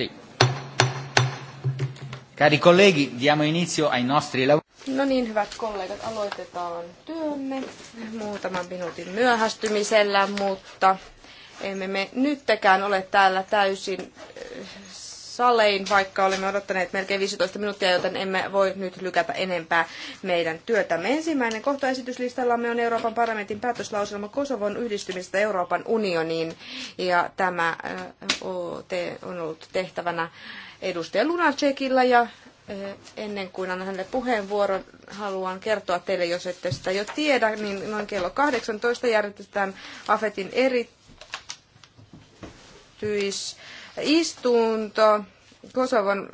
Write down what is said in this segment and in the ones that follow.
Sì. Cari colleghi, diamo inizio ai nostri lavori. No niin, hyvät kollegat, aloitetaan työmme muutaman minuutin myöhästymisellä, mutta emme me nytkään ole täällä täysin eh, salein, vaikka olemme odottaneet melkein 15 minuuttia, joten emme voi nyt lykätä enempää meidän työtämme. Ensimmäinen kohta esityslistallamme on Euroopan parlamentin päätöslauselma Kosovon yhdistymistä Euroopan unioniin, ja tämä äh, on ollut tehtävänä edustaja Lunacekilla ja äh, ennen kuin annan hänelle puheenvuoron, haluan kertoa teille, jos ette sitä jo tiedä, niin noin kello 18 järjestetään AFETin erityis istunto Kosovon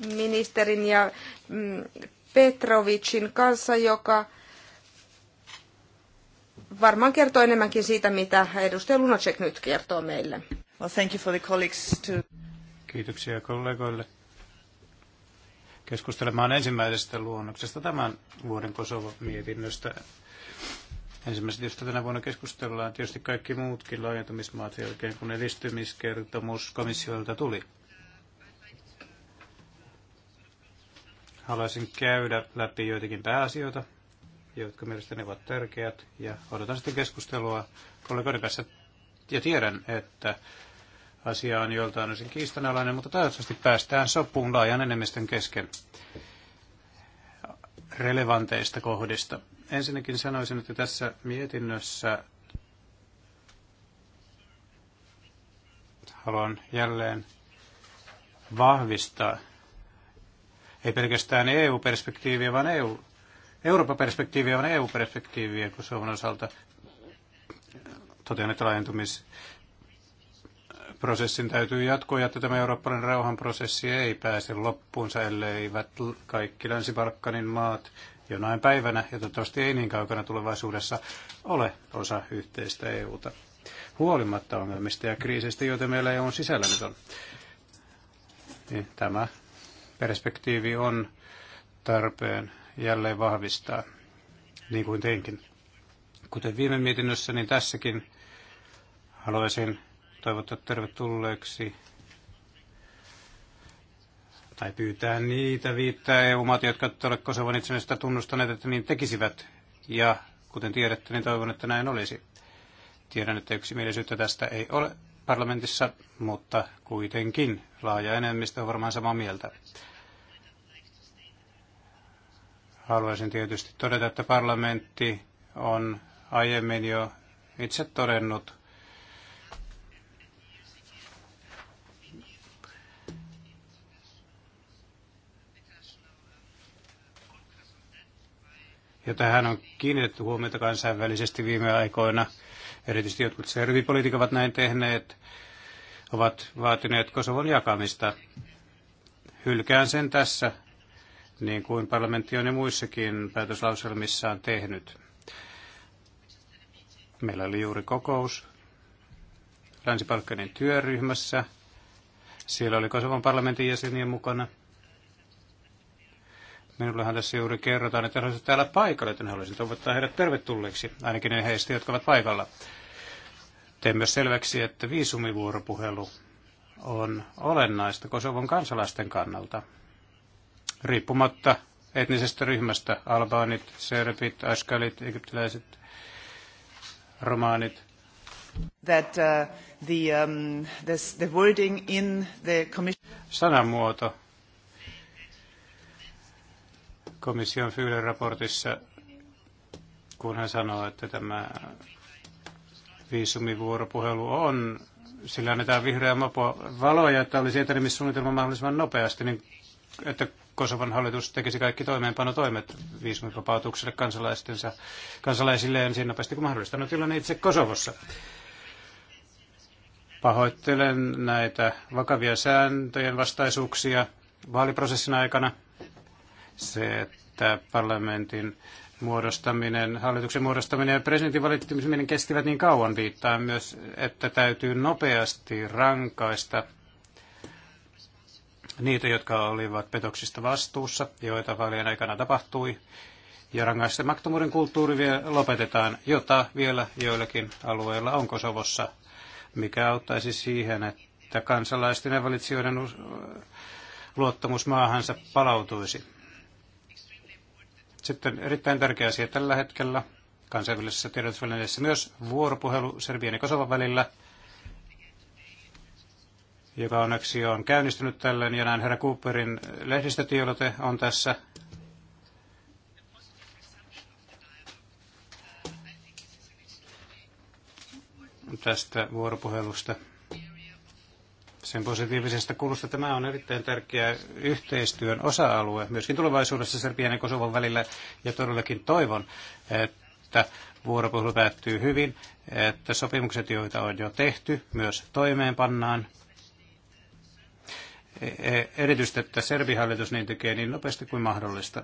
varaministerin ja mm, Petrovicin kanssa, joka varmaan kertoo enemmänkin siitä, mitä edustaja Lunacek nyt kertoo meille. Well, thank you for the colleagues to... Kiitoksia kollegoille keskustelemaan ensimmäisestä luonnoksesta tämän vuoden Kosovo-mietinnöstä. Ensimmäisenä, josta tänä vuonna keskustellaan, tietysti kaikki muutkin laajentumismaat jälkeen, kun edistymiskertomus komissiolta tuli. Haluaisin käydä läpi joitakin pääasioita, jotka mielestäni ovat tärkeät, ja odotan sitten keskustelua kollegoiden kanssa. Ja tiedän, että asia on joltain osin kiistanalainen, mutta toivottavasti päästään sopuun laajan enemmistön kesken relevanteista kohdista. Ensinnäkin sanoisin, että tässä mietinnössä haluan jälleen vahvistaa ei pelkästään EU-perspektiiviä, vaan EU, Euroopan perspektiiviä, vaan EU-perspektiiviä, kun Suomen osalta totean, että laajentumisprosessin täytyy jatkua, ja että tämä eurooppalainen rauhanprosessi ei pääse loppuunsa, elleivät kaikki Länsi-Balkanin maat jonain päivänä, ja toivottavasti ei niin kaukana tulevaisuudessa, ole osa yhteistä EUta. Huolimatta ongelmista ja kriisistä, joita meillä ole sisällä nyt on. Niin tämä perspektiivi on tarpeen jälleen vahvistaa, niin kuin teinkin. Kuten viime mietinnössä, niin tässäkin haluaisin toivottaa tervetulleeksi tai pyytää niitä viittää EU-maat, jotka ole Kosovan itsenäistä tunnustaneet, että niin tekisivät. Ja kuten tiedätte, niin toivon, että näin olisi. Tiedän, että yksimielisyyttä tästä ei ole parlamentissa, mutta kuitenkin laaja enemmistö on varmaan samaa mieltä. Haluaisin tietysti todeta, että parlamentti on aiemmin jo itse todennut ja tähän on kiinnitetty huomiota kansainvälisesti viime aikoina. Erityisesti jotkut servipolitiikat ovat näin tehneet, ovat vaatineet Kosovon jakamista. Hylkään sen tässä, niin kuin parlamentti on ja muissakin päätöslauselmissaan tehnyt. Meillä oli juuri kokous länsi työryhmässä. Siellä oli Kosovan parlamentin jäseniä mukana – Minullehan tässä juuri kerrotaan, että he olisivat täällä paikalla, joten haluaisin toivottaa heidät tervetulleeksi, ainakin ne heistä, jotka ovat paikalla. Teen myös selväksi, että viisumivuoropuhelu on olennaista Kosovon kansalaisten kannalta. Riippumatta etnisestä ryhmästä, albaanit, serbit, askalit, egyptiläiset, romaanit. That, uh, the, um, this, the in the commission... Sanamuoto komission Fyylen raportissa, kun hän sanoo, että tämä viisumivuoropuhelu on, sillä annetaan vihreä mapo valoja, että olisi etenemissuunnitelma mahdollisimman nopeasti, niin että Kosovan hallitus tekisi kaikki toimeenpanotoimet viisumivapautukselle kansalaistensa, kansalaisilleen siinä nopeasti kuin mahdollista. No tilanne itse Kosovossa. Pahoittelen näitä vakavia sääntöjen vastaisuuksia vaaliprosessin aikana – se, että parlamentin muodostaminen, hallituksen muodostaminen ja presidentin valittaminen kestivät niin kauan, viittaa myös, että täytyy nopeasti rankaista niitä, jotka olivat petoksista vastuussa, joita vaalien aikana tapahtui, ja rangaistamattomuuden kulttuuri vielä lopetetaan, jota vielä joillakin alueilla on Kosovossa, mikä auttaisi siihen, että kansalaisten ja valitsijoiden luottamus maahansa palautuisi. Sitten erittäin tärkeä asia tällä hetkellä kansainvälisessä tiedotusvälineessä myös vuoropuhelu Serbian ja Kosovan välillä, joka onneksi on käynnistynyt tällöin, ja näin herra Cooperin lehdistötiedote on tässä tästä vuoropuhelusta sen positiivisesta kulusta. Tämä on erittäin tärkeä yhteistyön osa-alue myöskin tulevaisuudessa Serbian ja Kosovan välillä. Ja todellakin toivon, että vuoropuhelu päättyy hyvin, että sopimukset, joita on jo tehty, myös toimeenpannaan. E, erityisesti, että Serbihallitus niin tekee niin nopeasti kuin mahdollista.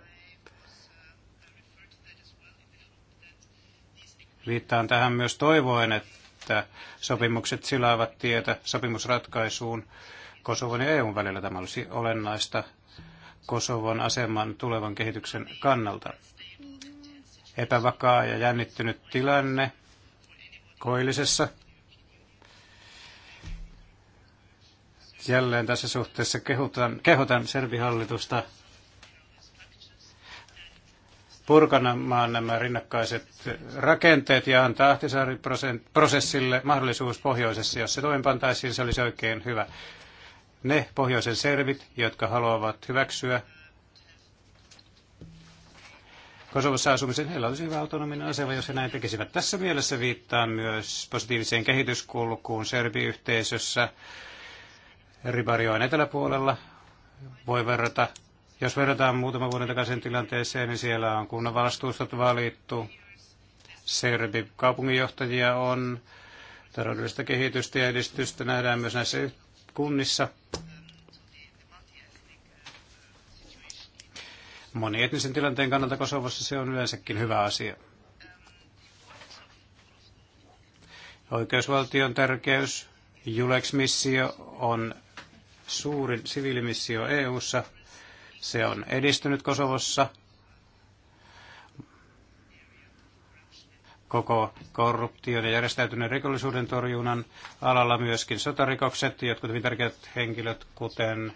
Viittaan tähän myös toivoen, että että sopimukset silaavat tietä sopimusratkaisuun Kosovon ja EUn välillä. Tämä olisi olennaista Kosovon aseman tulevan kehityksen kannalta. Epävakaa ja jännittynyt tilanne koillisessa. Jälleen tässä suhteessa kehotan, kehotan servihallitusta purkamaan nämä rinnakkaiset rakenteet ja antaa Ahtisaarin prosessille mahdollisuus pohjoisessa. Jos se toimenpantaisiin, se olisi oikein hyvä. Ne pohjoisen servit, jotka haluavat hyväksyä Kosovossa asumisen, heillä olisi hyvä autonominen asema, jos he näin tekisivät. Tässä mielessä viittaa myös positiiviseen kehityskulkuun serbiyhteisössä. Ribarjoen eteläpuolella voi verrata jos verrataan muutama vuoden takaisin tilanteeseen, niin siellä on kunnan vastuustot valittu, serbi kaupunginjohtajia on, taloudellista kehitystä ja edistystä nähdään myös näissä kunnissa. Monietnisen tilanteen kannalta Kosovossa se on yleensäkin hyvä asia. Oikeusvaltion tärkeys, Julex-missio on suurin siviilimissio EU:ssa. ssa se on edistynyt Kosovossa. Koko korruption ja järjestäytyneen rikollisuuden torjunnan alalla myöskin sotarikokset, jotkut hyvin tärkeät henkilöt, kuten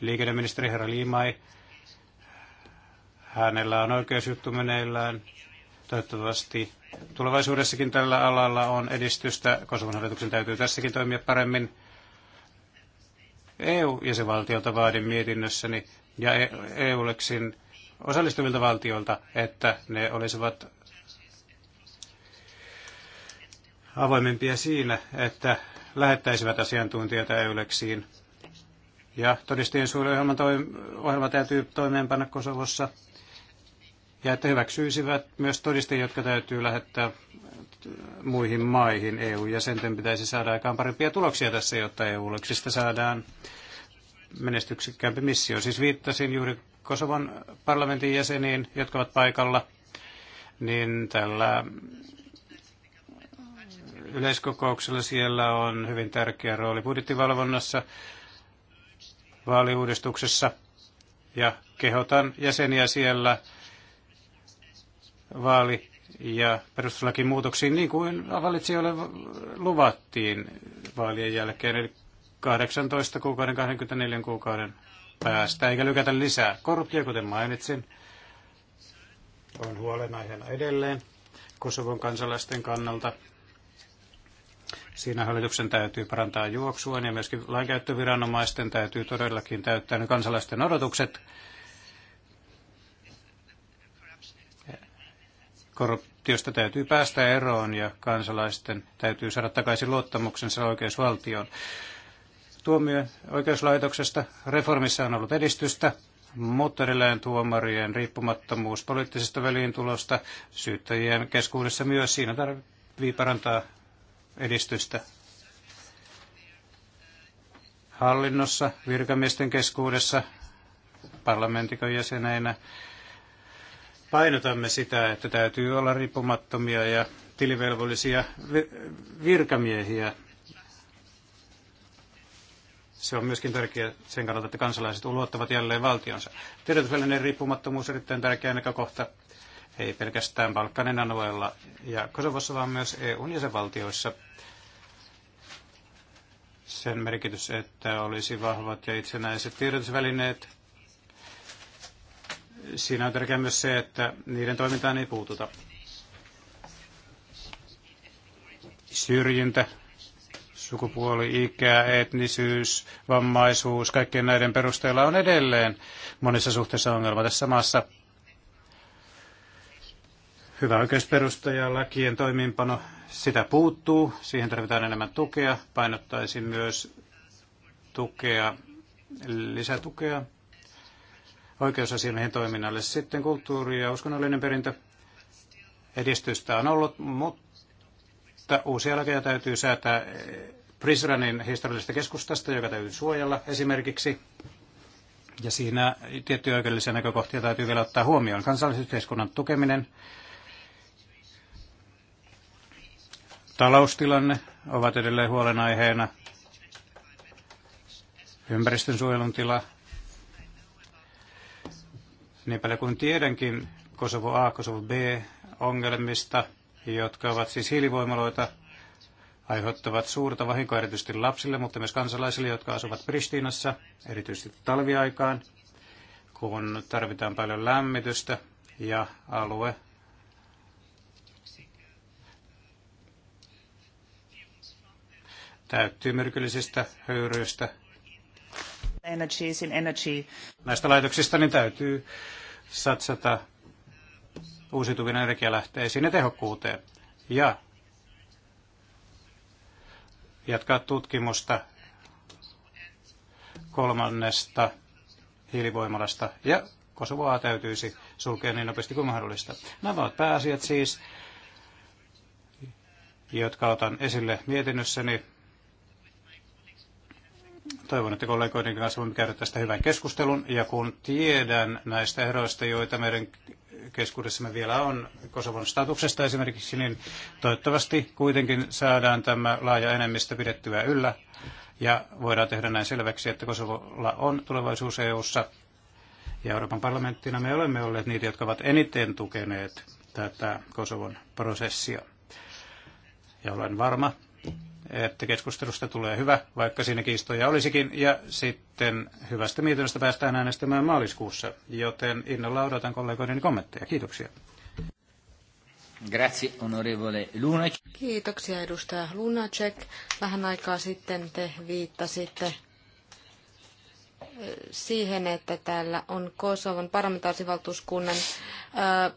liikenneministeri herra Liimai. Hänellä on oikeusjuttu meneillään. Toivottavasti tulevaisuudessakin tällä alalla on edistystä. Kosovon hallituksen täytyy tässäkin toimia paremmin. EU-jäsenvaltiolta vaadin mietinnössäni ja eu e osallistuvilta valtioilta, että ne olisivat avoimempia siinä, että lähettäisivät asiantuntijoita EULEXiin. Ja todistien suurohjelman toim- ohjelma täytyy toimeenpanna Kosovossa. Ja että hyväksyisivät myös todistajia, jotka täytyy lähettää muihin maihin. EU-jäsenten pitäisi saada aikaan parempia tuloksia tässä, jotta EU-oleksista saadaan menestyksekkäämpi missio. Siis viittasin juuri Kosovan parlamentin jäseniin, jotka ovat paikalla, niin tällä yleiskokouksella siellä on hyvin tärkeä rooli budjettivalvonnassa, vaaliuudistuksessa ja kehotan jäseniä siellä vaali ja perustuslakin muutoksiin niin kuin valitsijoille luvattiin vaalien jälkeen, eli 18 kuukauden, 24 kuukauden päästä, eikä lykätä lisää. Korruptio, kuten mainitsin, on huolenaiheena edelleen Kosovon kansalaisten kannalta. Siinä hallituksen täytyy parantaa juoksua ja myöskin lainkäyttöviranomaisten täytyy todellakin täyttää ne kansalaisten odotukset Korruptiosta täytyy päästä eroon ja kansalaisten täytyy saada takaisin luottamuksensa oikeusvaltioon. Tuomio oikeuslaitoksesta reformissa on ollut edistystä, mutta edelleen tuomarien riippumattomuus poliittisesta väliintulosta syyttäjien keskuudessa myös siinä tarvii parantaa edistystä. Hallinnossa, virkamiesten keskuudessa, parlamentikon jäseneinä painotamme sitä, että täytyy olla riippumattomia ja tilivelvollisia virkamiehiä. Se on myöskin tärkeää sen kannalta, että kansalaiset luottavat jälleen valtionsa. Tiedotusvälineen riippumattomuus on erittäin tärkeä näkökohta, ei pelkästään Balkanin alueella ja Kosovossa, vaan myös EUn jäsenvaltioissa. Sen merkitys, että olisi vahvat ja itsenäiset tiedotusvälineet, Siinä on tärkeää myös se, että niiden toimintaan ei puututa. Syrjintä, sukupuoli, ikä, etnisyys, vammaisuus, kaikkien näiden perusteella on edelleen monissa suhteissa ongelma tässä maassa. Hyvä oikeusperusta ja lakien toimimpano, sitä puuttuu, siihen tarvitaan enemmän tukea, painottaisin myös tukea, lisätukea oikeusasiamiehen toiminnalle. Sitten kulttuuri ja uskonnollinen perintö. Edistystä on ollut, mutta uusia lakeja täytyy säätää eh, Prisranin historiallisesta keskustasta, joka täytyy suojella esimerkiksi. Ja siinä tiettyjä oikeudellisia näkökohtia täytyy vielä ottaa huomioon. Kansallisyhteiskunnan tukeminen, taloustilanne ovat edelleen huolenaiheena, ympäristönsuojelun tila, niin paljon kuin tiedänkin Kosovo A, Kosovo B ongelmista, jotka ovat siis hiilivoimaloita, aiheuttavat suurta vahinkoa erityisesti lapsille, mutta myös kansalaisille, jotka asuvat Pristiinassa, erityisesti talviaikaan, kun tarvitaan paljon lämmitystä ja alue täyttyy myrkyllisistä höyryistä Energies in energy. Näistä laitoksista niin täytyy satsata uusiutuvien energialähteisiin ja tehokkuuteen. Ja jatkaa tutkimusta kolmannesta hiilivoimalasta ja Kosovoa täytyisi sulkea niin nopeasti kuin mahdollista. Nämä ovat pääasiat siis, jotka otan esille mietinnössäni. Toivon, että kollegoiden kanssa voimme käydä tästä hyvän keskustelun. Ja kun tiedän näistä eroista, joita meidän keskuudessamme vielä on Kosovon statuksesta esimerkiksi, niin toivottavasti kuitenkin saadaan tämä laaja enemmistö pidettyä yllä. Ja voidaan tehdä näin selväksi, että Kosovolla on tulevaisuus EU:ssa ja Euroopan parlamenttina me olemme olleet niitä, jotka ovat eniten tukeneet tätä Kosovon prosessia. Ja olen varma, että keskustelusta tulee hyvä, vaikka siinä kiistoja olisikin, ja sitten hyvästä mietinnöstä päästään äänestämään maaliskuussa, joten innolla odotan kollegoiden kommentteja. Kiitoksia. Grazie, onorevole Lunacek. Kiitoksia, edustaja Lunacek. Vähän aikaa sitten te viittasitte eh, siihen, että täällä on Kosovan parlamentaarisivaltuuskunnan eh,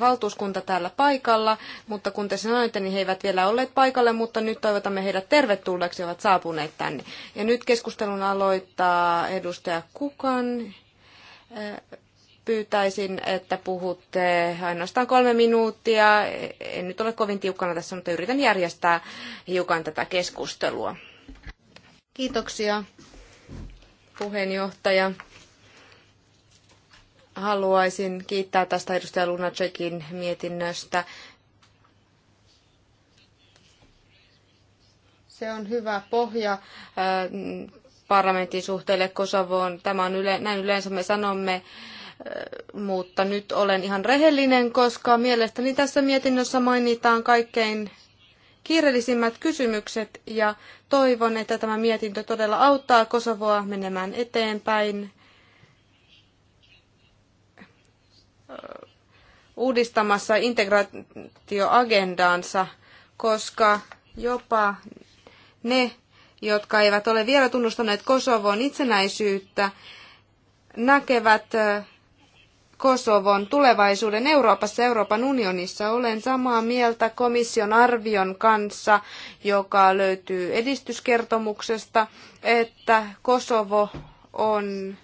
valtuuskunta täällä paikalla, mutta kun te sanoitte, niin he eivät vielä olleet paikalle, mutta nyt toivotamme heidät tervetulleeksi, ovat saapuneet tänne. Ja nyt keskustelun aloittaa edustaja Kukan. Pyytäisin, että puhutte ainoastaan kolme minuuttia. En nyt ole kovin tiukkana tässä, mutta yritän järjestää hiukan tätä keskustelua. Kiitoksia, puheenjohtaja. Haluaisin kiittää tästä edustaja Lunacekin mietinnöstä. Se on hyvä pohja äh, parlamentin suhteelle Kosovoon. Tämä on yle, näin yleensä me sanomme, äh, mutta nyt olen ihan rehellinen, koska mielestäni tässä mietinnössä mainitaan kaikkein kiireellisimmät kysymykset ja toivon, että tämä mietintö todella auttaa Kosovoa menemään eteenpäin uudistamassa integraatioagendaansa, koska jopa ne, jotka eivät ole vielä tunnustaneet Kosovon itsenäisyyttä, näkevät Kosovon tulevaisuuden Euroopassa, Euroopan unionissa. Olen samaa mieltä komission arvion kanssa, joka löytyy edistyskertomuksesta, että Kosovo on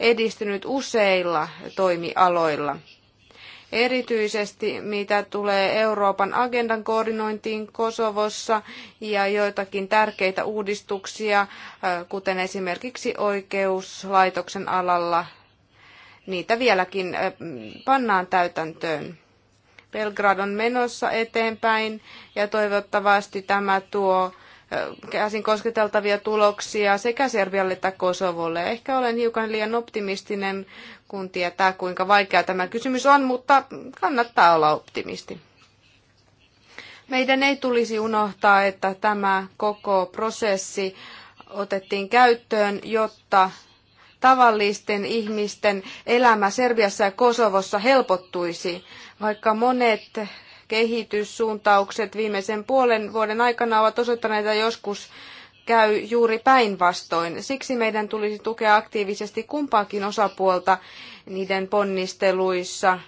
edistynyt useilla toimialoilla. Erityisesti mitä tulee Euroopan agendan koordinointiin Kosovossa ja joitakin tärkeitä uudistuksia, kuten esimerkiksi oikeuslaitoksen alalla, niitä vieläkin pannaan täytäntöön. Belgrad on menossa eteenpäin ja toivottavasti tämä tuo käsin kosketeltavia tuloksia sekä Serbialle että Kosovolle. Ehkä olen hiukan liian optimistinen, kun tietää kuinka vaikea tämä kysymys on, mutta kannattaa olla optimisti. Meidän ei tulisi unohtaa, että tämä koko prosessi otettiin käyttöön, jotta tavallisten ihmisten elämä Serbiassa ja Kosovossa helpottuisi, vaikka monet kehityssuuntaukset viimeisen puolen vuoden aikana ovat osoittaneet, että joskus käy juuri päinvastoin. Siksi meidän tulisi tukea aktiivisesti kumpaakin osapuolta niiden ponnisteluissa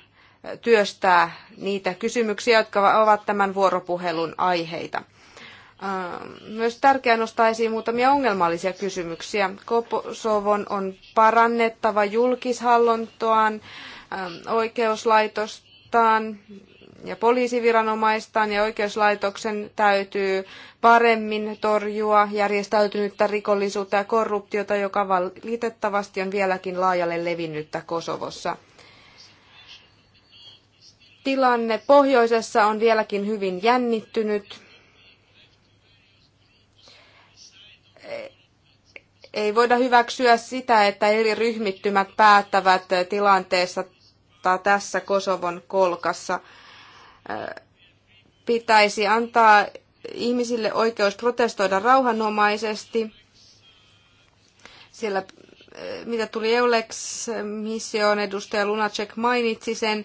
työstää niitä kysymyksiä, jotka ovat tämän vuoropuhelun aiheita. Ähm, myös tärkeää nostaa esiin muutamia ongelmallisia kysymyksiä. Kosovon on parannettava julkishallintoaan, ähm, oikeuslaitostaan, ja poliisiviranomaistaan ja oikeuslaitoksen täytyy paremmin torjua järjestäytynyttä rikollisuutta ja korruptiota, joka valitettavasti on vieläkin laajalle levinnyttä Kosovossa. Tilanne pohjoisessa on vieläkin hyvin jännittynyt. Ei voida hyväksyä sitä, että eri ryhmittymät päättävät tilanteessa tässä Kosovon kolkassa – pitäisi antaa ihmisille oikeus protestoida rauhanomaisesti. Siellä, eh, mitä tuli Eulex-mission edustaja Lunacek mainitsi sen,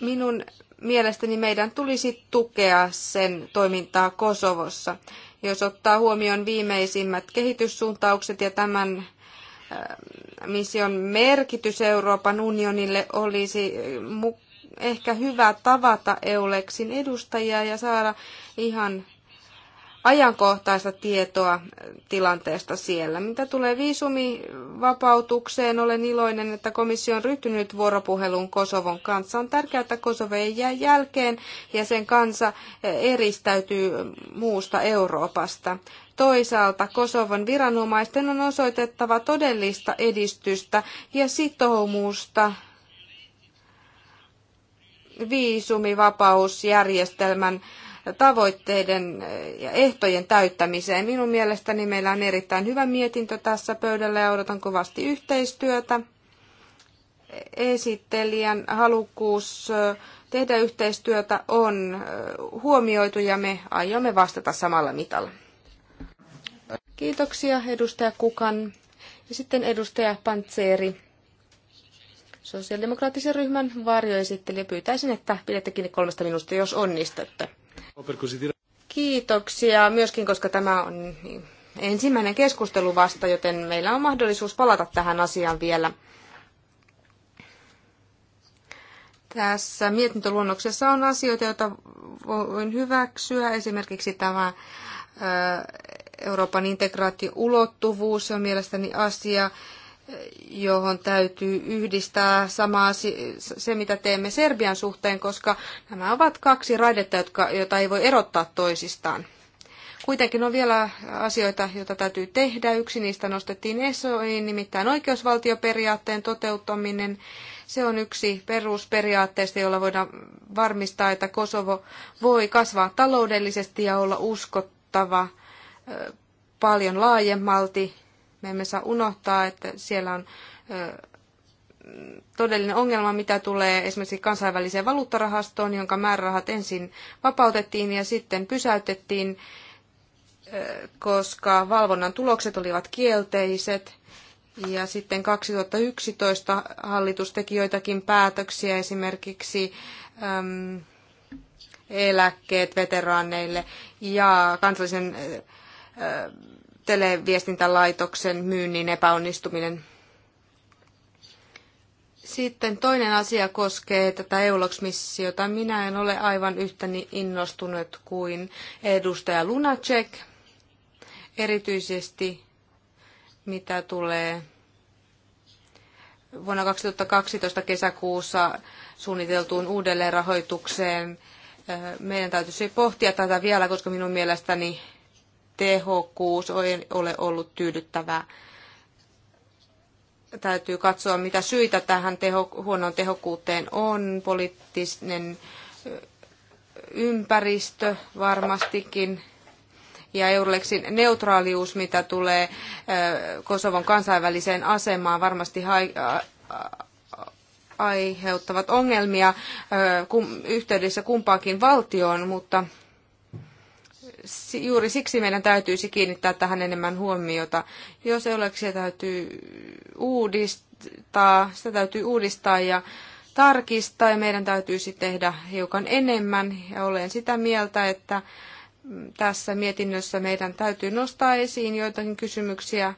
minun mielestäni meidän tulisi tukea sen toimintaa Kosovossa. Jos ottaa huomioon viimeisimmät kehityssuuntaukset ja tämän eh, mission merkitys Euroopan unionille olisi mukaan, ehkä hyvä tavata Euleksin edustajia ja saada ihan ajankohtaista tietoa tilanteesta siellä. Mitä tulee viisumivapautukseen, olen iloinen, että komissio on ryhtynyt vuoropuheluun Kosovon kanssa. On tärkeää, että Kosovo ei jää jälkeen ja sen kansa eristäytyy muusta Euroopasta. Toisaalta Kosovon viranomaisten on osoitettava todellista edistystä ja sitoumusta viisumivapausjärjestelmän tavoitteiden ja ehtojen täyttämiseen. Minun mielestäni meillä on erittäin hyvä mietintö tässä pöydällä ja odotan kovasti yhteistyötä. Esittelijän halukkuus tehdä yhteistyötä on huomioitu ja me aiomme vastata samalla mitalla. Kiitoksia edustaja Kukan ja sitten edustaja Pantseeri sosiaalidemokraattisen ryhmän varjoesittelijä. Pyytäisin, että pidätte kiinni kolmesta minuutista, jos onnistatte. Kiitoksia myöskin, koska tämä on ensimmäinen keskustelu vasta, joten meillä on mahdollisuus palata tähän asiaan vielä. Tässä mietintöluonnoksessa on asioita, joita voin hyväksyä, esimerkiksi tämä Euroopan ulottuvuus on mielestäni asia, johon täytyy yhdistää samaa se, mitä teemme Serbian suhteen, koska nämä ovat kaksi raidetta, jotka, joita ei voi erottaa toisistaan. Kuitenkin on vielä asioita, joita täytyy tehdä. Yksi niistä nostettiin esoin, nimittäin oikeusvaltioperiaatteen toteuttaminen. Se on yksi perusperiaatteista, jolla voidaan varmistaa, että Kosovo voi kasvaa taloudellisesti ja olla uskottava paljon laajemmalti me emme saa unohtaa, että siellä on todellinen ongelma, mitä tulee esimerkiksi kansainväliseen valuuttarahastoon, jonka määrärahat ensin vapautettiin ja sitten pysäytettiin, koska valvonnan tulokset olivat kielteiset. Ja sitten 2011 hallitus teki joitakin päätöksiä, esimerkiksi äm, eläkkeet veteraaneille ja kansallisen äh, televiestintälaitoksen myynnin epäonnistuminen. Sitten toinen asia koskee tätä Eulox-missiota. Minä en ole aivan yhtä niin innostunut kuin edustaja Lunacek, erityisesti mitä tulee vuonna 2012 kesäkuussa suunniteltuun uudelleenrahoitukseen. Meidän täytyisi pohtia tätä vielä, koska minun mielestäni tehokkuus ei ole ollut tyydyttävää. Täytyy katsoa, mitä syitä tähän teho, huonoon tehokkuuteen on. Poliittinen ympäristö varmastikin ja Eurolexin neutraalius, mitä tulee Kosovon kansainväliseen asemaan, varmasti aiheuttavat ongelmia yhteydessä kumpaankin valtioon, mutta juuri siksi meidän täytyisi kiinnittää tähän enemmän huomiota. Jos ei se täytyy uudistaa, sitä täytyy uudistaa ja tarkistaa ja meidän täytyisi tehdä hiukan enemmän. Ja olen sitä mieltä, että tässä mietinnössä meidän täytyy nostaa esiin joitakin kysymyksiä,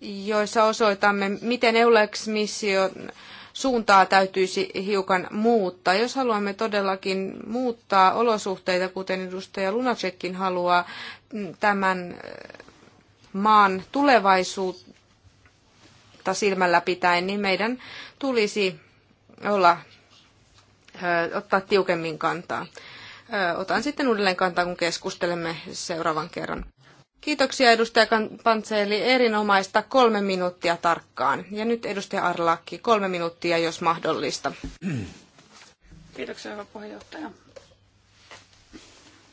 joissa osoitamme, miten EULEX-mission suuntaa täytyisi hiukan muuttaa. Jos haluamme todellakin muuttaa olosuhteita, kuten edustaja Lunacekin haluaa, mm, tämän eh, maan tulevaisuutta silmällä pitäen, niin meidän tulisi olla, ö, eh, ottaa tiukemmin kantaa. Ö, eh, otan sitten uudelleen kantaa, kun keskustelemme seuraavan kerran. Kiitoksia edustaja Pantseeli. Erinomaista kolme minuuttia tarkkaan. Ja nyt edustaja Arlaakki, kolme minuuttia, jos mahdollista. Kiitoksia, hyvä puheenjohtaja.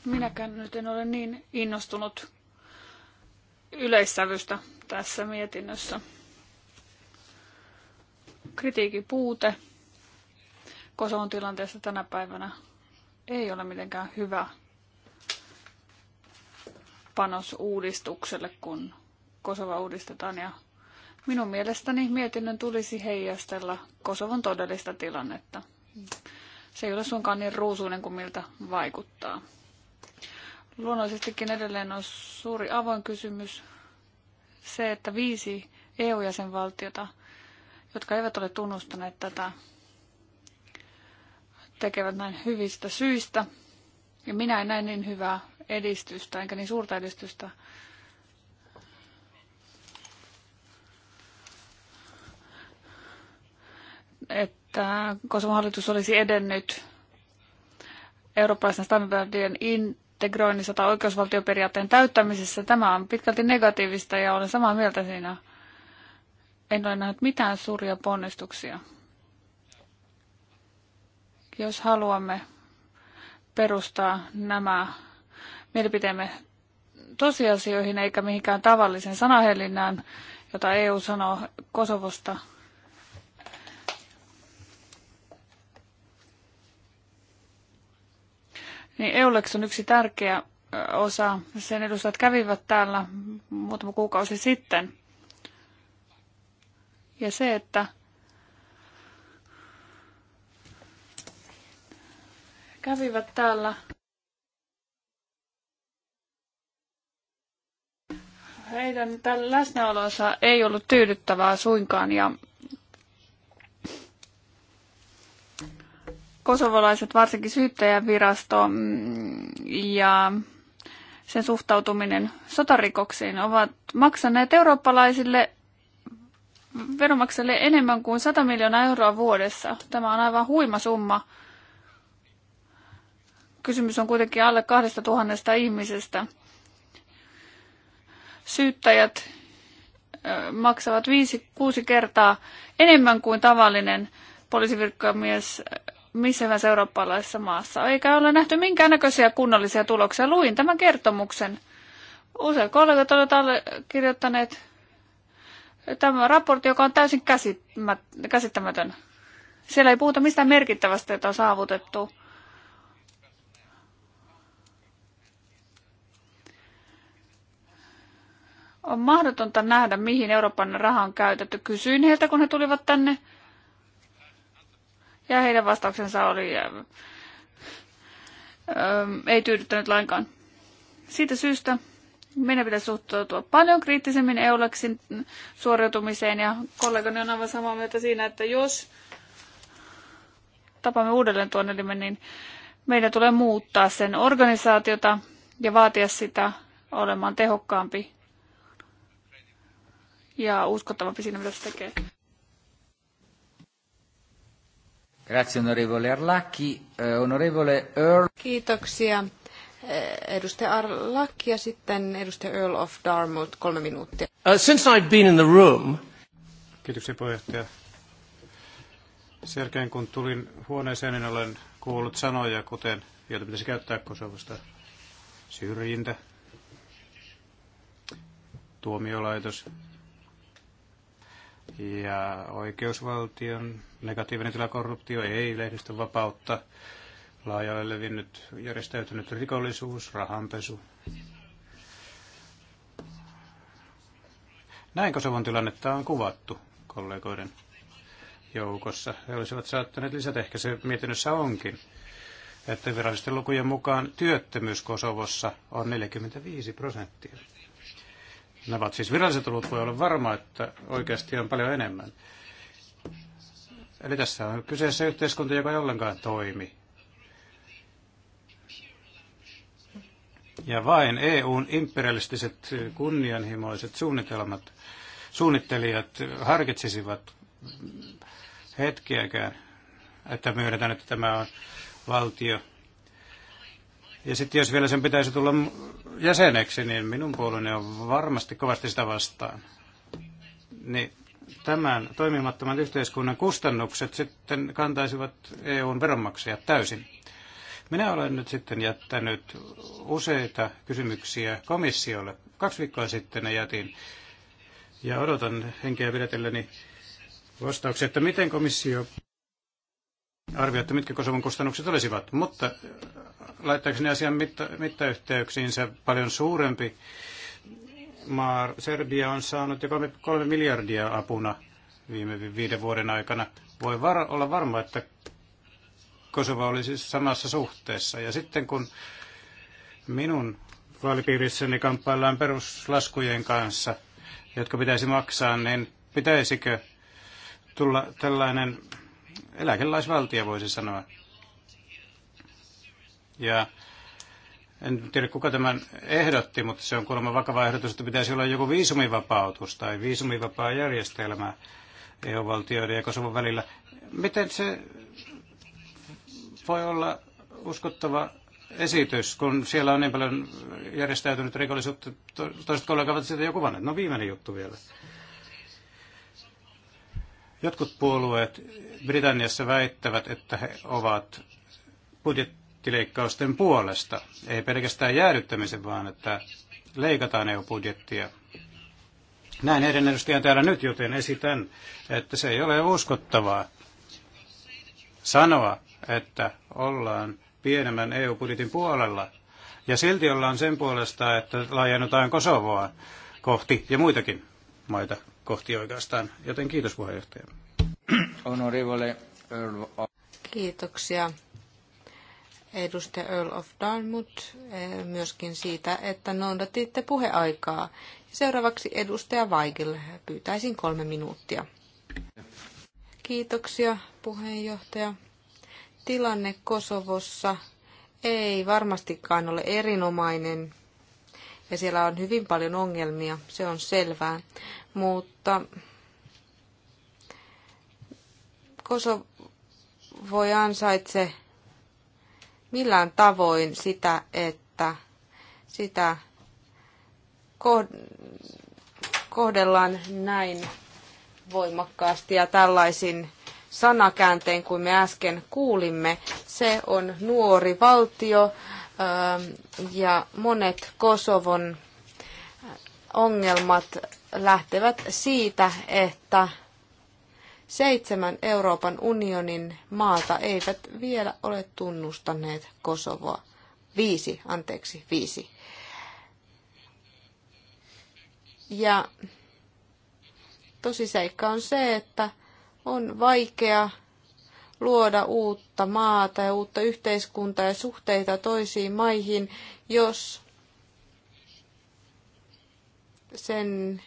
Minäkään nyt en ole niin innostunut yleissävystä tässä mietinnössä. Kritiikin puute Kosovon tilanteessa tänä päivänä ei ole mitenkään hyvä panos uudistukselle, kun Kosova uudistetaan. Ja minun mielestäni mietinnön tulisi heijastella Kosovon todellista tilannetta. Se ei ole suinkaan niin ruusuinen kuin miltä vaikuttaa. Luonnollisestikin edelleen on suuri avoin kysymys se, että viisi EU-jäsenvaltiota, jotka eivät ole tunnustaneet tätä, tekevät näin hyvistä syistä. Ja minä en näe niin hyvää edistystä, enkä niin suurta edistystä. Että Kosovan hallitus olisi edennyt eurooppalaisen standardien integroinnissa tai oikeusvaltioperiaatteen täyttämisessä. Tämä on pitkälti negatiivista ja olen samaa mieltä siinä. En ole nähnyt mitään suuria ponnistuksia. Jos haluamme perustaa nämä mielipiteemme tosiasioihin eikä mihinkään tavallisen sanahelinään, jota EU sanoo Kosovosta. Niin EULEX on yksi tärkeä osa. Sen edustajat kävivät täällä muutama kuukausi sitten. Ja se, että kävivät täällä Heidän läsnäolonsa ei ollut tyydyttävää suinkaan ja kosovolaiset, varsinkin syyttäjänvirasto mm, ja sen suhtautuminen sotarikoksiin ovat maksaneet eurooppalaisille veronmaksajille enemmän kuin 100 miljoonaa euroa vuodessa. Tämä on aivan huima summa. Kysymys on kuitenkin alle 2000 ihmisestä syyttäjät maksavat viisi, kuusi kertaa enemmän kuin tavallinen poliisivirkkamies missä hyvänsä eurooppalaisessa maassa. Eikä ole nähty minkäännäköisiä kunnollisia tuloksia. Luin tämän kertomuksen. Useat kollegat ovat allekirjoittaneet tämä raportti, joka on täysin käsittämätön. Siellä ei puhuta mistään merkittävästä, jota on saavutettu. On mahdotonta nähdä, mihin Euroopan raha on käytetty. Kysyin heiltä, kun he tulivat tänne. Ja heidän vastauksensa oli, ää, äh, ää, ähm, ei tyydyttänyt lainkaan. Siitä syystä meidän pitäisi suhtautua paljon kriittisemmin Euleksin suoriutumiseen ja kollegani on aivan samaa mieltä siinä, että jos tapaamme uudelleen tuon elimen, niin meidän tulee muuttaa sen organisaatiota ja vaatia sitä olemaan tehokkaampi ja uskottavampi siinä, mitä se tekee. Grazie onorevole Arlacchi. Eh, onorevole Earl. Kiitoksia. Eh, edustaja Arlacchi ja sitten edustaja Earl of Dartmouth, kolme minuuttia. Uh, since I've been in the room. Kiitoksia puheenjohtaja. Sen jälkeen kun tulin huoneeseen, niin olen kuullut sanoja, kuten, joita pitäisi käyttää Kosovosta. Syrjintä, tuomiolaitos, ja oikeusvaltion negatiivinen tila korruptio, ei lehdistön vapautta, laajalle levinnyt järjestäytynyt rikollisuus, rahanpesu. Näin Kosovon tilannetta on kuvattu kollegoiden joukossa. He olisivat saattaneet lisätä, ehkä se mietinnössä onkin, että virallisten lukujen mukaan työttömyys Kosovossa on 45 prosenttia. Ne ovat siis viralliset luvut, voi olla varma, että oikeasti on paljon enemmän. Eli tässä on kyseessä yhteiskunta, joka ei ollenkaan toimi. Ja vain EUn imperialistiset kunnianhimoiset suunnitelmat, suunnittelijat harkitsisivat hetkiäkään, että myönnetään, että tämä on valtio, ja sitten jos vielä sen pitäisi tulla jäseneksi, niin minun puolueeni on varmasti kovasti sitä vastaan. Niin tämän toimimattoman yhteiskunnan kustannukset sitten kantaisivat EUn veronmaksajat täysin. Minä olen nyt sitten jättänyt useita kysymyksiä komissiolle. Kaksi viikkoa sitten ne jätin ja odotan henkeä pidätelleni vastauksia, että miten komissio arvioitte, mitkä Kosovon kustannukset olisivat, mutta äh, ne asian mitta, mittayhteyksiinsä paljon suurempi maa Serbia on saanut jo kolme, kolme miljardia apuna viime viiden vuoden aikana. Voi var, olla varma, että Kosova oli siis samassa suhteessa. Ja sitten kun minun vaalipiirissäni kamppaillaan peruslaskujen kanssa, jotka pitäisi maksaa, niin pitäisikö tulla tällainen eläkeläisvaltio voisi sanoa. Ja en tiedä kuka tämän ehdotti, mutta se on kuulemma vakava ehdotus, että pitäisi olla joku viisumivapautus tai viisumivapaa järjestelmä EU-valtioiden ja Kosovan välillä. Miten se voi olla uskottava esitys, kun siellä on niin paljon järjestäytynyt rikollisuutta. Toiset kollegat ovat sitä jo kuvanneet. No viimeinen juttu vielä. Jotkut puolueet Britanniassa väittävät, että he ovat budjettileikkausten puolesta. Ei pelkästään jäädyttämisen, vaan että leikataan EU-budjettia. Näin heidän edustajan täällä nyt, joten esitän, että se ei ole uskottavaa sanoa, että ollaan pienemmän EU-budjetin puolella. Ja silti ollaan sen puolesta, että laajennetaan Kosovoa kohti ja muitakin maita kohti oikeastaan. Joten kiitos puheenjohtaja. Kiitoksia edustaja Earl of Dartmouth eh, myöskin siitä, että noudatitte puheaikaa. Seuraavaksi edustaja Vaikil. Pyytäisin kolme minuuttia. Kiitoksia puheenjohtaja. Tilanne Kosovossa ei varmastikaan ole erinomainen ja siellä on hyvin paljon ongelmia, se on selvää mutta Kosovo voi ansaitse millään tavoin sitä, että sitä kohdellaan näin voimakkaasti ja tällaisin sanakäänteen kuin me äsken kuulimme. Se on nuori valtio ähm, ja monet Kosovon ongelmat lähtevät siitä, että seitsemän Euroopan unionin maata eivät vielä ole tunnustaneet Kosovoa. Viisi, anteeksi, viisi. Ja tosiseikka on se, että on vaikea luoda uutta maata ja uutta yhteiskuntaa ja suhteita toisiin maihin, jos sen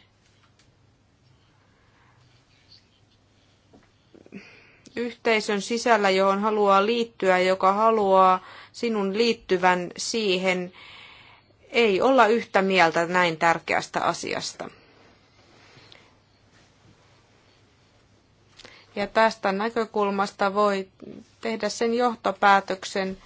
yhteisön sisällä, johon haluaa liittyä, joka haluaa sinun liittyvän siihen, ei olla yhtä mieltä näin tärkeästä asiasta. Ja tästä näkökulmasta voi tehdä sen johtopäätöksen,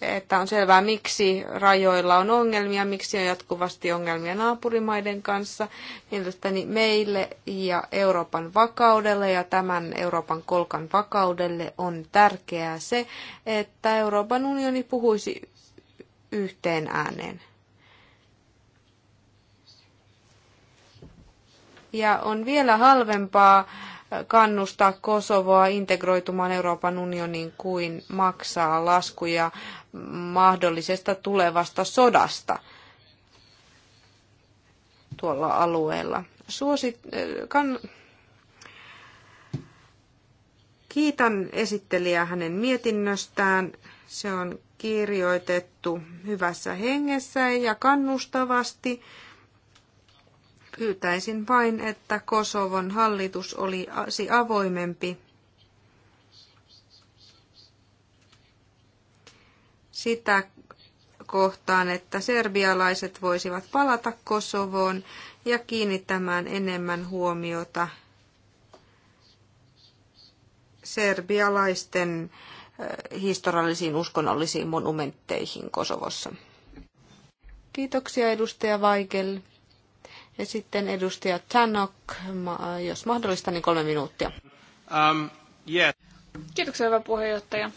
että on selvää, miksi rajoilla on ongelmia, miksi on jatkuvasti ongelmia naapurimaiden kanssa. Mielestäni meille ja Euroopan vakaudelle ja tämän Euroopan kolkan vakaudelle on tärkeää se, että Euroopan unioni puhuisi yhteen ääneen. Ja on vielä halvempaa kannustaa Kosovoa integroitumaan Euroopan unioniin kuin maksaa laskuja mahdollisesta tulevasta sodasta tuolla alueella. Suosit, kan, kiitän esittelijää hänen mietinnöstään. Se on kirjoitettu hyvässä hengessä ja kannustavasti. Pyytäisin vain, että Kosovon hallitus olisi avoimempi sitä kohtaan, että serbialaiset voisivat palata Kosovoon ja kiinnittämään enemmän huomiota serbialaisten historiallisiin uskonnollisiin monumentteihin Kosovossa. Kiitoksia edustaja Vaikel. Ja sitten edustaja Tanok, jos mahdollista, niin kolme minuuttia. Um, yeah. Kiitoksia hyvä puheenjohtaja.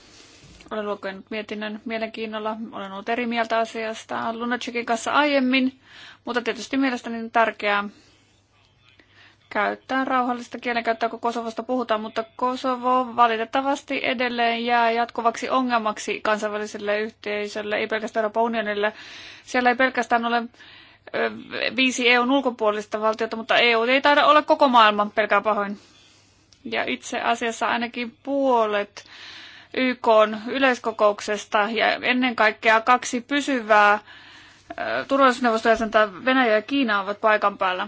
Olen lukenut mietinnön mielenkiinnolla. Olen ollut eri mieltä asiasta Lunacekin kanssa aiemmin, mutta tietysti mielestäni on tärkeää käyttää rauhallista kielenkäyttöä, kun Kosovosta puhutaan, mutta Kosovo valitettavasti edelleen jää jatkuvaksi ongelmaksi kansainväliselle yhteisölle, ei pelkästään Euroopan unionille. Siellä ei pelkästään ole viisi EUn ulkopuolista valtiota, mutta EU ei taida olla koko maailman pelkää pahoin. Ja itse asiassa ainakin puolet YK yleiskokouksesta ja ennen kaikkea kaksi pysyvää turvallisuusneuvostojäsentä Venäjä ja Kiina ovat paikan päällä.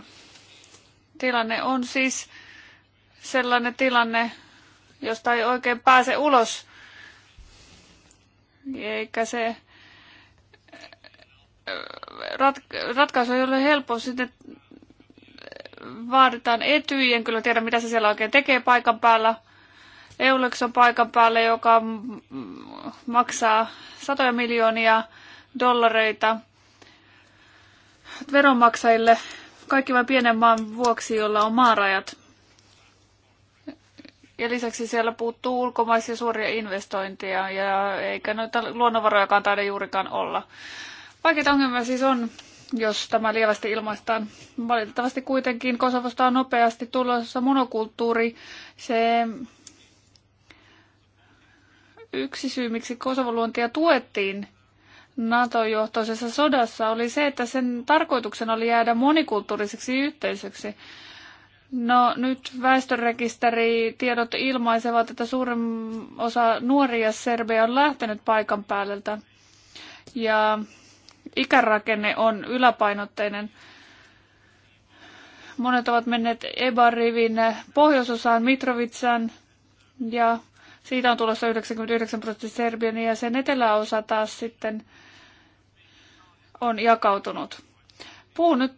Tilanne on siis sellainen tilanne, josta ei oikein pääse ulos. Eikä se rat- ratkaisu ei ole helppo. Sitten vaaditaan etyjen, kyllä tiedä mitä se siellä oikein tekee paikan päällä – Eulex on paikan päällä, joka maksaa satoja miljoonia dollareita veronmaksajille kaikki vain pienen maan vuoksi, jolla on maarajat. Ja lisäksi siellä puuttuu ulkomaisia suoria investointeja ja eikä noita luonnonvarojakaan taida juurikaan olla. Vaikeita ongelmia siis on, jos tämä lievästi ilmaistaan. Valitettavasti kuitenkin Kosovosta on nopeasti tulossa monokulttuuri. Se yksi syy, miksi Kosovon luontia tuettiin NATO-johtoisessa sodassa, oli se, että sen tarkoituksena oli jäädä monikulttuuriseksi yhteisöksi. No nyt väestörekisteritiedot ilmaisevat, että suurin osa nuoria serbejä on lähtenyt paikan päältä. Ja ikärakenne on yläpainotteinen. Monet ovat menneet Eba-rivin pohjoisosaan Mitrovitsan ja siitä on tulossa 99 prosenttia Serbian ja sen eteläosa taas sitten on jakautunut. Puhun nyt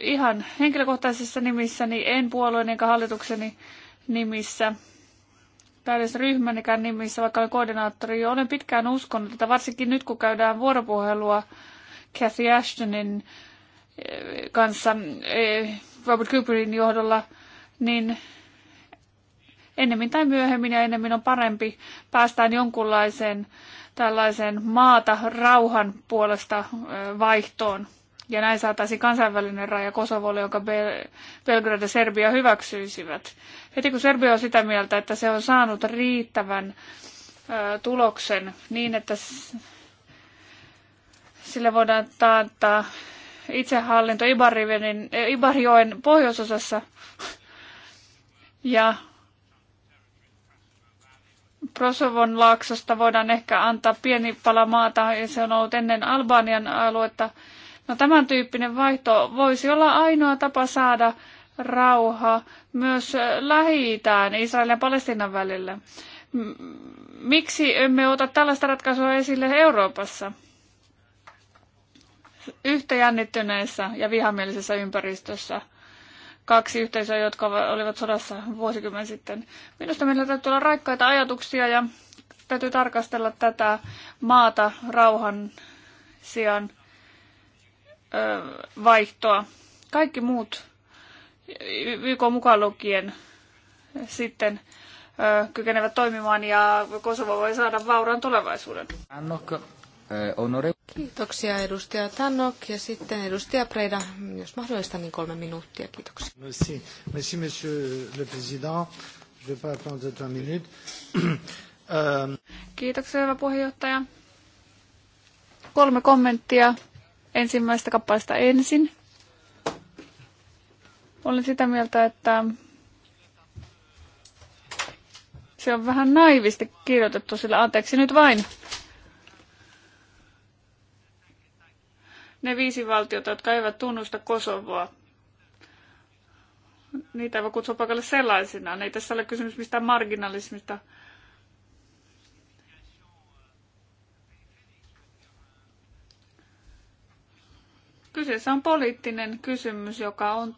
ihan henkilökohtaisessa niin en puolueen eikä hallitukseni nimissä tai edes ryhmänikään nimissä, vaikka olen koordinaattori, olen pitkään uskonut, että varsinkin nyt kun käydään vuoropuhelua Cathy Ashtonin eh, kanssa eh, Robert Cooperin johdolla, niin ennemmin tai myöhemmin ja ennemmin on parempi päästään jonkunlaiseen tällaisen maata rauhan puolesta vaihtoon. Ja näin saataisiin kansainvälinen raja Kosovolle, jonka Bel- Belgrade ja Serbia hyväksyisivät. Heti kun Serbia on sitä mieltä, että se on saanut riittävän ö, tuloksen niin, että sille voidaan taantaa itsehallinto Ibarjoen pohjoisosassa ja Prosovon laaksosta voidaan ehkä antaa pieni pala maata, ja se on ollut ennen Albanian aluetta. No tämän tyyppinen vaihto voisi olla ainoa tapa saada rauha myös äh, lähi Israelin ja Palestinan välillä. Miksi emme ota tällaista ratkaisua esille Euroopassa? Yhtä jännittyneessä ja vihamielisessä ympäristössä – kaksi yhteisöä, jotka olivat sodassa vuosikymmen sitten. Minusta meillä täytyy olla raikkaita ajatuksia ja täytyy tarkastella tätä maata rauhan sijaan ö, vaihtoa. Kaikki muut, YK mukaan lukien, sitten ö, kykenevät toimimaan ja Kosovo voi saada vauraan tulevaisuuden. Annokka. Eh, onore. Kiitoksia edustaja Tanok ja sitten edustaja Preda, jos mahdollista, niin kolme minuuttia. Kiitoksia. Merci, Merci monsieur le président. Je vais pas attendre trois minutes. Euh, Kiitoksia, hyvä puheenjohtaja. Kolme kommenttia ensimmäistä kappaleesta ensin. Olen sitä mieltä, että se on vähän naivisti kirjoitettu sillä anteeksi nyt vain ne viisi valtiota, jotka eivät tunnusta Kosovoa. Niitä ei voi kutsua paikalle sellaisinaan. Ei tässä ole kysymys mistään marginalismista. Kyseessä on poliittinen kysymys, joka on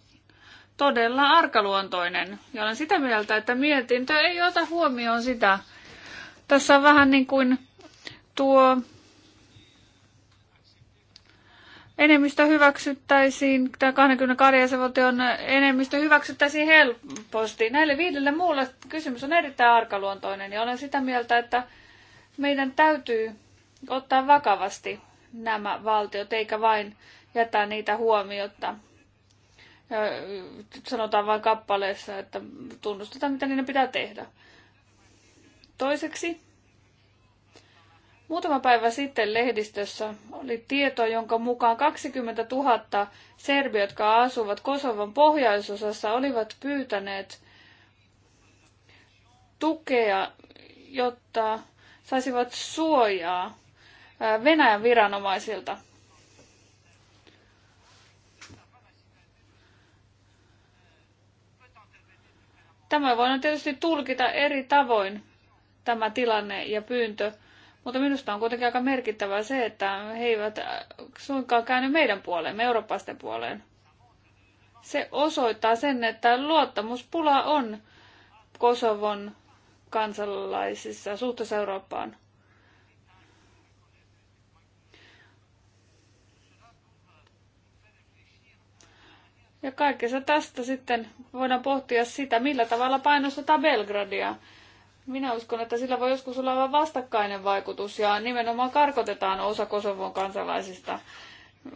todella arkaluontoinen. Ja olen sitä mieltä, että mietintö ei ota huomioon sitä. Tässä on vähän niin kuin tuo enemmistö hyväksyttäisiin, tämä 22 valtion enemmistö hyväksyttäisiin helposti. Näille viidelle muulle kysymys on erittäin arkaluontoinen, ja olen sitä mieltä, että meidän täytyy ottaa vakavasti nämä valtiot, eikä vain jättää niitä huomiota. Ja sanotaan vain kappaleessa, että tunnustetaan, mitä niiden pitää tehdä. Toiseksi, Muutama päivä sitten lehdistössä oli tieto, jonka mukaan 20 000 serbiä, jotka asuvat Kosovan pohjaisosassa, olivat pyytäneet tukea, jotta saisivat suojaa Venäjän viranomaisilta. Tämä voidaan tietysti tulkita eri tavoin, tämä tilanne ja pyyntö. Mutta minusta on kuitenkin aika merkittävää se, että he eivät suinkaan käyny meidän puoleen, eurooppaisten puoleen. Se osoittaa sen, että luottamuspula on Kosovon kansalaisissa suhteessa Eurooppaan. Ja kaikessa tästä sitten voidaan pohtia sitä, millä tavalla painostetaan Belgradia minä uskon, että sillä voi joskus olla aivan vastakkainen vaikutus ja nimenomaan karkotetaan osa Kosovon kansalaisista.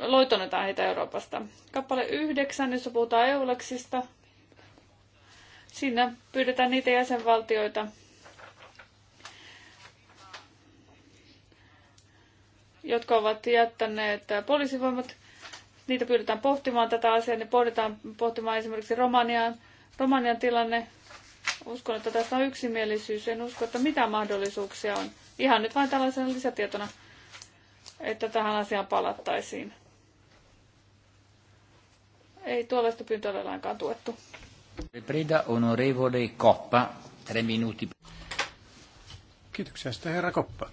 Loitonetaan heitä Euroopasta. Kappale 9, jossa puhutaan EULEXista. Siinä pyydetään niitä jäsenvaltioita, jotka ovat jättäneet poliisivoimat. Niitä pyydetään pohtimaan tätä asiaa, niin pohditaan pohtimaan esimerkiksi Romanian, Romanian tilanne, Uskon, että tästä on yksimielisyys. En usko, että mitä mahdollisuuksia on. Ihan nyt vain tällaisena lisätietona, että tähän asiaan palattaisiin. Ei tuollaista pyyntöä ole lainkaan tuettu. Preda onorevole Koppa, tre minuti. Kiitoksia sitten herra Koppa.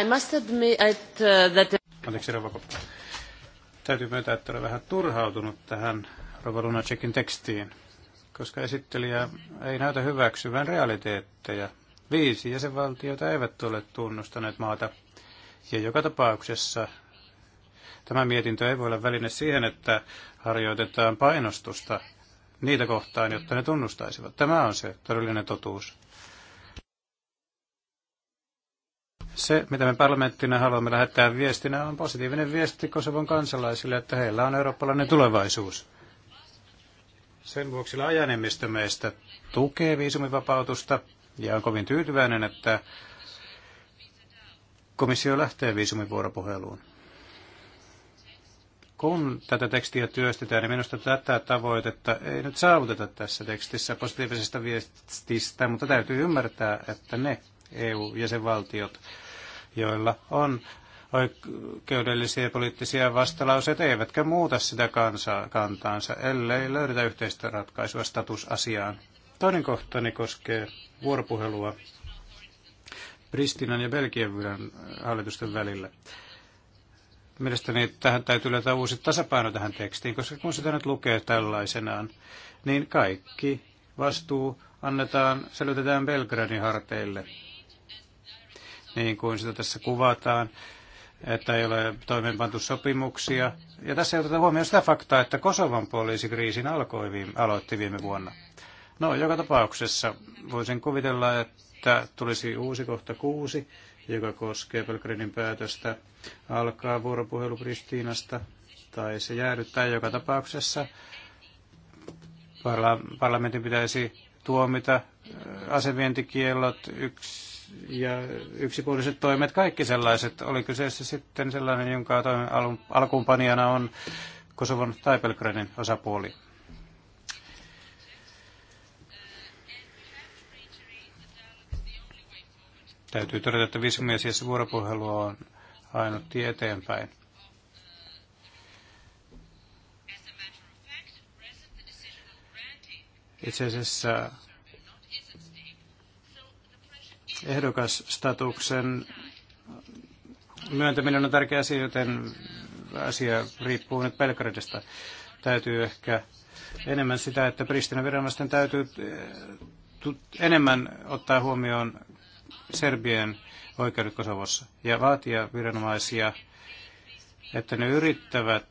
I must admit uh, that... Anteeksi, rouva Koppa. Täytyy myöntää, että olen vähän turhautunut tähän Rova Lunacekin tekstiin koska esittelijä ei näytä hyväksyvän realiteetteja. Viisi jäsenvaltiota eivät ole tunnustaneet maata. Ja joka tapauksessa tämä mietintö ei voi olla väline siihen, että harjoitetaan painostusta niitä kohtaan, jotta ne tunnustaisivat. Tämä on se todellinen totuus. Se, mitä me parlamenttina haluamme lähettää viestinä, on positiivinen viesti Kosovon kansalaisille, että heillä on eurooppalainen tulevaisuus. Sen vuoksi laajanemmistö meistä tukee viisumivapautusta ja on kovin tyytyväinen, että komissio lähtee viisumivuoropuheluun. Kun tätä tekstiä työstetään, niin minusta tätä tavoitetta ei nyt saavuteta tässä tekstissä positiivisesta viestistä, mutta täytyy ymmärtää, että ne EU-jäsenvaltiot, joilla on oikeudellisia ja poliittisia vastalauseita, eivätkä muuta sitä kansa, kantaansa, ellei löydetä yhteistä ratkaisua statusasiaan. Toinen kohtani koskee vuoropuhelua Pristinan ja Belgian viran hallitusten välillä. Mielestäni tähän täytyy löytää uusi tasapaino tähän tekstiin, koska kun sitä nyt lukee tällaisenaan, niin kaikki vastuu annetaan, selvitetään Belgradin harteille. Niin kuin sitä tässä kuvataan, että ei ole toimeenpantu sopimuksia. Ja tässä ei oteta huomioon sitä faktaa, että Kosovan poliisikriisin alkoi viime, aloitti viime vuonna. No, joka tapauksessa voisin kuvitella, että tulisi uusi kohta kuusi, joka koskee Belgradin päätöstä alkaa vuoropuhelu Kristiinasta, tai se jäädyttää joka tapauksessa. Parla- parlamentin pitäisi tuomita äh, asevientikiellot yksi ja yksipuoliset toimet, kaikki sellaiset. Oli kyseessä sitten sellainen, jonka toimen alkuunpanijana on Kosovon tai osapuoli. Täytyy todeta, että viisumiesiässä vuoropuhelu on ainut tie eteenpäin. Itse asiassa Ehdokasstatuksen myöntäminen on tärkeä asia, joten asia riippuu nyt Belgradista. Täytyy ehkä enemmän sitä, että Pristinan viranomaisten täytyy eh, enemmän ottaa huomioon Serbien oikeudet Kosovossa ja vaatia viranomaisia, että ne yrittävät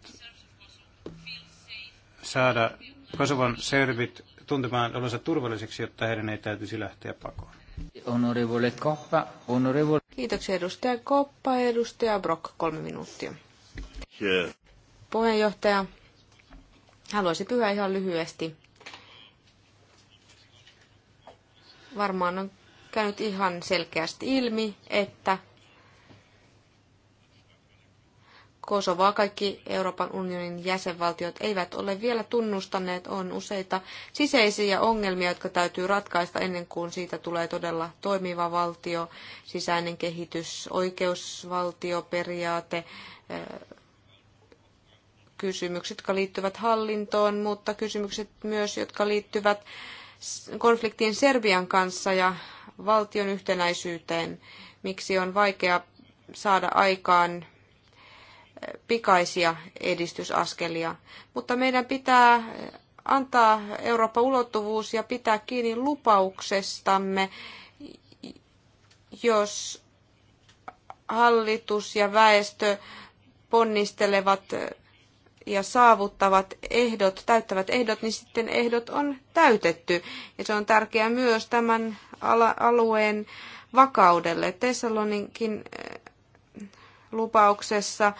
saada Kosovon serbit tuntemaan olonsa turvalliseksi, jotta heidän ei täytyisi lähteä pakoon. Honorevole Koppa, honorevole... Kiitoksia edustaja Koppa ja edustaja Brock, kolme minuuttia. Yeah. Puheenjohtaja, haluaisin pyhää ihan lyhyesti. Varmaan on käynyt ihan selkeästi ilmi, että Kosovoa kaikki Euroopan unionin jäsenvaltiot eivät ole vielä tunnustaneet. On useita sisäisiä ongelmia, jotka täytyy ratkaista ennen kuin siitä tulee todella toimiva valtio, sisäinen kehitys, oikeusvaltioperiaate, eh, kysymykset, jotka liittyvät hallintoon, mutta kysymykset myös, jotka liittyvät konfliktiin Serbian kanssa ja valtion yhtenäisyyteen. Miksi on vaikea saada aikaan pikaisia edistysaskelia. Mutta meidän pitää antaa Euroopan ulottuvuus ja pitää kiinni lupauksestamme, jos hallitus ja väestö ponnistelevat ja saavuttavat ehdot, täyttävät ehdot, niin sitten ehdot on täytetty. Ja se on tärkeää myös tämän alueen vakaudelle. Thessalonikin eh, lupauksessa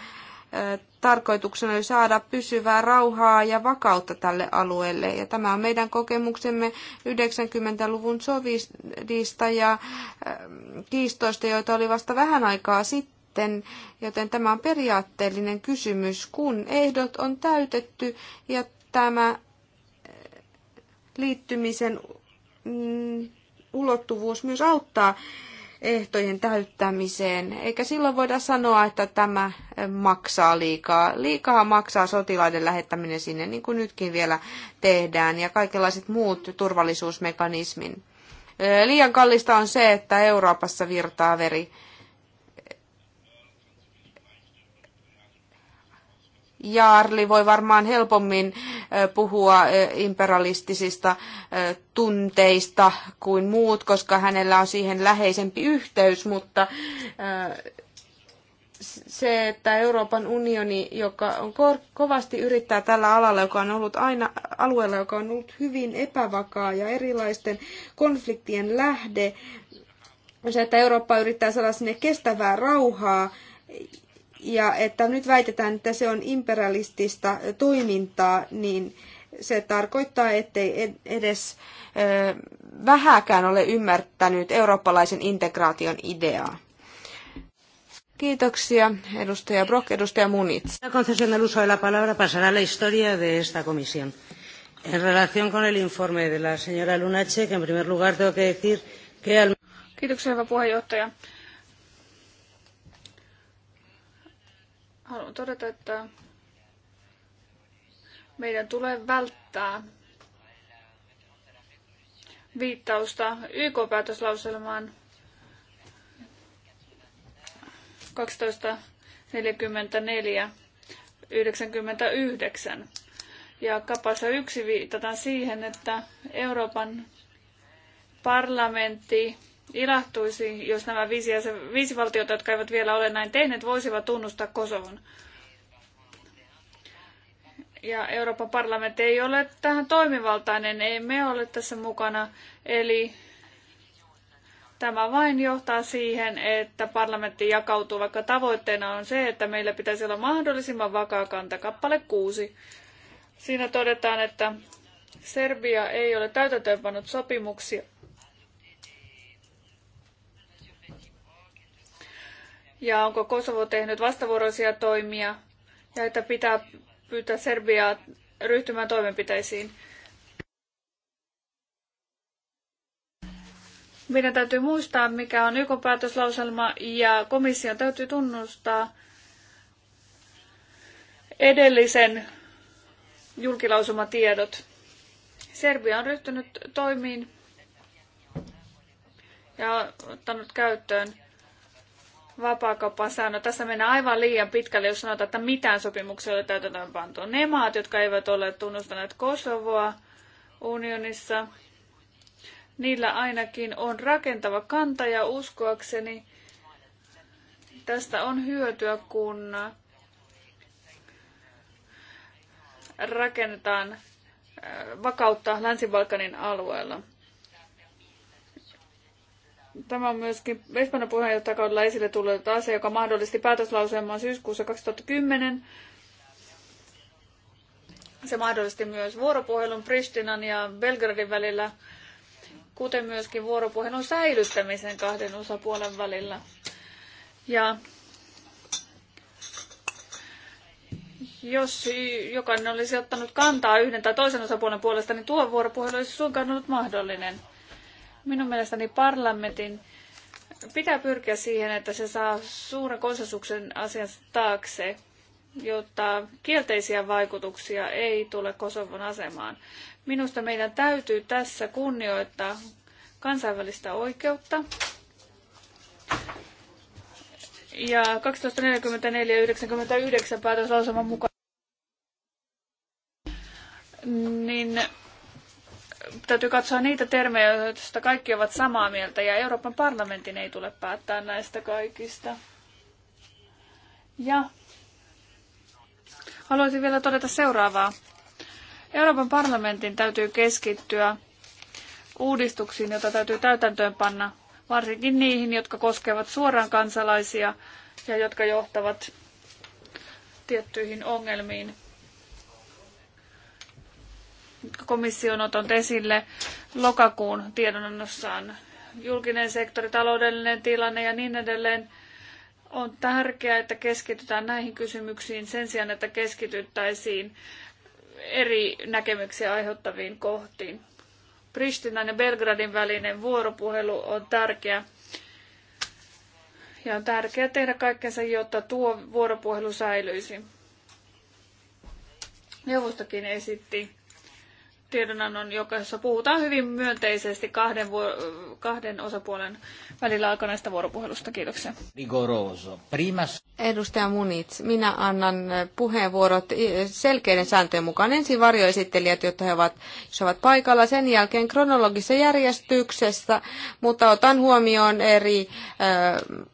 tarkoituksena oli saada pysyvää rauhaa ja vakautta tälle alueelle. Ja tämä on meidän kokemuksemme 90-luvun sovista ja kiistoista, joita oli vasta vähän aikaa sitten. Joten tämä on periaatteellinen kysymys, kun ehdot on täytetty ja tämä liittymisen mm, ulottuvuus myös auttaa ehtojen täyttämiseen, eikä silloin voida sanoa, että tämä maksaa liikaa. Liikaa maksaa sotilaiden lähettäminen sinne, niin kuin nytkin vielä tehdään, ja kaikenlaiset muut turvallisuusmekanismin. Liian kallista on se, että Euroopassa virtaa veri. Jaarli voi varmaan helpommin puhua imperialistisista tunteista kuin muut, koska hänellä on siihen läheisempi yhteys, mutta se, että Euroopan unioni, joka on kovasti yrittää tällä alalla, joka on ollut aina alueella, joka on ollut hyvin epävakaa ja erilaisten konfliktien lähde, se, että Eurooppa yrittää saada sinne kestävää rauhaa ja että nyt väitetään, että se on imperialistista toimintaa, niin se tarkoittaa, ettei edes vähäkään ole ymmärtänyt eurooppalaisen integraation ideaa. Kiitoksia, edustaja Brock, edustaja Munitz. La concesión del uso de la palabra pasará a la historia de esta comisión. En relación con el informe de la señora Lunache, que en primer lugar tengo que decir que al... Kiitoksia, hyvä puheenjohtaja. haluan todeta, että meidän tulee välttää viittausta YK-päätöslauselmaan 1244 99. Ja kapassa yksi viitataan siihen, että Euroopan parlamentti ilahtuisi, jos nämä viisi, jäsen, viisi valtiota, jotka eivät vielä ole näin tehneet, voisivat tunnustaa Kosovon. Ja Euroopan parlamentti ei ole tähän toimivaltainen, ei me ole tässä mukana. Eli tämä vain johtaa siihen, että parlamentti jakautuu, vaikka tavoitteena on se, että meillä pitäisi olla mahdollisimman vakaa kanta, kappale 6. Siinä todetaan, että Serbia ei ole täytäntöönpannut sopimuksia ja onko Kosovo tehnyt vastavuoroisia toimia ja että pitää pyytää Serbiaa ryhtymään toimenpiteisiin. Meidän täytyy muistaa, mikä on YK päätöslauselma ja komission täytyy tunnustaa edellisen julkilausumatiedot. Serbia on ryhtynyt toimiin ja ottanut käyttöön vapaakauppaan säännöt. Tässä mennään aivan liian pitkälle, jos sanotaan, että mitään sopimuksia ei ole pantu. Ne maat, jotka eivät ole tunnustaneet Kosovoa unionissa, niillä ainakin on rakentava kanta ja uskoakseni tästä on hyötyä, kun rakennetaan äh, vakautta Länsi-Balkanin alueella. Tämä on myöskin Espanjan puheenjohtajakaudella esille tullut asia, joka mahdollisti päätöslauselman syyskuussa 2010. Se mahdollisti myös vuoropuhelun Pristinan ja Belgradin välillä, kuten myöskin vuoropuhelun säilyttämisen kahden osapuolen välillä. Ja jos jokainen olisi ottanut kantaa yhden tai toisen osapuolen puolesta, niin tuo vuoropuhelu olisi suinkaan ollut mahdollinen. Minun mielestäni parlamentin pitää pyrkiä siihen, että se saa suuren konsensuksen asiansa taakse, jotta kielteisiä vaikutuksia ei tule Kosovon asemaan. Minusta meidän täytyy tässä kunnioittaa kansainvälistä oikeutta. Ja 1244-99 päätöslauselman mukaan niin täytyy katsoa niitä termejä, joista kaikki ovat samaa mieltä, ja Euroopan parlamentin ei tule päättää näistä kaikista. Ja haluaisin vielä todeta seuraavaa. Euroopan parlamentin täytyy keskittyä uudistuksiin, joita täytyy täytäntöönpanna, varsinkin niihin, jotka koskevat suoraan kansalaisia ja jotka johtavat tiettyihin ongelmiin komissio on oton esille lokakuun tiedonannossaan. Julkinen sektori, taloudellinen tilanne ja niin edelleen. On tärkeää, että keskitytään näihin kysymyksiin sen sijaan, että keskityttäisiin eri näkemyksiä aiheuttaviin kohtiin. Pristinan ja Belgradin välinen vuoropuhelu on tärkeä. Ja on tärkeää tehdä kaikkensa, jotta tuo vuoropuhelu säilyisi. Neuvostokin esitti tiedonannon, jossa puhutaan hyvin myönteisesti kahden, vuor- kahden osapuolen välillä alkaneesta vuoropuhelusta. Kiitoksia. Rigoroso. Primas. Edustaja Munits, minä annan eh, puheenvuorot selkeiden sääntöjen mukaan. Ensin varjoesittelijät, jotta he ovat, jos ovat paikalla. Sen jälkeen kronologisessa järjestyksessä, mutta otan huomioon eri äh,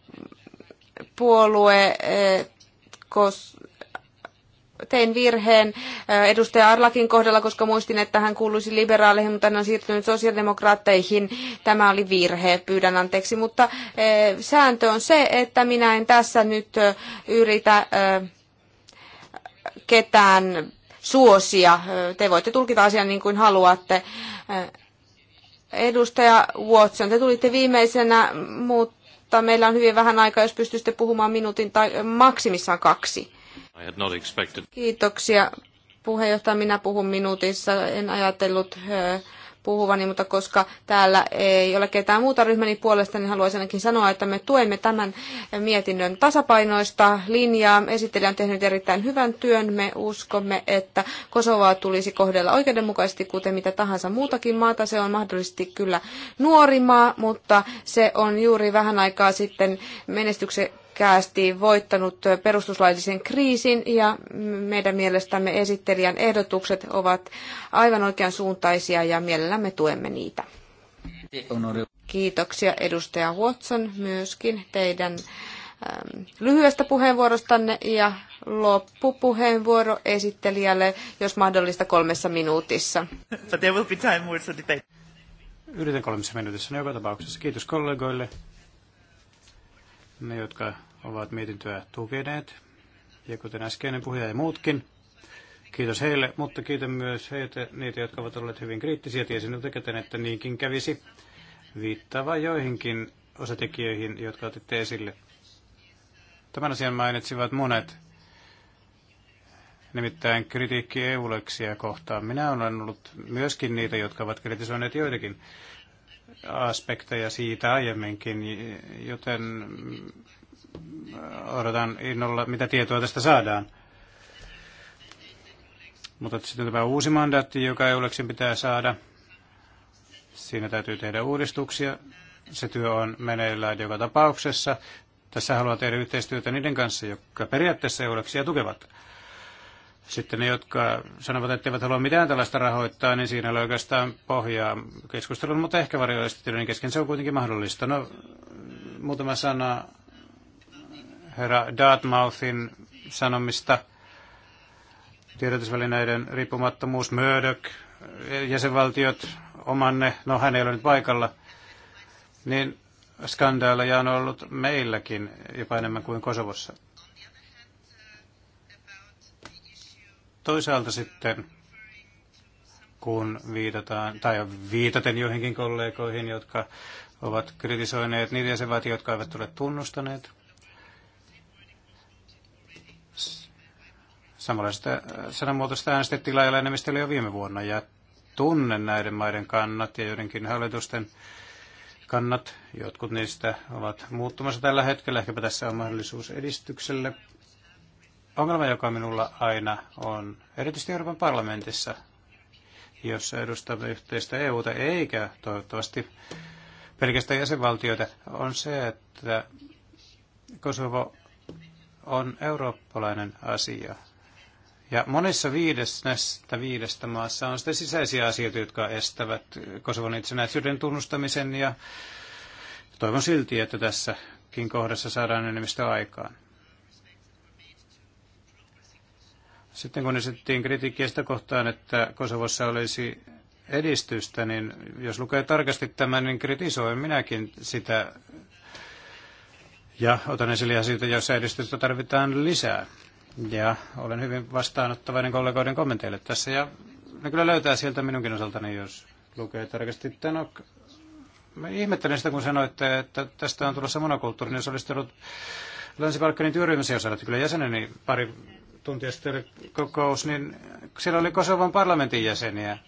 puolue, äh, kos, tein virheen äh, edustaja Arlakin kohdalla, koska muistin, että hän kuuluisi liberaaleihin, mutta hän on siirtynyt sosiaalidemokraatteihin. Tämä oli virhe, pyydän anteeksi. Mutta äh, sääntö on se, että minä en tässä nyt äh, yritä ketään suosia. Te voitte tulkita asian niin kuin haluatte. Edustaja Watson, te tulitte viimeisenä, mutta meillä on hyvin vähän aikaa, jos pystyisitte puhumaan minuutin tai maksimissaan kaksi. Kiitoksia puheenjohtaja. Minä puhun minuutissa. En ajatellut puhuvani, mutta koska täällä ei ole ketään muuta ryhmäni puolesta, niin haluaisin ainakin sanoa, että me tuemme tämän mietinnön tasapainoista linjaa. Esittelijä on tehnyt erittäin hyvän työn. Me uskomme, että Kosovaa tulisi kohdella oikeudenmukaisesti, kuten mitä tahansa muutakin maata. Se on mahdollisesti kyllä nuori maa, mutta se on juuri vähän aikaa sitten menestyksen selkeästi voittanut perustuslaillisen kriisin ja meidän mielestämme esittelijän ehdotukset ovat aivan oikean suuntaisia ja mielellämme tuemme niitä. Kiitoksia edustaja Watson myöskin teidän ähm, lyhyestä puheenvuorostanne ja loppupuheenvuoro esittelijälle, jos mahdollista kolmessa minuutissa. But there will be time more debate. Yritän kolmessa minuutissa joka tapauksessa. Kiitos kollegoille, ne jotka ovat mietintöä tukeneet, ja kuten äskeinen puhuja ja muutkin, kiitos heille, mutta kiitän myös heitä, niitä, jotka ovat olleet hyvin kriittisiä. Tiesin etukäteen, että niinkin kävisi viittaava joihinkin osatekijöihin, jotka otitte esille. Tämän asian mainitsivat monet, nimittäin kritiikki eu kohtaan. Minä olen ollut myöskin niitä, jotka ovat kritisoineet joitakin aspekteja siitä aiemminkin, joten odotan innolla, mitä tietoa tästä saadaan. Mutta sitten tämä uusi mandaatti, joka EULEXin pitää saada, siinä täytyy tehdä uudistuksia. Se työ on meneillään joka tapauksessa. Tässä haluaa tehdä yhteistyötä niiden kanssa, jotka periaatteessa EULEXia tukevat. Sitten ne, jotka sanovat, että eivät halua mitään tällaista rahoittaa, niin siinä ei ole oikeastaan pohjaa keskustelun, mutta ehkä varjoistetyiden kesken se on kuitenkin mahdollista. No, muutama sana herra Dartmouthin sanomista. Tiedotusvälineiden riippumattomuus, Murdoch, jäsenvaltiot, omanne, no hän ei ole nyt paikalla, niin skandaaleja on ollut meilläkin jopa enemmän kuin Kosovossa. Toisaalta sitten, kun viitataan, tai viitaten joihinkin kollegoihin, jotka ovat kritisoineet niitä jäsenvaltioita, jotka eivät ole tunnustaneet Samanlaista äh, sanamuotoista äänestettiin laajalla enemmistöllä jo viime vuonna ja tunnen näiden maiden kannat ja joidenkin hallitusten kannat. Jotkut niistä ovat muuttumassa tällä hetkellä. Ehkäpä tässä on mahdollisuus edistykselle. Ongelma, joka minulla aina on, erityisesti Euroopan parlamentissa, jossa edustamme yhteistä EUta eikä toivottavasti pelkästään jäsenvaltioita, on se, että Kosovo on eurooppalainen asia. Ja monissa näistä viidestä maassa on sitten sisäisiä asioita, jotka estävät Kosovon itsenäisyyden tunnustamisen ja toivon silti, että tässäkin kohdassa saadaan enemmistö aikaan. Sitten kun esitettiin kritiikkiä sitä kohtaan, että Kosovossa olisi edistystä, niin jos lukee tarkasti tämän, niin kritisoin minäkin sitä ja otan esille asioita, joissa edistystä tarvitaan lisää. Ja olen hyvin vastaanottavainen kollegoiden kommenteille tässä. Ja ne kyllä löytää sieltä minunkin osaltani, jos lukee tarkasti. Tänok, mä ihmettelen sitä, kun sanoitte, että tästä on tulossa monokulttuurinen. Jos olisit ollut Länsi-Balkanin työryhmässä, jos olette kyllä jäseneni pari tuntia sitten kokous, niin siellä oli Kosovan parlamentin jäseniä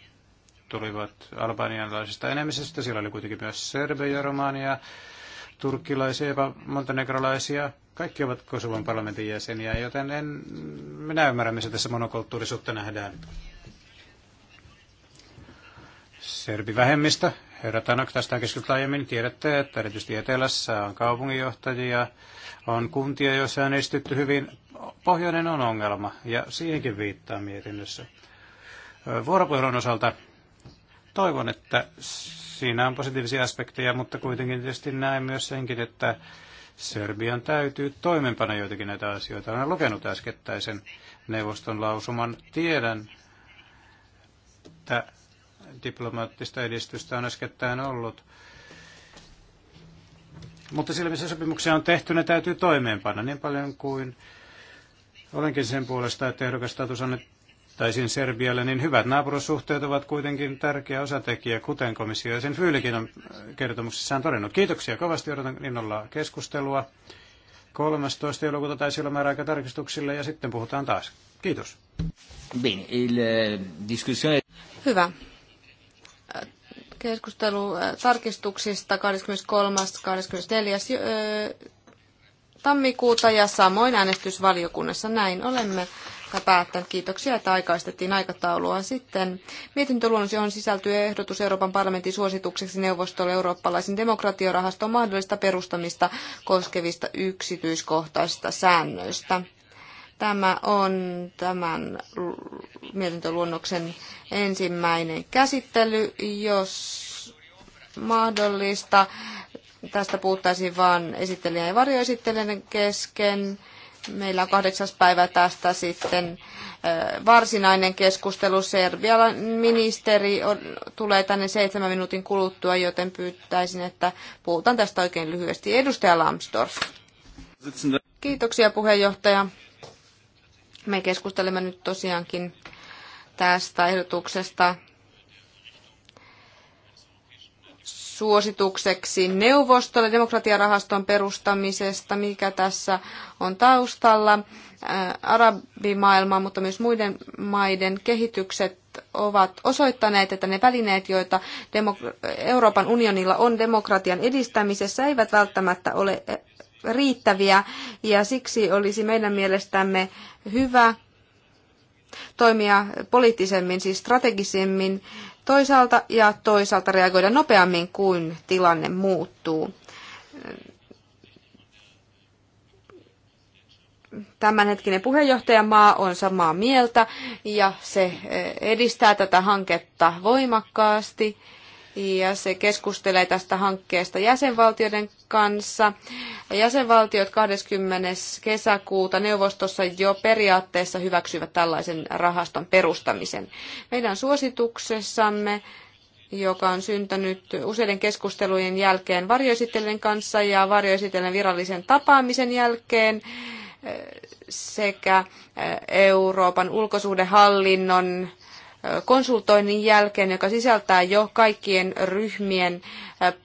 tulivat albanialaisista enemmistöstä. Siellä oli kuitenkin myös serbejä, romaania, turkkilaisia, jopa montenegrolaisia. Kaikki ovat Kosovan parlamentin jäseniä, joten en minä ymmärrä, missä tässä monokulttuurisuutta nähdään. Serbivähemmistö, herra Tanak, tästä on keskusteltu aiemmin. Tiedätte, että erityisesti Etelässä on kaupunginjohtajia, on kuntia, joissa on esitetty hyvin. Pohjoinen on ongelma, ja siihenkin viittaa mietinnössä. Vuoropuhelun osalta toivon, että siinä on positiivisia aspekteja, mutta kuitenkin tietysti näen myös senkin, että Serbian täytyy toimenpana joitakin näitä asioita. Olen lukenut äskettäisen neuvoston lausuman. Tiedän, että diplomaattista edistystä on äskettäin ollut. Mutta sillä, missä sopimuksia on tehty, ne täytyy toimeenpanna niin paljon kuin olenkin sen puolesta, että ehdokastatus annettaisiin Serbialle, niin hyvät naapurussuhteet ovat kuitenkin tärkeä osatekijä, kuten komissio ja sen Fyylikin on äh, kertomuksessaan todennut. Kiitoksia kovasti, odotan innolla keskustelua. 13. elokuuta taisi olla määräaika tarkistuksille ja sitten puhutaan taas. Kiitos. Eh, Hyvä. Keskustelu eh, tarkistuksista 23. 24. Eh, tammikuuta ja samoin äänestysvaliokunnassa. Näin olemme päättänyt. Kiitoksia, että aikaistettiin aikataulua. Sitten mietintöluonnos, johon sisältyy ehdotus Euroopan parlamentin suositukseksi neuvostolle eurooppalaisen demokratiorahaston mahdollista perustamista koskevista yksityiskohtaisista säännöistä. Tämä on tämän mietintöluonnoksen ensimmäinen käsittely, jos mahdollista. Tästä puhuttaisiin vain esittelijän ja varjoesittelijän kesken. Meillä on kahdeksas päivä tästä sitten varsinainen keskustelu. Serbialan ministeri tulee tänne seitsemän minuutin kuluttua, joten pyytäisin, että puhutaan tästä oikein lyhyesti. Edustaja Lambsdorff. Kiitoksia puheenjohtaja. Me keskustelemme nyt tosiaankin tästä ehdotuksesta suositukseksi neuvostolle demokratiarahaston perustamisesta, mikä tässä on taustalla. Äh, Arabimaailman, mutta myös muiden maiden kehitykset ovat osoittaneet, että ne välineet, joita Euroopan unionilla on demokratian edistämisessä, eivät välttämättä ole riittäviä, ja siksi olisi meidän mielestämme hyvä toimia poliittisemmin, siis strategisemmin toisaalta ja toisaalta reagoida nopeammin kuin tilanne muuttuu. tämänhetkinen puheenjohtajamaa on samaa mieltä ja se edistää tätä hanketta voimakkaasti ja se keskustelee tästä hankkeesta jäsenvaltioiden kanssa. Jäsenvaltiot 20. kesäkuuta neuvostossa jo periaatteessa hyväksyvät tällaisen rahaston perustamisen. Meidän suosituksessamme joka on syntynyt useiden keskustelujen jälkeen varjoisitellen kanssa ja varjoisitellen virallisen tapaamisen jälkeen eh, sekä eh, Euroopan ulkosuhdehallinnon konsultoinnin jälkeen, joka sisältää jo kaikkien ryhmien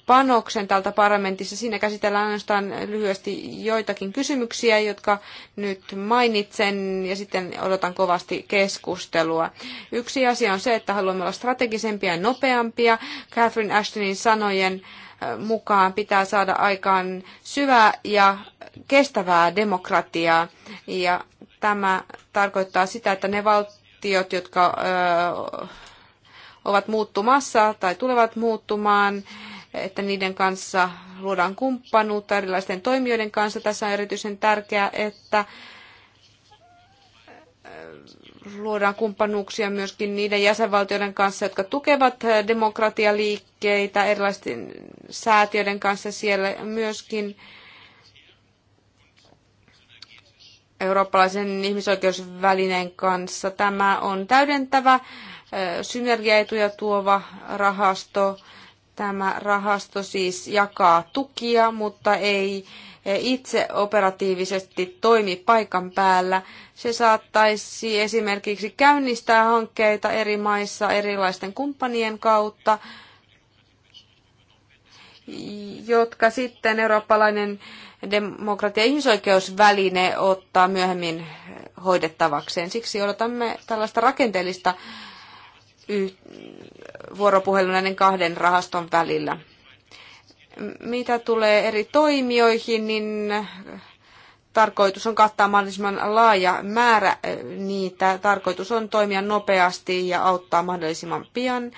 panoksen tältä parlamentissa. Siinä käsitellään ainoastaan lyhyesti joitakin kysymyksiä, jotka nyt mainitsen ja sitten odotan kovasti keskustelua. Yksi asia on se, että haluamme olla strategisempia ja nopeampia. Catherine Ashtonin sanojen mukaan pitää saada aikaan syvää ja kestävää demokratiaa. Ja tämä tarkoittaa sitä, että ne valtiot, sanktiot, jotka ovat muuttumassa tai tulevat muuttumaan, että niiden kanssa luodaan kumppanuutta erilaisten toimijoiden kanssa. Tässä on erityisen tärkeää, että luodaan kumppanuuksia myöskin niiden jäsenvaltioiden kanssa, jotka tukevat demokratialiikkeitä, erilaisten säätiöiden kanssa siellä myöskin eurooppalaisen ihmisoikeusvälineen kanssa. Tämä on täydentävä synergiaetuja tuova rahasto. Tämä rahasto siis jakaa tukia, mutta ei itse operatiivisesti toimi paikan päällä. Se saattaisi esimerkiksi käynnistää hankkeita eri maissa erilaisten kumppanien kautta, jotka sitten eurooppalainen demokratia- ja ihmisoikeusväline ottaa myöhemmin hoidettavakseen. Siksi odotamme tällaista rakenteellista vuoropuhelua näiden kahden rahaston välillä. Mitä tulee eri toimijoihin, niin tarkoitus on kattaa mahdollisimman laaja määrä eh, niitä. Tarkoitus on toimia nopeasti ja auttaa mahdollisimman pian.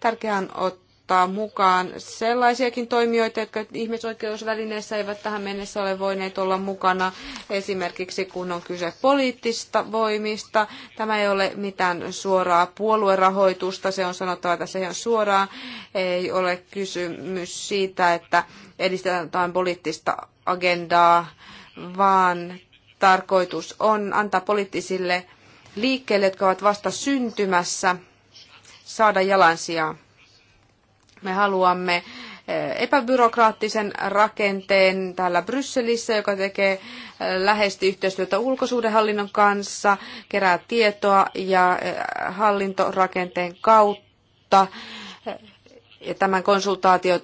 Tärkeää on ottaa ottaa mukaan sellaisiakin toimijoita, jotka ihmisoikeusvälineissä eivät tähän mennessä ole voineet olla mukana, esimerkiksi kun on kyse poliittista voimista. Tämä ei ole mitään suoraa puoluerahoitusta, se on sanottava tässä ihan suoraan. Ei ole kysymys siitä, että edistetään poliittista agendaa, vaan tarkoitus on antaa poliittisille liikkeelle, jotka ovat vasta syntymässä, saada jalansijaa. Me haluamme eh, epäbyrokraattisen rakenteen täällä Brysselissä, joka tekee eh, läheisesti yhteistyötä ulkosuudenhallinnon kanssa, kerää tietoa ja eh, hallintorakenteen kautta. Ja tämän konsultaation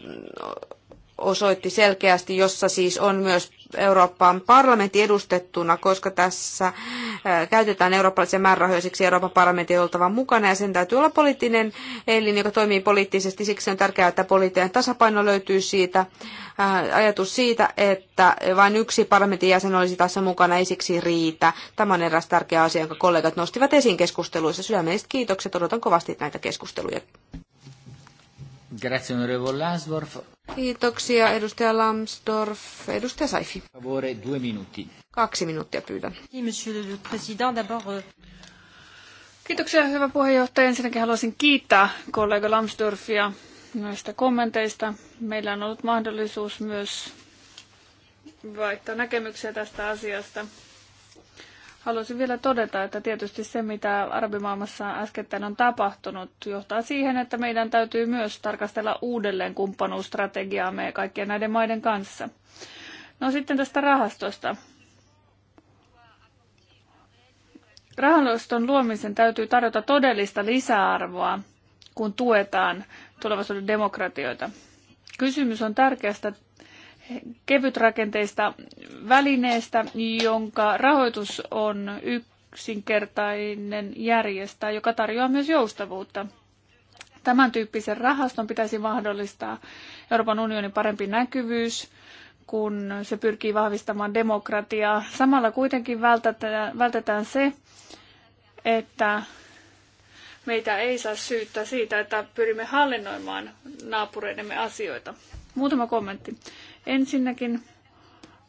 osoitti selkeästi, jossa siis on myös Euroopan parlamentti edustettuna, koska tässä käytetään eurooppalaisia määrärahoja, siksi Euroopan parlamentin on oltava mukana ja sen täytyy olla poliittinen elin, joka toimii poliittisesti. Siksi on tärkeää, että poliittinen tasapaino löytyy siitä. Ajatus siitä, että vain yksi parlamentin jäsen olisi tässä mukana, ei siksi riitä. Tämä on eräs tärkeä asia, jonka kollegat nostivat esiin keskusteluissa. Sydämelliset kiitokset, odotan kovasti näitä keskusteluja. Grazie, onorevole Lansdorf. Kiitoksia, edustaja Lambsdorff. Edustaja Saifi. Favore, due minuti. Kaksi minuuttia pyydän. Euh, Kiitoksia, hyvä puheenjohtaja. Ensinnäkin haluaisin kiittää kollega Lambsdorffia näistä kommenteista. Meillä on ollut mahdollisuus myös vaihtaa näkemyksiä tästä asiasta. Haluaisin vielä todeta, että tietysti se, mitä arabimaailmassa äskettäin on tapahtunut, johtaa siihen, että meidän täytyy myös tarkastella uudelleen kumppanuusstrategiaamme kaikkien näiden maiden kanssa. No sitten tästä rahastosta. Rahaston luomisen täytyy tarjota todellista lisäarvoa, kun tuetaan tulevaisuuden demokratioita. Kysymys on tärkeästä kevytrakenteista välineestä, jonka rahoitus on yksinkertainen järjestää, joka tarjoaa myös joustavuutta. Tämän tyyppisen rahaston pitäisi mahdollistaa Euroopan unionin parempi näkyvyys, kun se pyrkii vahvistamaan demokratiaa. Samalla kuitenkin vältetään, vältetään se, että meitä ei saa syyttää siitä, että pyrimme hallinnoimaan naapureidemme asioita. Muutama kommentti. Ensinnäkin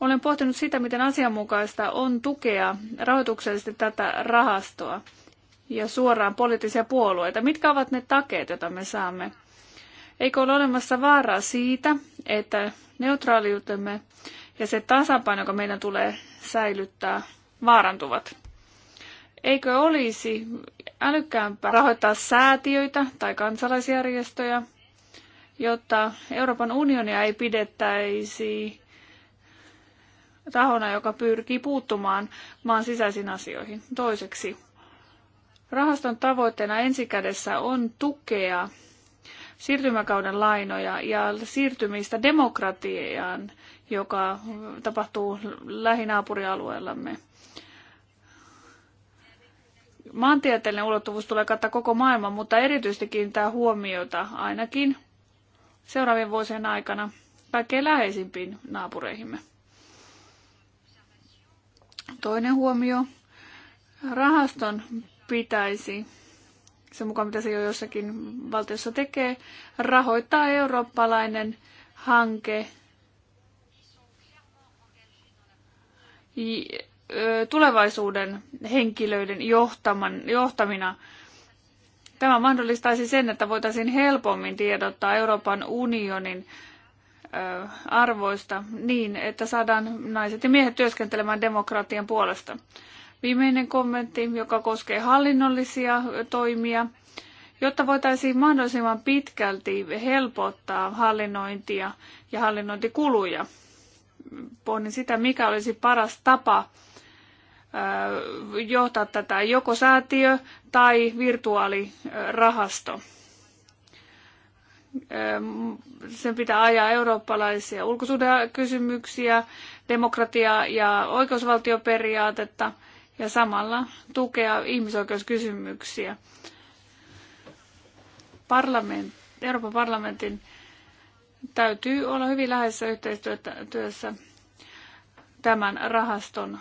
olen pohtinut sitä, miten asianmukaista on tukea rahoituksellisesti tätä rahastoa ja suoraan poliittisia puolueita. Mitkä ovat ne takeet, joita me saamme? Eikö ole olemassa vaaraa siitä, että neutraaliutemme ja se tasapaino, joka meidän tulee säilyttää, vaarantuvat? Eikö olisi älykkäämpää rahoittaa säätiöitä tai kansalaisjärjestöjä – jotta Euroopan unionia ei pidettäisi tahona, joka pyrkii puuttumaan maan sisäisiin asioihin. Toiseksi, rahaston tavoitteena ensikädessä on tukea siirtymäkauden lainoja ja siirtymistä demokratiaan, joka tapahtuu lähinaapurialueellamme. Maantieteellinen ulottuvuus tulee kattaa koko maailman, mutta erityisesti kiinnittää huomiota ainakin seuraavien vuosien aikana kaikkein läheisimpiin naapureihimme. Toinen huomio. Rahaston pitäisi, se mukaan mitä se jo jossakin valtiossa tekee, rahoittaa eurooppalainen hanke tulevaisuuden henkilöiden johtaman, johtamina Tämä mahdollistaisi sen, että voitaisiin helpommin tiedottaa Euroopan unionin arvoista niin, että saadaan naiset ja miehet työskentelemään demokratian puolesta. Viimeinen kommentti, joka koskee hallinnollisia toimia. Jotta voitaisiin mahdollisimman pitkälti helpottaa hallinnointia ja hallinnointikuluja, pohdin sitä, mikä olisi paras tapa johtaa tätä joko säätiö tai virtuaalirahasto. Sen pitää ajaa eurooppalaisia ulkosuhdekysymyksiä, demokratiaa ja oikeusvaltioperiaatetta ja samalla tukea ihmisoikeuskysymyksiä. Parlament, Euroopan parlamentin täytyy olla hyvin läheisessä yhteistyössä tämän rahaston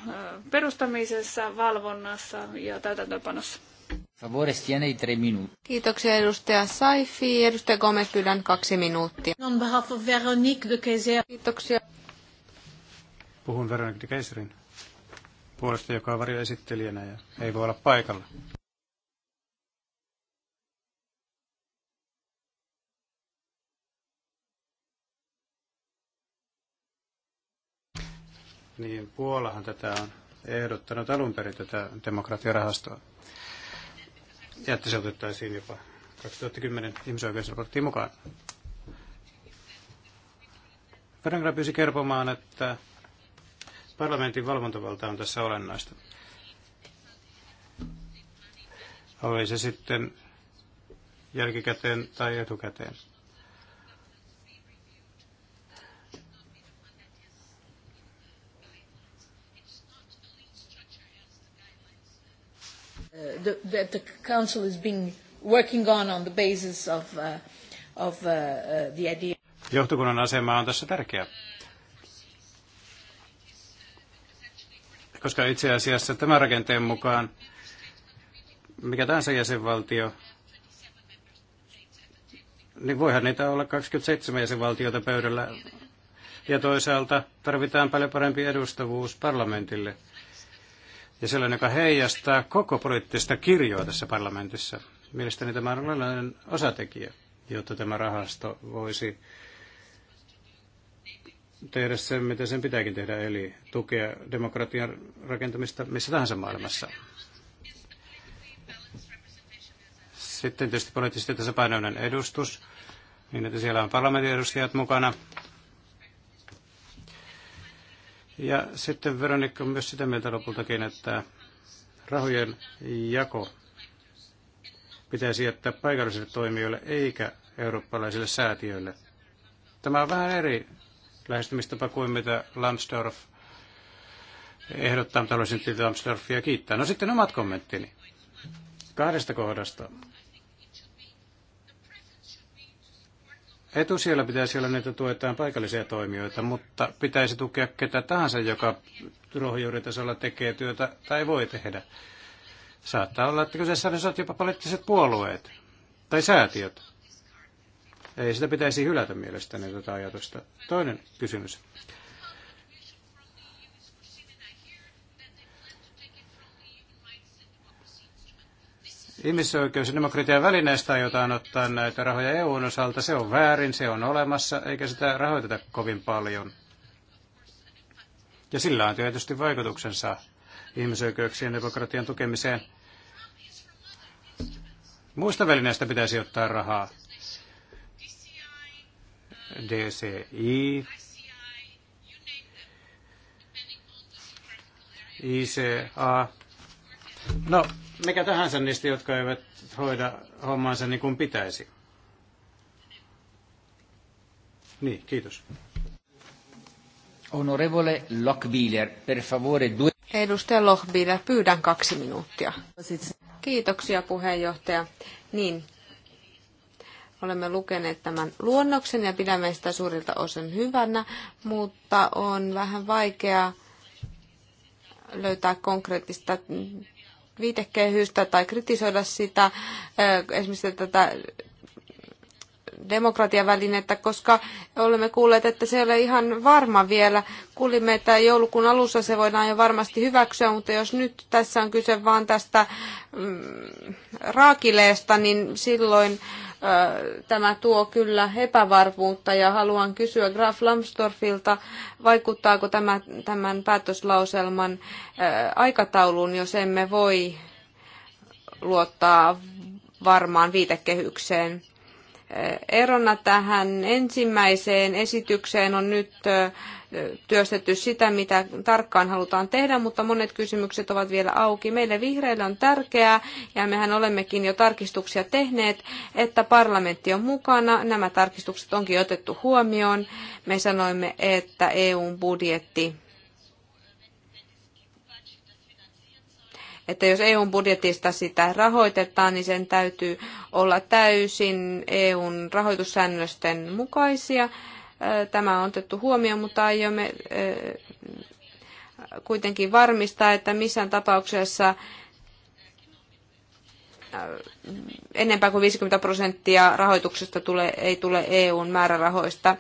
perustamisessa, valvonnassa ja täytäntöönpanossa. Kiitoksia edustaja Saifi. Edustaja Gomez, pyydän kaksi minuuttia. Kiitoksia. Puhun Veronique de Keiserin puolesta, joka on varjoesittelijänä ja ei voi olla paikalla. niin Puolahan tätä on ehdottanut alun perin tätä demokratiarahastoa. Ja että se otettaisiin jopa 2010 ihmisoikeusraporttiin mukaan. Perengra pyysi kertomaan, että parlamentin valvontavalta on tässä olennaista. Oli se sitten jälkikäteen tai etukäteen. the, that the Council is being working on on the basis of, uh, of uh, uh, the idea. Johtokunnan asema on tässä tärkeä. Koska itse asiassa tämän rakenteen mukaan mikä tahansa jäsenvaltio, niin voihan niitä olla 27 jäsenvaltiota pöydällä. Ja toisaalta tarvitaan paljon parempi edustavuus parlamentille – ja sellainen, joka heijastaa koko poliittista kirjoa tässä parlamentissa. Mielestäni tämä on olennainen osatekijä, jotta tämä rahasto voisi tehdä sen, mitä sen pitääkin tehdä, eli tukea demokratian rakentamista missä tahansa maailmassa. Sitten tietysti poliittisesti tasapainoinen edustus, niin että siellä on parlamentin edustajat mukana, ja sitten Veronikka on myös sitä mieltä lopultakin, että rahojen jako pitäisi jättää paikallisille toimijoille eikä eurooppalaisille säätiöille. Tämä on vähän eri lähestymistapa kuin mitä Lambsdorff ehdottaa, mutta haluaisin Lambsdorffia kiittää. No sitten omat kommenttini kahdesta kohdasta, Etusijalla pitäisi olla, että tuetaan paikallisia toimijoita, mutta pitäisi tukea ketä tahansa, joka ruohonjuuritasolla tekee työtä tai voi tehdä. Saattaa olla, että kyseessä on jopa poliittiset puolueet tai säätiöt. Ei sitä pitäisi hylätä mielestäni tätä ajatusta. Toinen kysymys. ihmisoikeus- ja demokratian välineestä aiotaan ottaa näitä rahoja EUn osalta, se on väärin, se on olemassa, eikä sitä rahoiteta kovin paljon. Ja sillä on tietysti vaikutuksensa ihmisoikeuksien ja demokratian tukemiseen. Muista välineistä pitäisi ottaa rahaa. DCI, ICA, No, mikä tahansa niistä, jotka eivät hoida hommansa niin kuin pitäisi. Niin, kiitos. Onorevole Lockbiller, per favore due... Edustaja Lochbiller, pyydän kaksi minuuttia. Kiitoksia puheenjohtaja. Niin, olemme lukeneet tämän luonnoksen ja pidämme sitä suurilta osin hyvänä, mutta on vähän vaikeaa löytää konkreettista viitekehystä tai kritisoida sitä, esimerkiksi tätä demokratian välinettä, koska olemme kuulleet, että se ei ole ihan varma vielä. Kuulimme, että joulukuun alussa se voidaan jo varmasti hyväksyä, mutta jos nyt tässä on kyse vain tästä mm, raakileesta, niin silloin Tämä tuo kyllä epävarmuutta ja haluan kysyä Graf Lambsdorffilta, vaikuttaako tämä tämän päätöslauselman aikatauluun, jos emme voi luottaa varmaan viitekehykseen. Erona tähän ensimmäiseen esitykseen on nyt työstetty sitä, mitä tarkkaan halutaan tehdä, mutta monet kysymykset ovat vielä auki. Meille vihreille on tärkeää, ja mehän olemmekin jo tarkistuksia tehneet, että parlamentti on mukana. Nämä tarkistukset onkin otettu huomioon. Me sanoimme, että EUn budjetti että jos EUn budjetista sitä rahoitetaan, niin sen täytyy olla täysin EUn rahoitussäännösten mukaisia. Tämä on otettu huomioon, mutta aiomme kuitenkin varmistaa, että missään tapauksessa enempää kuin 50 prosenttia rahoituksesta tule, ei tule EUn määrärahoista.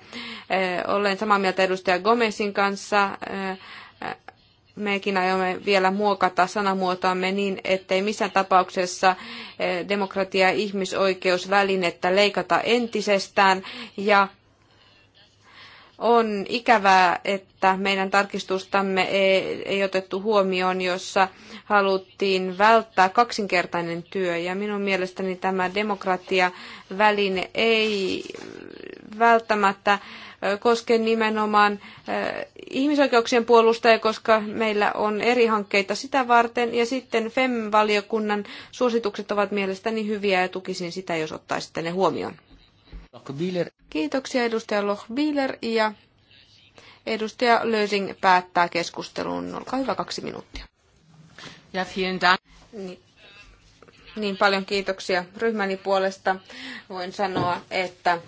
Olen samaa mieltä edustaja Gomesin kanssa mekin aiomme vielä muokata sanamuotoamme niin, ettei missään tapauksessa eh, demokratia- ja ihmisoikeusvälinettä leikata entisestään. Ja on ikävää, että meidän tarkistustamme ei, ei otettu huomioon, jossa haluttiin välttää kaksinkertainen työ. Ja minun mielestäni tämä demokratiaväline ei välttämättä koske nimenomaan ihmisoikeuksien puolustajia, koska meillä on eri hankkeita sitä varten. Ja sitten FEM-valiokunnan suositukset ovat mielestäni hyviä ja tukisin sitä, jos ottaisitte ne huomioon. Kiitoksia edustaja Lochbieler ja edustaja Lösing päättää keskustelun. Olkaa hyvä kaksi minuuttia. Ja vielen dank. Niin, niin paljon kiitoksia ryhmäni puolesta. Voin sanoa, että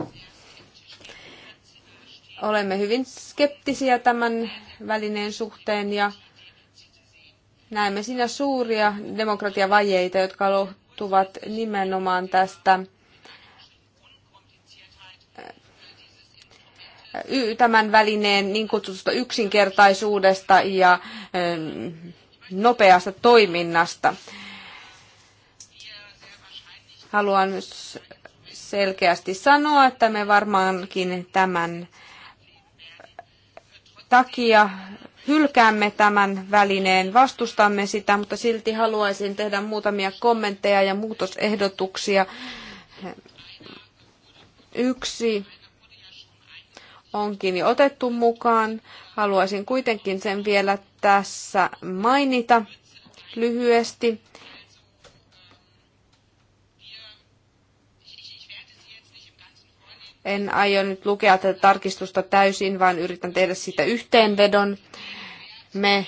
olemme hyvin skeptisiä tämän välineen suhteen ja näemme siinä suuria demokratiavajeita, jotka lohtuvat nimenomaan tästä tämän välineen niin kutsutusta yksinkertaisuudesta ja nopeasta toiminnasta. Haluan selkeästi sanoa, että me varmaankin tämän takia hylkäämme tämän välineen, vastustamme sitä, mutta silti haluaisin tehdä muutamia kommentteja ja muutosehdotuksia. Yksi onkin jo otettu mukaan. Haluaisin kuitenkin sen vielä tässä mainita lyhyesti. En aio nyt lukea tätä tarkistusta täysin, vaan yritän tehdä siitä yhteenvedon. Me äh,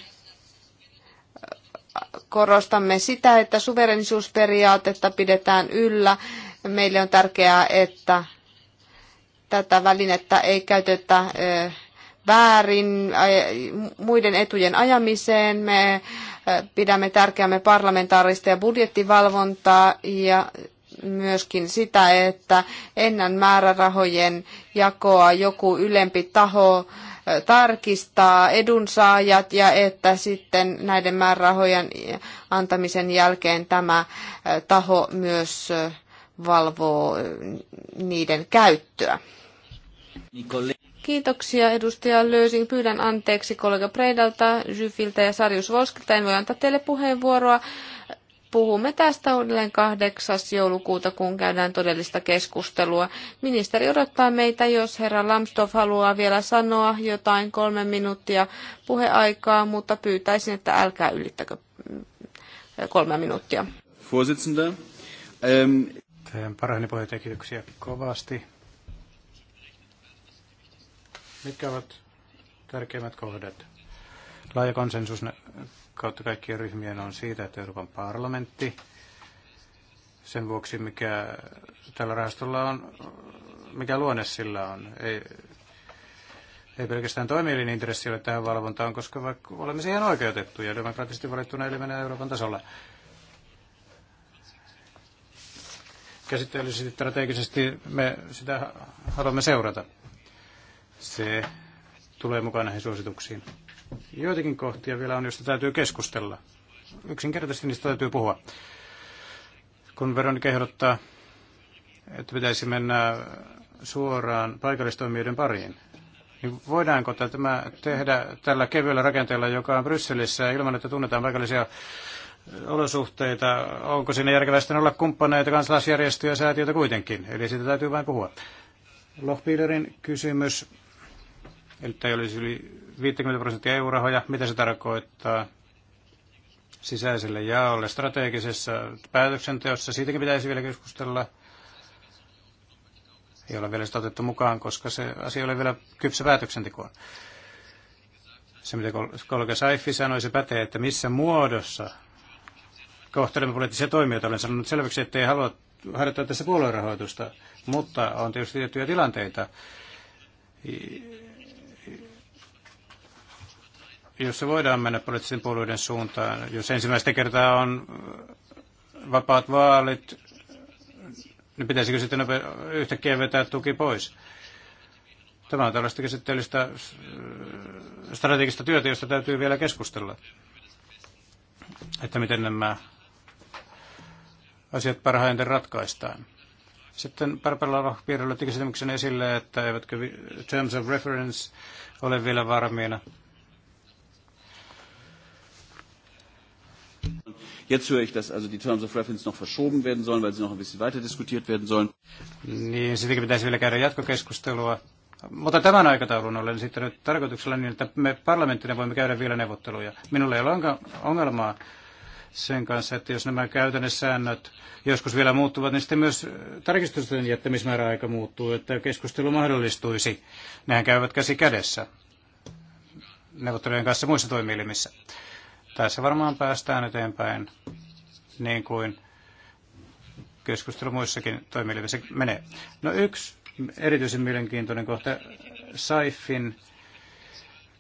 korostamme sitä, että suverenisuusperiaatetta pidetään yllä. Meille on tärkeää, että tätä välinettä ei käytetä äh, väärin äh, muiden etujen ajamiseen. Me pidämme tärkeämme parlamentaarista ja budjettivalvontaa ja myöskin sitä, että ennen määrärahojen jakoa joku ylempi taho tarkistaa edunsaajat ja että sitten näiden määrärahojen antamisen jälkeen tämä taho myös valvoo niiden käyttöä. Kiitoksia edustaja Löysin. Pyydän anteeksi kollega Preidalta, Jyfiltä ja Sarjus Volskilta. En voi antaa teille puheenvuoroa Puhumme tästä uudelleen 8. joulukuuta, kun käydään todellista keskustelua. Ministeri odottaa meitä, jos herra Lamstov haluaa vielä sanoa jotain kolme minuuttia puheaikaa, mutta pyytäisin, että älkää ylittäkö mm, kolme minuuttia. Vorsitzender. Ähm. Teen parhaani puheenjohtaja, kiitoksia kovasti. Mitkä ovat tärkeimmät kohdat? Laaja konsensus kautta kaikkien ryhmien on siitä, että Euroopan parlamentti sen vuoksi, mikä tällä rahastolla on, mikä luonne sillä on. Ei, ei pelkästään toimielin intressi ole tähän valvontaan, koska vaikka olemme siihen oikeutettuja demokraattisesti valittuna elimenä Euroopan tasolla. Käsitteellisesti strategisesti me sitä haluamme seurata. Se tulee mukaan näihin suosituksiin. Joitakin kohtia vielä on, joista täytyy keskustella. Yksinkertaisesti niistä täytyy puhua. Kun Veronika ehdottaa, että pitäisi mennä suoraan paikallistoimijoiden pariin, niin voidaanko tämä tehdä tällä kevyellä rakenteella, joka on Brysselissä, ilman että tunnetaan paikallisia olosuhteita? Onko siinä järkevästi olla kumppaneita, kansalaisjärjestöjä ja säätiöitä kuitenkin? Eli siitä täytyy vain puhua. Lohpiilerin kysymys, että ei olisi yli 50 prosenttia EU-rahoja. Mitä se tarkoittaa sisäiselle jaolle strategisessa päätöksenteossa? Siitäkin pitäisi vielä keskustella. Ei ole vielä sitä otettu mukaan, koska se asia ei ole vielä kypsä päätöksentekoon. Se, mitä kollega Saifi sanoi, se pätee, että missä muodossa kohtelemme poliittisia toimijoita. Olen sanonut selväksi, että ei halua harjoittaa tässä puoluerahoitusta, mutta on tietysti tiettyjä tilanteita, jossa voidaan mennä poliittisten puolueiden suuntaan. Jos ensimmäistä kertaa on äh, vapaat vaalit, niin pitäisikö sitten yhtäkkiä vetää tuki pois? Tämä on tällaista käsitteellistä äh, strategista työtä, josta täytyy vielä keskustella, että miten nämä asiat parhaiten ratkaistaan. Sitten Parpella Lohpiirillä otti kysymyksen esille, että eivätkö Terms of Reference ole vielä varmiina. Jetzt höre ich, dass also die Terms of Reference noch verschoben werden sollen, weil sie noch ein bisschen weiter diskutiert werden sollen. Niin, pitäisi vielä käydä jatkokeskustelua. Mutta tämän aikataulun olen sitten nyt tarkoituksella niin, että me parlamenttina voimme käydä vielä neuvotteluja. Minulla ei ole ongelmaa sen kanssa, että jos nämä säännöt joskus vielä muuttuvat, niin sitten myös tarkistusten jättämismääräaika muuttuu, että keskustelu mahdollistuisi. Nehän käyvät käsi kädessä neuvottelujen kanssa muissa toimielimissä. Tässä varmaan päästään eteenpäin niin kuin keskustelu muissakin toimielimissä menee. No yksi erityisen mielenkiintoinen kohta, Saifin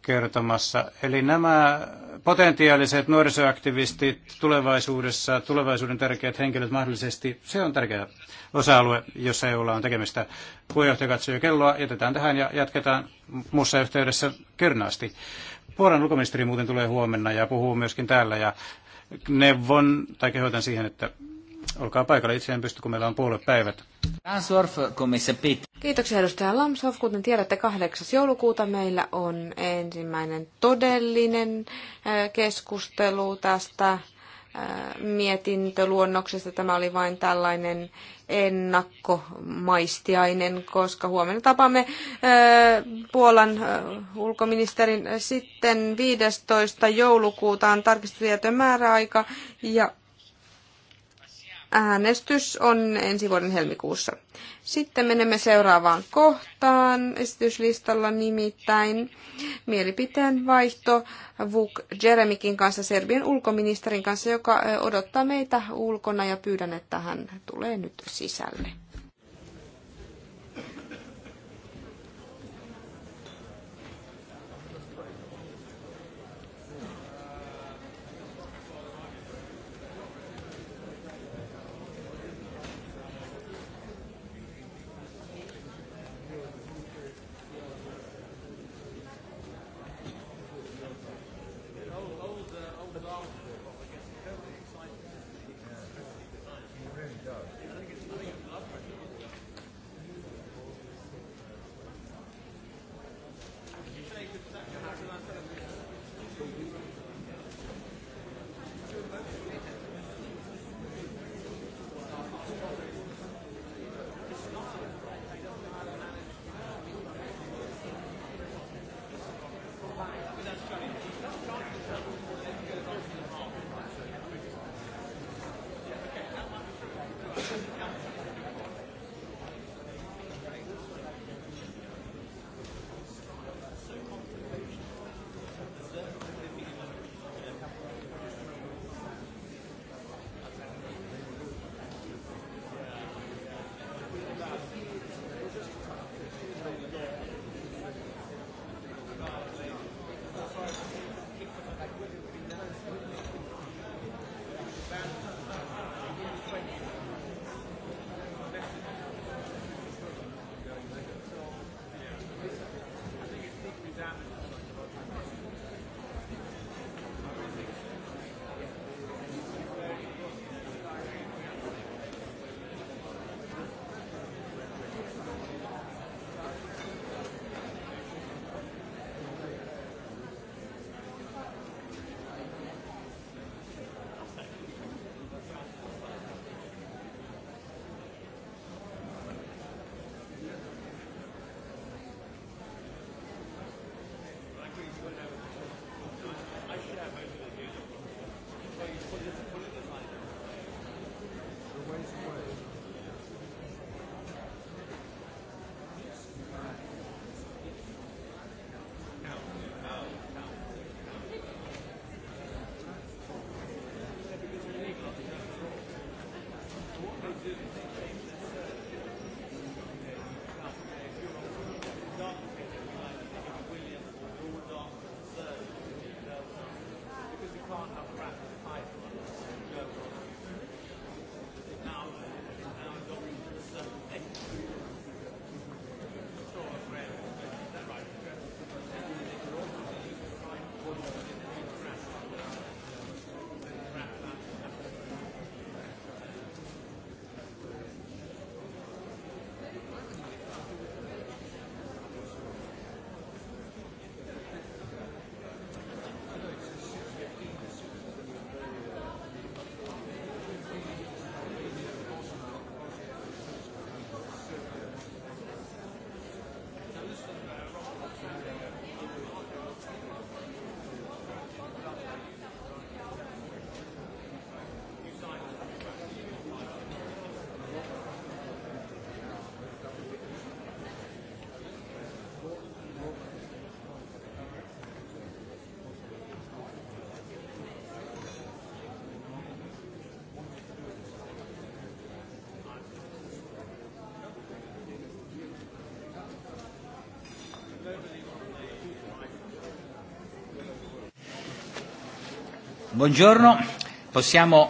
kertomassa. Eli nämä potentiaaliset nuorisoaktivistit tulevaisuudessa, tulevaisuuden tärkeät henkilöt mahdollisesti, se on tärkeä osa-alue, jossa EUlla on tekemistä. Puheenjohtaja katsoo jo kelloa, jätetään tähän ja jatketaan muussa yhteydessä kernaasti. Puolan ulkoministeri muuten tulee huomenna ja puhuu myöskin täällä ja neuvon tai kehotan siihen, että Olkaa paikalla, itse en pysty, kun meillä on puoluepäivät. Kiitoksia edustaja Lamsov. Kuten tiedätte, 8. joulukuuta meillä on ensimmäinen todellinen keskustelu tästä mietintöluonnoksesta. Tämä oli vain tällainen ennakkomaistiainen, koska huomenna tapaamme Puolan ulkoministerin sitten 15. joulukuuta on tarkistustietojen määräaika ja Äänestys on ensi vuoden helmikuussa. Sitten menemme seuraavaan kohtaan esityslistalla nimittäin mielipiteen vaihto Vuk Jeremikin kanssa, Serbian ulkoministerin kanssa, joka odottaa meitä ulkona ja pyydän, että hän tulee nyt sisälle. Buongiorno. Possiamo...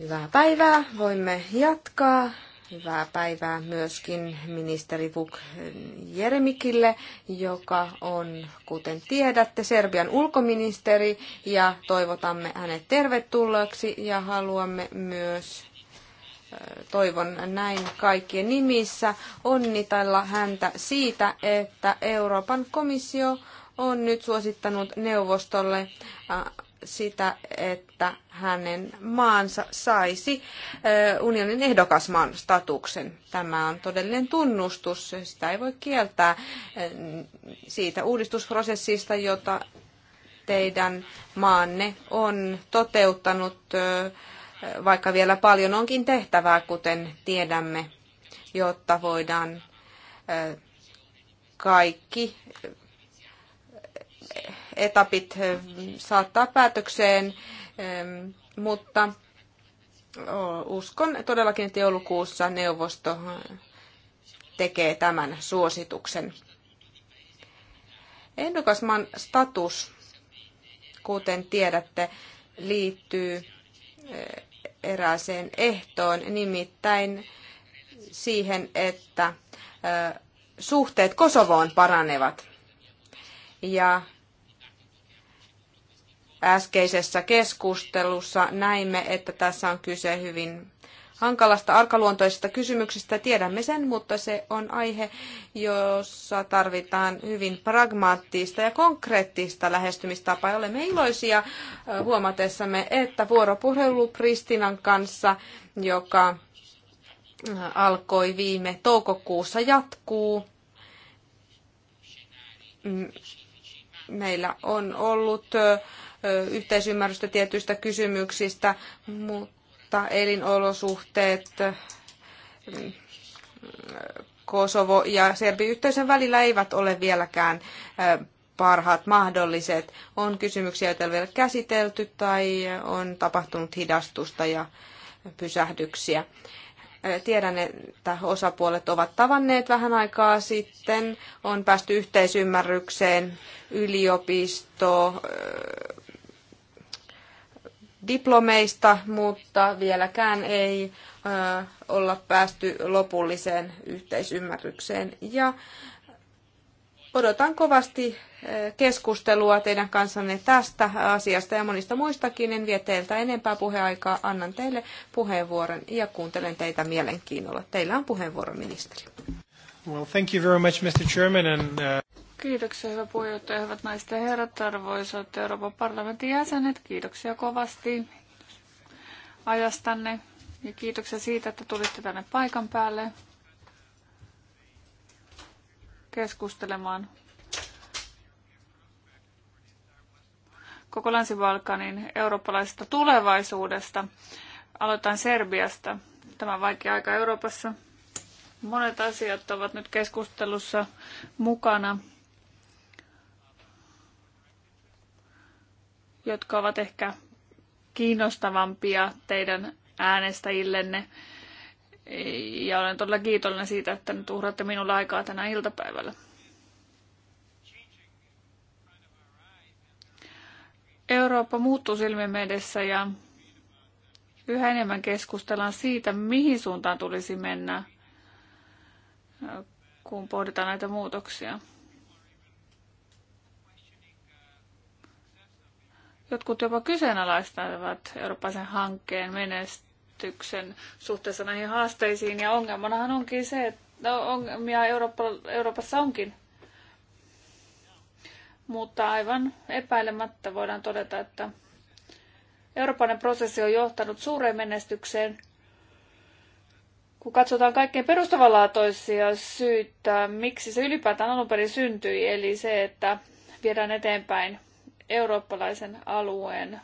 Hyvää päivää. Voimme jatkaa. Hyvää päivää myöskin ministeri Vuk Jeremikille, joka on, kuten tiedätte, Serbian ulkoministeri ja toivotamme hänet tervetulleeksi ja haluamme myös toivon näin kaikkien nimissä onnitella häntä siitä, että Euroopan komissio on nyt suosittanut neuvostolle sitä, että hänen maansa saisi unionin ehdokasmaan statuksen. Tämä on todellinen tunnustus, sitä ei voi kieltää siitä uudistusprosessista, jota teidän maanne on toteuttanut, vaikka vielä paljon onkin tehtävää, kuten tiedämme, jotta voidaan kaikki etapit eh, saattaa päätökseen, mutta uskon todellakin, että joulukuussa neuvosto eh, tekee tämän suosituksen. Ehdokasman status, kuten tiedätte, liittyy eh, erääseen ehtoon, nimittäin siihen, että suhteet Kosovoon paranevat. Ja äskeisessä keskustelussa näimme, että tässä on kyse hyvin hankalasta arkaluontoisesta kysymyksestä. Tiedämme sen, mutta se on aihe, jossa tarvitaan hyvin pragmaattista ja konkreettista lähestymistapaa. Olemme iloisia huomatessamme, että vuoropuhelu Pristinan kanssa, joka alkoi viime toukokuussa, jatkuu. Meillä on ollut yhteisymmärrystä tietyistä kysymyksistä, mutta elinolosuhteet Kosovo ja Serbi-yhteisön välillä eivät ole vieläkään parhaat mahdolliset. On kysymyksiä, joita ei vielä käsitelty tai on tapahtunut hidastusta ja pysähdyksiä. Tiedän, että osapuolet ovat tavanneet vähän aikaa sitten. On päästy yhteisymmärrykseen yliopisto, diplomeista, mutta vieläkään ei olla päästy lopulliseen yhteisymmärrykseen. Ja odotan kovasti keskustelua teidän kanssanne tästä asiasta ja monista muistakin. En vie teiltä enempää puheaikaa. Annan teille puheenvuoron ja kuuntelen teitä mielenkiinnolla. Teillä on puheenvuoro, ministeri. Well, thank you very much, Mr. Chairman, and, uh... Kiitoksia, hyvä puheenjohtaja, hyvät naiset ja herrat, arvoisat Euroopan parlamentin jäsenet. Kiitoksia kovasti ajastanne ja kiitoksia siitä, että tulitte tänne paikan päälle keskustelemaan koko Länsi-Balkanin eurooppalaisesta tulevaisuudesta. Aloitan Serbiasta. Tämä on vaikea aika Euroopassa. Monet asiat ovat nyt keskustelussa mukana. jotka ovat ehkä kiinnostavampia teidän äänestäjillenne. Ja olen todella kiitollinen siitä, että nyt uhraatte minulle aikaa tänä iltapäivällä. Eurooppa muuttuu silmien edessä ja yhä enemmän keskustellaan siitä, mihin suuntaan tulisi mennä, kun pohditaan näitä muutoksia. Jotkut jopa kyseenalaistavat eurooppalaisen hankkeen menestyksen suhteessa näihin haasteisiin, ja ongelmanahan onkin se, että no, ongelmia Eurooppa, Euroopassa onkin. Mutta aivan epäilemättä voidaan todeta, että Euroopan prosessi on johtanut suureen menestykseen, kun katsotaan kaikkein perustavanlaatuisia syitä, miksi se ylipäätään alun perin syntyi, eli se, että viedään eteenpäin eurooppalaisen alueen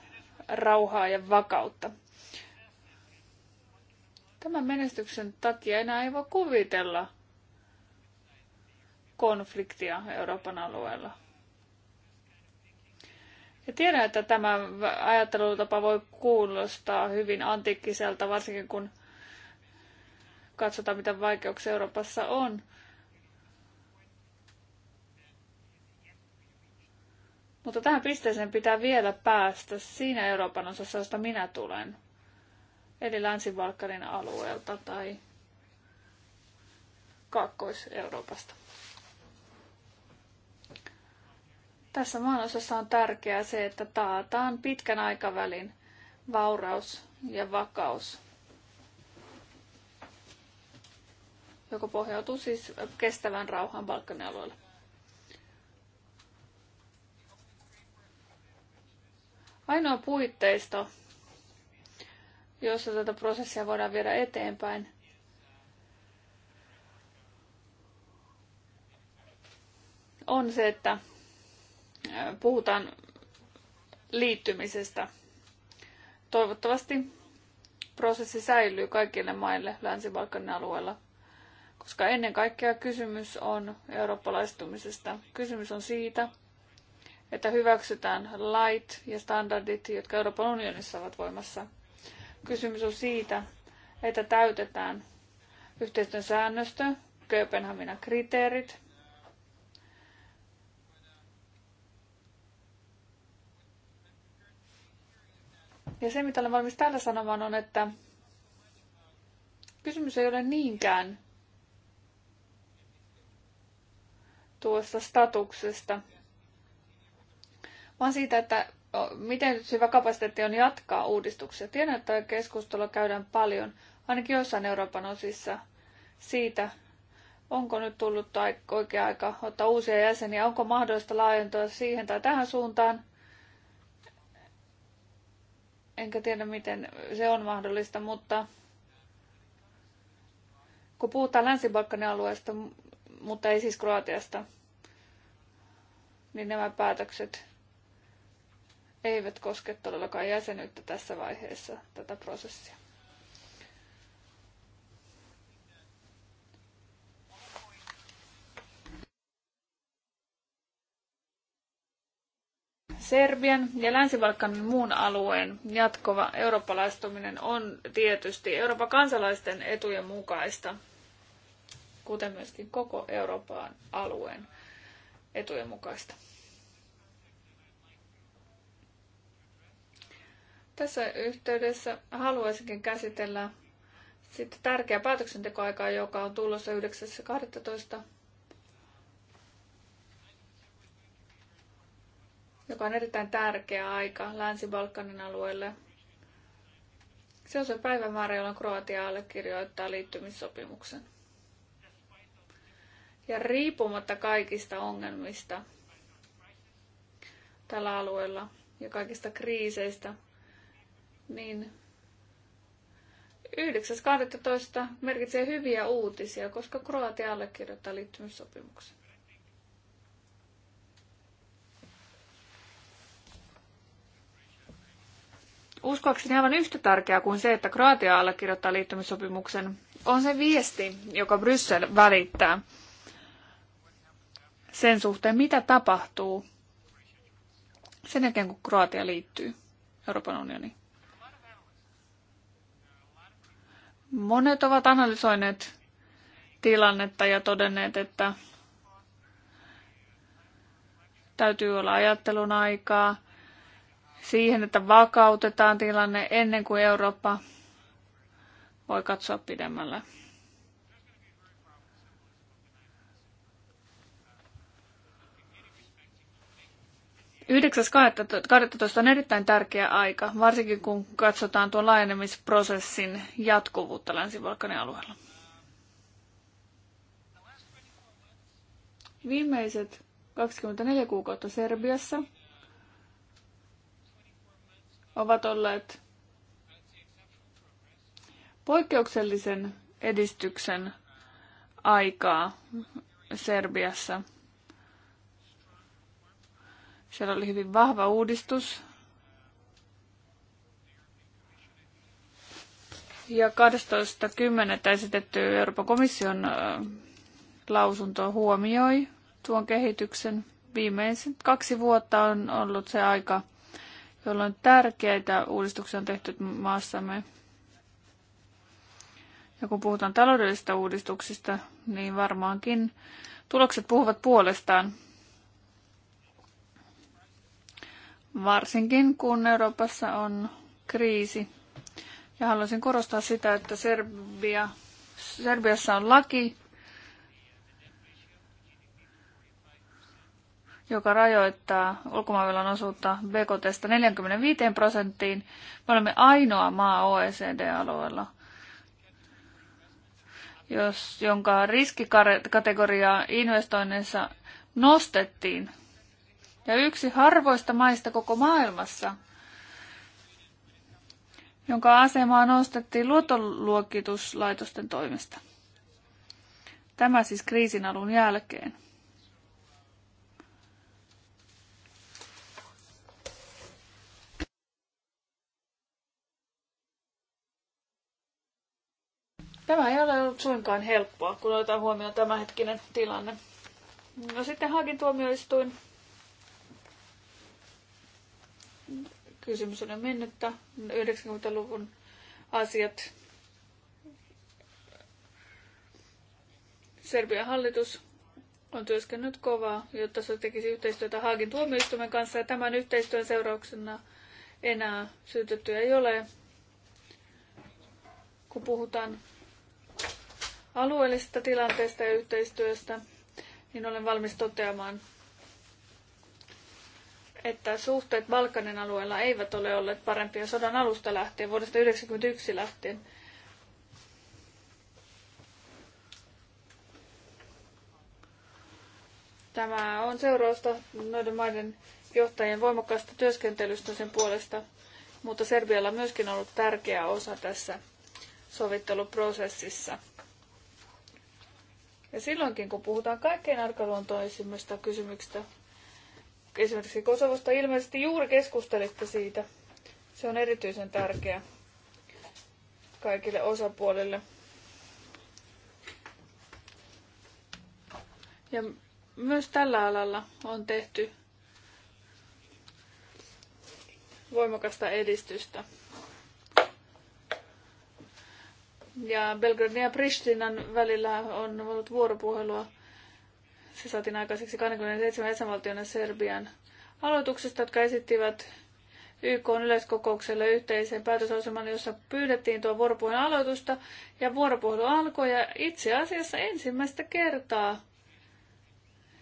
rauhaa ja vakautta. Tämän menestyksen takia enää ei voi kuvitella konfliktia Euroopan alueella. Ja tiedän, että tämä ajattelutapa voi kuulostaa hyvin antiikkiselta, varsinkin kun katsotaan, mitä vaikeuksia Euroopassa on – Mutta tähän pisteeseen pitää vielä päästä siinä Euroopan osassa, josta minä tulen. Eli Länsi-Balkanin alueelta tai Kaakkois-Euroopasta. Tässä maanosassa on tärkeää se, että taataan pitkän aikavälin vauraus ja vakaus, joka pohjautuu siis kestävän rauhan Balkanin alueella. Ainoa puitteisto, jossa tätä prosessia voidaan viedä eteenpäin, on se, että puhutaan liittymisestä. Toivottavasti prosessi säilyy kaikille maille Länsi-Balkanin alueella, koska ennen kaikkea kysymys on eurooppalaistumisesta. Kysymys on siitä, että hyväksytään lait ja standardit, jotka Euroopan unionissa ovat voimassa. Kysymys on siitä, että täytetään yhteistyön säännöstö, Kööpenhaminan kriteerit, Ja se, mitä olen valmis täällä sanomaan, on, että kysymys ei ole niinkään tuosta statuksesta – vaan siitä, että miten syvä kapasiteetti on jatkaa uudistuksia. Tiedän, että keskustelua käydään paljon, ainakin joissain Euroopan osissa, siitä, onko nyt tullut oikea aika ottaa uusia jäseniä, onko mahdollista laajentua siihen tai tähän suuntaan. Enkä tiedä, miten se on mahdollista, mutta kun puhutaan länsi alueesta, mutta ei siis Kroatiasta, niin nämä päätökset eivät koske todellakaan jäsenyyttä tässä vaiheessa tätä prosessia. Serbian ja länsi muun alueen jatkova eurooppalaistuminen on tietysti Euroopan kansalaisten etujen mukaista, kuten myöskin koko Euroopan alueen etujen mukaista. Tässä yhteydessä haluaisinkin käsitellä sitten tärkeää päätöksentekoaikaa, joka on tulossa 9.12. joka on erittäin tärkeä aika Länsi-Balkanin alueelle. Se on se päivämäärä, jolloin Kroatia allekirjoittaa liittymissopimuksen. Ja riippumatta kaikista ongelmista tällä alueella ja kaikista kriiseistä, niin 9.12. merkitsee hyviä uutisia, koska Kroatia allekirjoittaa liittymissopimuksen. Uskoakseni aivan yhtä tärkeää kuin se, että Kroatia allekirjoittaa liittymissopimuksen, on se viesti, joka Bryssel välittää sen suhteen, mitä tapahtuu sen jälkeen, kun Kroatia liittyy Euroopan unioniin. Monet ovat analysoineet tilannetta ja todenneet, että täytyy olla ajattelun aikaa siihen, että vakautetaan tilanne ennen kuin Eurooppa voi katsoa pidemmälle. 9.12. on erittäin tärkeä aika, varsinkin kun katsotaan tuon laajenemisprosessin jatkuvuutta Länsi-Balkanin alueella. Viimeiset 24 kuukautta Serbiassa ovat olleet poikkeuksellisen edistyksen aikaa Serbiassa – siellä oli hyvin vahva uudistus. Ja 12.10. esitetty Euroopan komission lausunto huomioi tuon kehityksen. Viimeiset kaksi vuotta on ollut se aika, jolloin tärkeitä uudistuksia on tehty maassamme. Ja kun puhutaan taloudellisista uudistuksista, niin varmaankin tulokset puhuvat puolestaan. varsinkin kun Euroopassa on kriisi. Ja haluaisin korostaa sitä, että Serbia, Serbiassa on laki, joka rajoittaa ulkomaanvelan osuutta BKTstä 45 prosenttiin. Me olemme ainoa maa OECD-alueella, jos, jonka riskikategoriaa investoinneissa nostettiin ja yksi harvoista maista koko maailmassa, jonka asemaa nostettiin luottoluokituslaitosten toimesta. Tämä siis kriisin alun jälkeen. Tämä ei ole ollut suinkaan helppoa, kun otetaan huomioon tämänhetkinen tilanne. No sitten Haagin tuomioistuin Kysymys on jo mennyttä 90-luvun asiat. Serbian hallitus on työskennellyt kovaa, jotta se tekisi yhteistyötä Haagin tuomioistuimen kanssa ja tämän yhteistyön seurauksena enää syytettyä ei ole. Kun puhutaan alueellisesta tilanteesta ja yhteistyöstä, niin olen valmis toteamaan, että suhteet Balkanin alueella eivät ole olleet parempia sodan alusta lähtien, vuodesta 1991 lähtien. Tämä on seurausta noiden maiden johtajien voimakkaasta työskentelystä sen puolesta, mutta Serbialla on myöskin ollut tärkeä osa tässä sovitteluprosessissa. Ja silloinkin, kun puhutaan kaikkein arkaluontoisimmista kysymyksistä, esimerkiksi Kosovosta ilmeisesti juuri keskustelitte siitä. Se on erityisen tärkeä kaikille osapuolille. Ja myös tällä alalla on tehty voimakasta edistystä. Ja Belgradin ja Pristinan välillä on ollut vuoropuhelua se saatiin aikaiseksi 27 jäsenvaltion ja Serbian aloituksesta, jotka esittivät YK yleiskokoukselle yhteiseen päätösohjelman, jossa pyydettiin tuo vuoropuhelun aloitusta ja vuoropuhelu alkoi ja itse asiassa ensimmäistä kertaa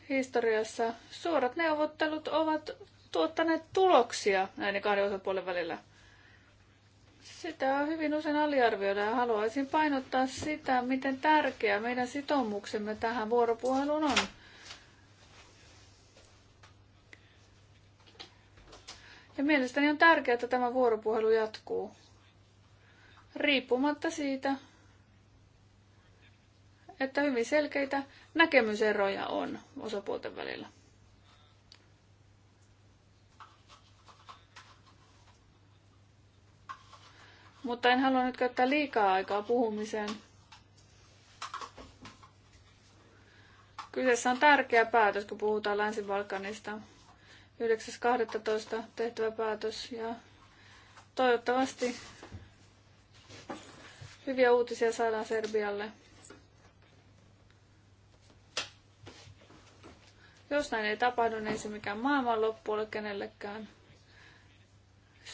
historiassa suorat neuvottelut ovat tuottaneet tuloksia näiden kahden osapuolen välillä. Sitä on hyvin usein aliarvioida ja haluaisin painottaa sitä, miten tärkeä meidän sitoumuksemme tähän vuoropuheluun on. Ja mielestäni on tärkeää, että tämä vuoropuhelu jatkuu. Riippumatta siitä, että hyvin selkeitä näkemyseroja on osapuolten välillä. Mutta en halua nyt käyttää liikaa aikaa puhumiseen. Kyseessä on tärkeä päätös, kun puhutaan Länsi-Balkanista. 9.12. tehtävä päätös ja toivottavasti hyviä uutisia saadaan Serbialle. Jos näin ei tapahdu, niin ei se mikään loppu ole kenellekään.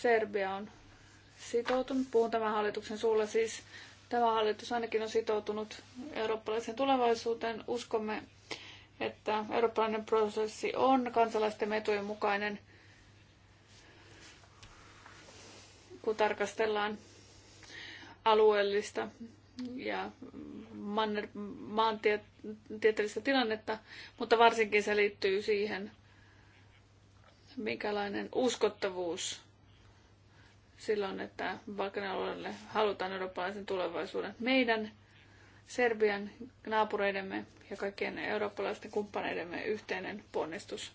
Serbia on sitoutunut, puhun tämän hallituksen suulla siis, tämä hallitus ainakin on sitoutunut eurooppalaisen tulevaisuuteen. Uskomme että eurooppalainen prosessi on kansalaisten etujen mukainen, kun tarkastellaan alueellista ja manner, maantieteellistä tilannetta, mutta varsinkin se liittyy siihen, minkälainen uskottavuus silloin, että Balkanin alueelle halutaan eurooppalaisen tulevaisuuden. Meidän Serbian naapureidemme ja kaikkien eurooppalaisten kumppaneidemme yhteinen ponnistus.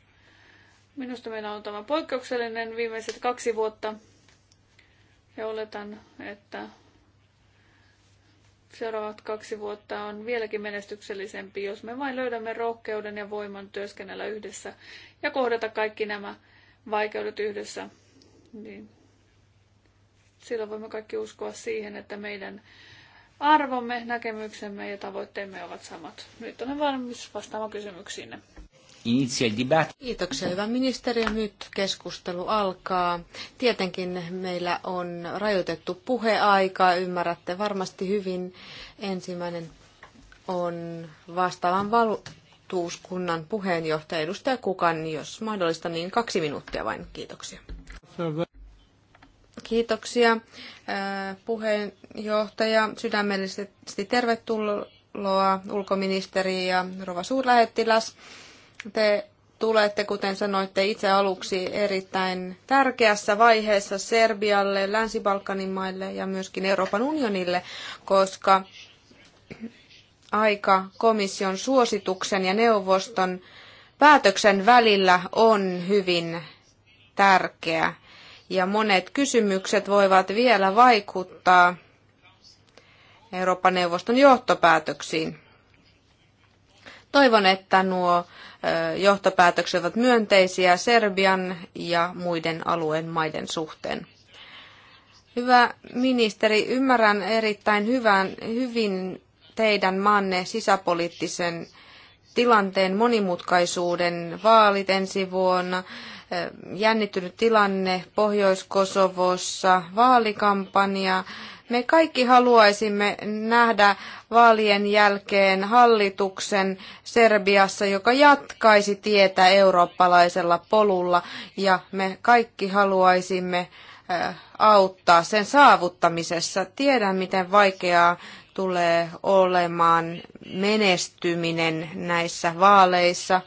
Minusta meillä on tämä poikkeuksellinen viimeiset kaksi vuotta ja oletan, että seuraavat kaksi vuotta on vieläkin menestyksellisempi, jos me vain löydämme rohkeuden ja voiman työskennellä yhdessä ja kohdata kaikki nämä vaikeudet yhdessä. Niin silloin voimme kaikki uskoa siihen, että meidän arvomme, näkemyksemme ja tavoitteemme ovat samat. Nyt olen valmis vastaamaan kysymyksiin. Kiitoksia, hyvä ministeri. Nyt keskustelu alkaa. Tietenkin meillä on rajoitettu puheaika. Ymmärrätte varmasti hyvin. Ensimmäinen on vastaavan valtuuskunnan puheenjohtaja edustaja Kukan, jos mahdollista, niin kaksi minuuttia vain. Kiitoksia. Kiitoksia puheenjohtaja. Sydämellisesti tervetuloa ulkoministeri ja Rova Suurlähettiläs. Te tulette, kuten sanoitte itse aluksi, erittäin tärkeässä vaiheessa Serbialle, Länsi-Balkanin maille ja myöskin Euroopan unionille, koska aika komission suosituksen ja neuvoston päätöksen välillä on hyvin tärkeä ja monet kysymykset voivat vielä vaikuttaa Euroopan neuvoston johtopäätöksiin. Toivon, että nuo johtopäätökset ovat myönteisiä Serbian ja muiden alueen maiden suhteen. Hyvä ministeri, ymmärrän erittäin hyvän, hyvin teidän maanne sisäpoliittisen tilanteen monimutkaisuuden vaalit ensi vuonna, jännittynyt tilanne Pohjois-Kosovossa, vaalikampanja. Me kaikki haluaisimme nähdä vaalien jälkeen hallituksen Serbiassa, joka jatkaisi tietä eurooppalaisella polulla ja me kaikki haluaisimme auttaa sen saavuttamisessa. Tiedän, miten vaikeaa tulee olemaan menestyminen näissä vaaleissa –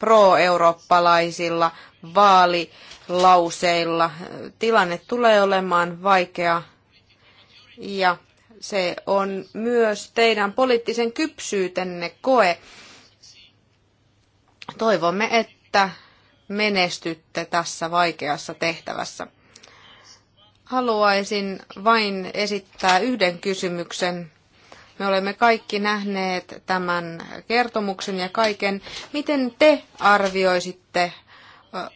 pro-eurooppalaisilla vaalilauseilla. Tilanne tulee olemaan vaikea ja se on myös teidän poliittisen kypsyytenne koe. Toivomme, että menestytte tässä vaikeassa tehtävässä. Haluaisin vain esittää yhden kysymyksen me olemme kaikki nähneet tämän kertomuksen ja kaiken. Miten te arvioisitte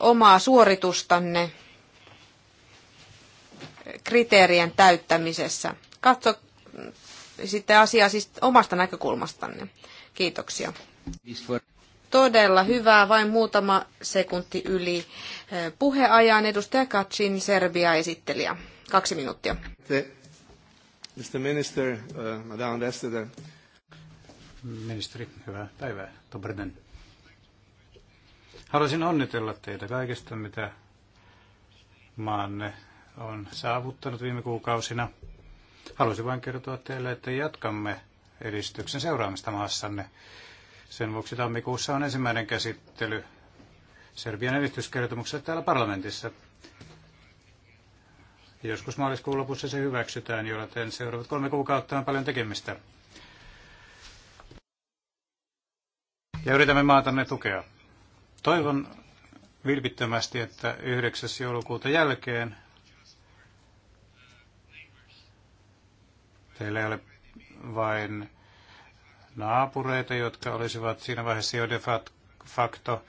omaa suoritustanne kriteerien täyttämisessä? Katso sitten asiaa siis omasta näkökulmastanne. Kiitoksia. Todella hyvää, vain muutama sekunti yli puheajan. Edustaja Katsin, Serbia-esittelijä. Kaksi minuuttia. Mr. Minister, uh, Madame Ambassador. Ministeri, hyvää päivää. Dobrden. Haluaisin onnitella teitä kaikesta, mitä maanne on saavuttanut viime kuukausina. Haluaisin vain kertoa teille, että jatkamme edistyksen seuraamista maassanne. Sen vuoksi tammikuussa on ensimmäinen käsittely Serbian edistyskertomuksessa täällä parlamentissa. Joskus maaliskuun lopussa se hyväksytään, joten seuraavat kolme kuukautta on paljon tekemistä. Ja yritämme maatanne tukea. Toivon vilpittömästi, että 9. joulukuuta jälkeen teillä ei ole vain naapureita, jotka olisivat siinä vaiheessa jo de facto,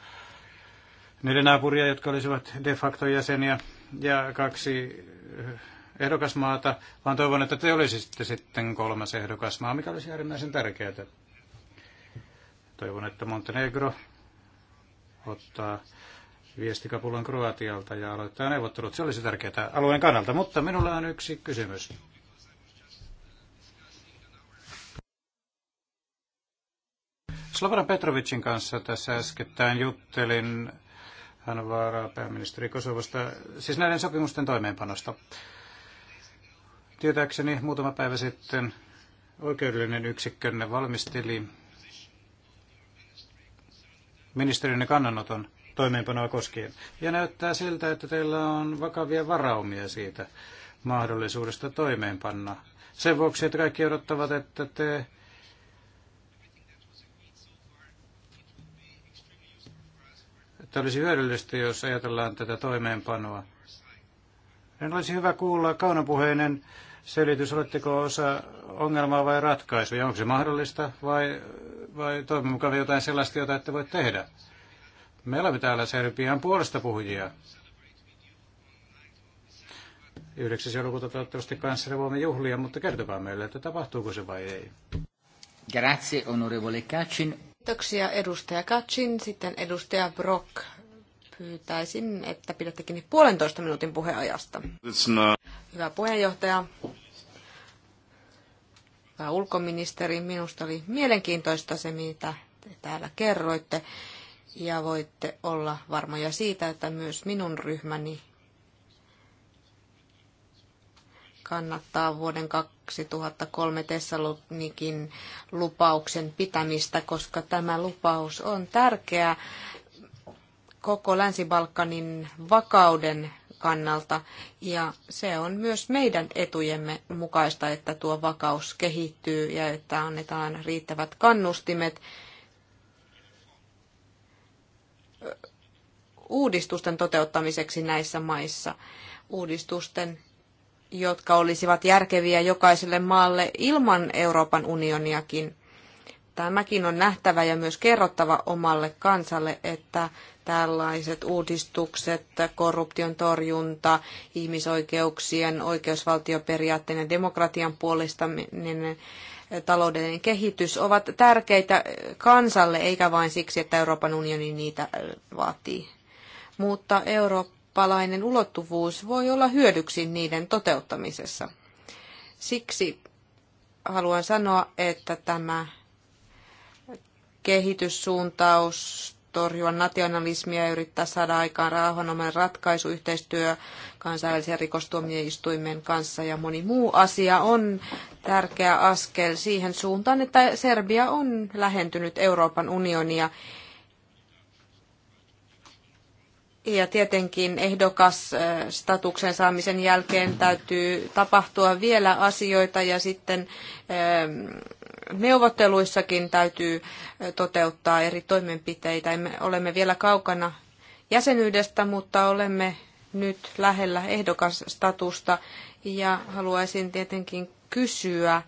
niiden naapuria, jotka olisivat de facto jäseniä, ja kaksi eh, ehdokasmaata, vaan toivon, että te olisitte sitten kolmas ehdokasmaa, mikä olisi äärimmäisen tärkeää. Toivon, että Montenegro ottaa viestikapulan Kroatialta ja aloittaa neuvottelut. Se olisi tärkeää alueen kannalta, mutta minulla on yksi kysymys. Slobodan Petrovicin kanssa tässä äskettäin juttelin hän on vaaraa pääministeri Kosovosta, siis näiden sopimusten toimeenpanosta. Tietääkseni muutama päivä sitten oikeudellinen yksikkönne valmisteli ministerinne kannanoton toimeenpanoa koskien. Ja näyttää siltä, että teillä on vakavia varaumia siitä mahdollisuudesta toimeenpanna. Sen vuoksi, että kaikki odottavat, että te että olisi hyödyllistä, jos ajatellaan tätä toimeenpanoa. En olisi hyvä kuulla kaunopuheinen selitys, oletteko osa ongelmaa vai ratkaisuja, onko se mahdollista vai, vai toivon mukaan jotain sellaista, jota ette voi tehdä. Me olemme täällä Serbian puolesta puhujia. 9. joulukuuta toivottavasti kanssani voimme juhlia, mutta kertokaa meille, että tapahtuuko se vai ei. Grazie, onorevole Kacin. Kiitoksia edustaja Katsin. Sitten edustaja Brock. Pyytäisin, että pidätte kiinni puolentoista minuutin puheajasta. Hyvä puheenjohtaja. Hyvä ulkoministeri, minusta oli mielenkiintoista se, mitä te täällä kerroitte. Ja voitte olla varmoja siitä, että myös minun ryhmäni kannattaa vuoden 2003 Tessalonikin lupauksen pitämistä, koska tämä lupaus on tärkeä koko Länsi-Balkanin vakauden kannalta. Ja se on myös meidän etujemme mukaista, että tuo vakaus kehittyy ja että annetaan riittävät kannustimet uudistusten toteuttamiseksi näissä maissa. Uudistusten jotka olisivat järkeviä jokaiselle maalle ilman Euroopan unioniakin. Tämäkin on nähtävä ja myös kerrottava omalle kansalle, että tällaiset uudistukset, korruption torjunta, ihmisoikeuksien, oikeusvaltioperiaatteen ja demokratian puolistaminen, taloudellinen kehitys ovat tärkeitä kansalle, eikä vain siksi, että Euroopan unioni niitä vaatii. Mutta Eurooppa eurooppalainen ulottuvuus voi olla hyödyksi niiden toteuttamisessa. Siksi haluan sanoa, että tämä kehityssuuntaus torjua nationalismia ja yrittää saada aikaan rauhanomainen ratkaisu, yhteistyö kansainvälisen rikostuomioistuimen kanssa ja moni muu asia on tärkeä askel siihen suuntaan, että Serbia on lähentynyt Euroopan unionia ja tietenkin ehdokasstatuksen saamisen jälkeen täytyy tapahtua vielä asioita ja sitten neuvotteluissakin täytyy toteuttaa eri toimenpiteitä. Me olemme vielä kaukana jäsenyydestä, mutta olemme nyt lähellä ehdokasstatusta ja haluaisin tietenkin kysyä,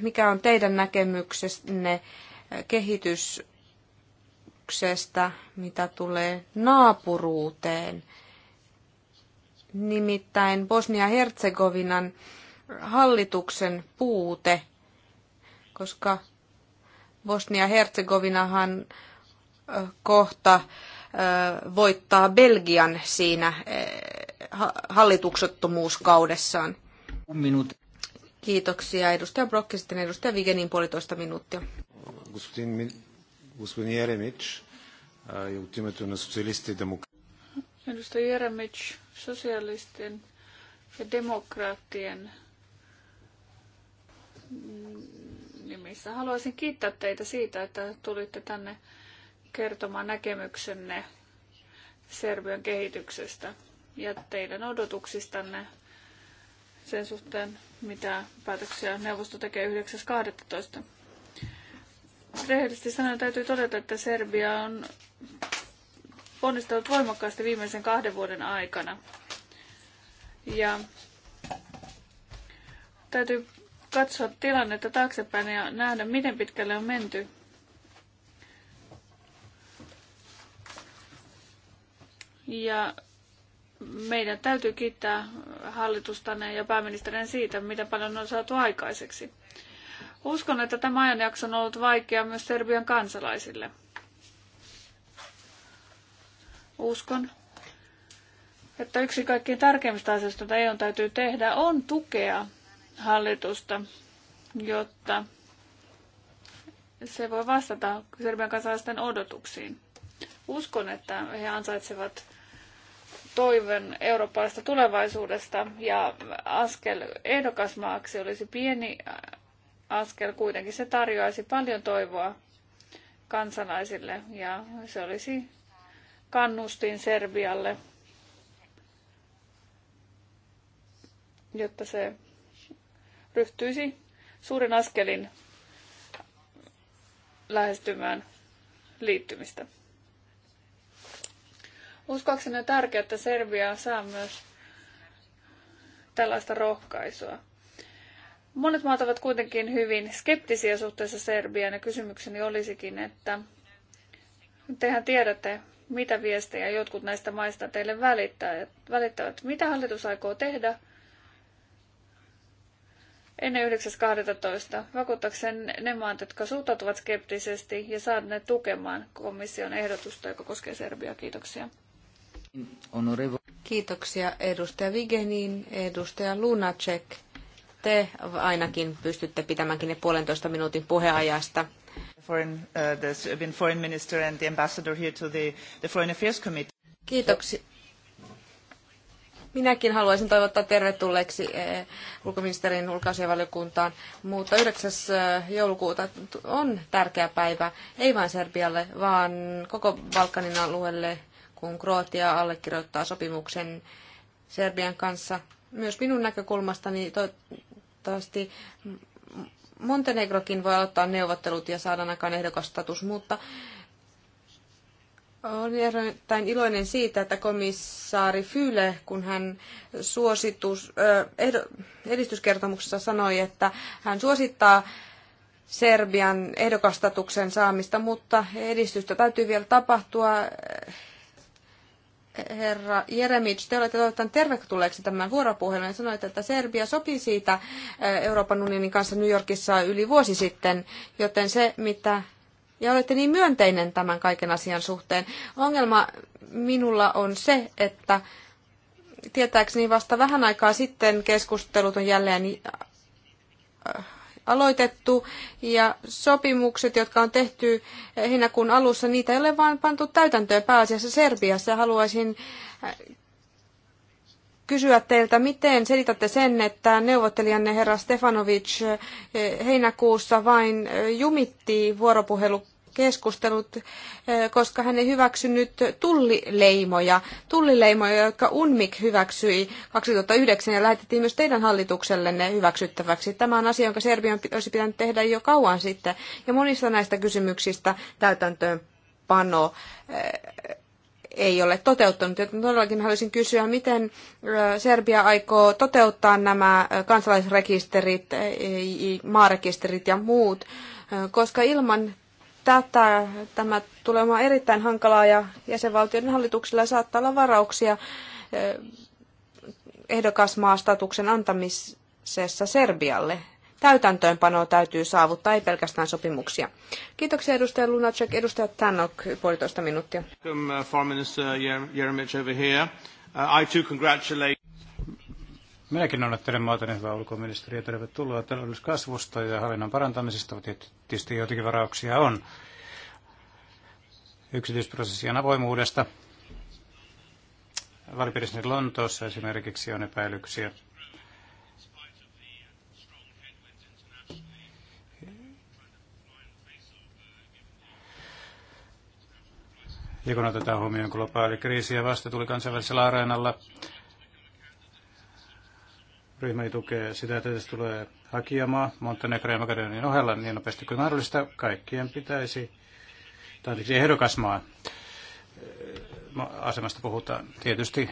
mikä on teidän näkemyksenne kehitys kysymyksestä, mitä tulee naapuruuteen. Nimittäin Bosnia-Herzegovinan hallituksen puute, koska Bosnia-Herzegovinahan kohta voittaa Belgian siinä hallituksettomuuskaudessaan. Minuut. Kiitoksia edustaja Brokki, sitten edustaja Vigenin puolitoista minuuttia. Господин Еремич, от името на социалистите и демократите. Edustaja Еремич, sosialistien ja demokraattien nimissä haluaisin kiittää teitä siitä, että tulitte tänne kertomaan näkemyksenne Serbian kehityksestä ja teidän odotuksistanne sen suhteen, mitä päätöksiä neuvosto tekee 9.12. Rehellisesti sanoen täytyy todeta, että Serbia on ponnistellut voimakkaasti viimeisen kahden vuoden aikana. Ja täytyy katsoa tilannetta taaksepäin ja nähdä, miten pitkälle on menty. Ja meidän täytyy kiittää hallitustanne ja pääministerin siitä, mitä paljon on saatu aikaiseksi. Uskon, että tämä ajanjakso on ollut vaikea myös Serbian kansalaisille. Uskon, että yksi kaikkein tärkeimmistä asioista, joita EU täytyy tehdä, on tukea hallitusta, jotta se voi vastata Serbian kansalaisten odotuksiin. Uskon, että he ansaitsevat toivon eurooppalaisesta tulevaisuudesta ja askel ehdokasmaaksi olisi pieni askel kuitenkin. Se tarjoaisi paljon toivoa kansalaisille ja se olisi kannustin Serbialle, jotta se ryhtyisi suurin askelin lähestymään liittymistä. Uskoakseni on tärkeää, että Serbia saa myös tällaista rohkaisua. Monet maat ovat kuitenkin hyvin skeptisiä suhteessa Serbiaan ja kysymykseni olisikin, että tehän tiedätte, mitä viestejä jotkut näistä maista teille välittävät. Mitä hallitus aikoo tehdä ennen 9.12. vakuuttaakseen ne maat, jotka suhtautuvat skeptisesti ja saada ne tukemaan komission ehdotusta, joka koskee Serbiaa. Kiitoksia. Kiitoksia edustaja Vigenin, edustaja Lunacek te ainakin pystytte pitämäänkin ne puolentoista minuutin puheajasta. Foreign, uh, been foreign minister and the ambassador here to the, the foreign affairs committee. Kiitoksia. Minäkin haluaisin toivottaa tervetulleeksi eh, ulkoministerin ulkoasiavaliokuntaan, mutta 9. Eh, joulukuuta on tärkeä päivä, ei vain Serbialle, vaan koko Balkanin alueelle, kun Kroatia allekirjoittaa sopimuksen Serbian kanssa. Myös minun näkökulmastani Toivottavasti Montenegrokin voi aloittaa neuvottelut ja saada ainakaan ehdokastatus, mutta olen erittäin iloinen siitä, että komissaari Fyle, kun hän suositus, ehdo, edistyskertomuksessa sanoi, että hän suosittaa Serbian ehdokastatuksen saamista, mutta edistystä täytyy vielä tapahtua herra Jeremic, te olette toivotan tervetulleeksi tämän vuoropuhelun ja sanoitte, että Serbia sopi siitä eh, Euroopan unionin kanssa New Yorkissa yli vuosi sitten, joten se mitä... Ja olette niin myönteinen tämän kaiken asian suhteen. Ongelma minulla on se, että tietääkseni vasta vähän aikaa sitten keskustelut on jälleen eh, aloitettu ja sopimukset, jotka on tehty heinäkuun alussa, niitä ei ole vain pantu täytäntöön pääasiassa Serbiassa. Haluaisin äh, kysyä teiltä, miten selitätte sen, että neuvottelijanne herra Stefanovic äh, heinäkuussa vain äh, jumitti vuoropuhelu keskustelut, eh, koska hän ei hyväksynyt tullileimoja, tullileimoja, jotka UNMIK hyväksyi 2009 ja lähetettiin myös teidän hallituksellenne hyväksyttäväksi. Tämä on asia, jonka Serbian olisi pitänyt tehdä jo kauan sitten ja monissa näistä kysymyksistä täytäntöönpano eh, ei ole toteuttanut. Joten todellakin haluaisin kysyä, miten eh, Serbia aikoo toteuttaa nämä kansalaisrekisterit, maarekisterit ja muut, koska ilman tätä. Tämä tulee olemaan erittäin hankalaa ja jäsenvaltioiden hallituksilla saattaa olla varauksia eh, ehdokasmaastatuksen antamisessa Serbialle. Täytäntöönpanoa täytyy saavuttaa, ei pelkästään sopimuksia. Kiitoksia edustaja Lunacek. Edustaja Tannok, puolitoista minuuttia. Welcome, uh, Foreign Minister Jeremic over here. Uh, I too congratulate Minäkin onnettelen maatani hyvää ulkoministeriä. Tervetuloa kasvusta ja hallinnan parantamisesta. Tietysti joitakin varauksia on yksityisprosessien avoimuudesta. Valipiirissä Lontoossa esimerkiksi on epäilyksiä. Ja kun otetaan huomioon globaali kriisi ja vasta tuli kansainvälisellä areenalla, Ryhmäni tukee sitä, että tässä tulee hakijamaa Montenegro ja Makedonian ohella niin nopeasti kuin mahdollista. Kaikkien pitäisi, tai anteeksi siis ehdokasmaa äh, asemasta puhutaan. Tietysti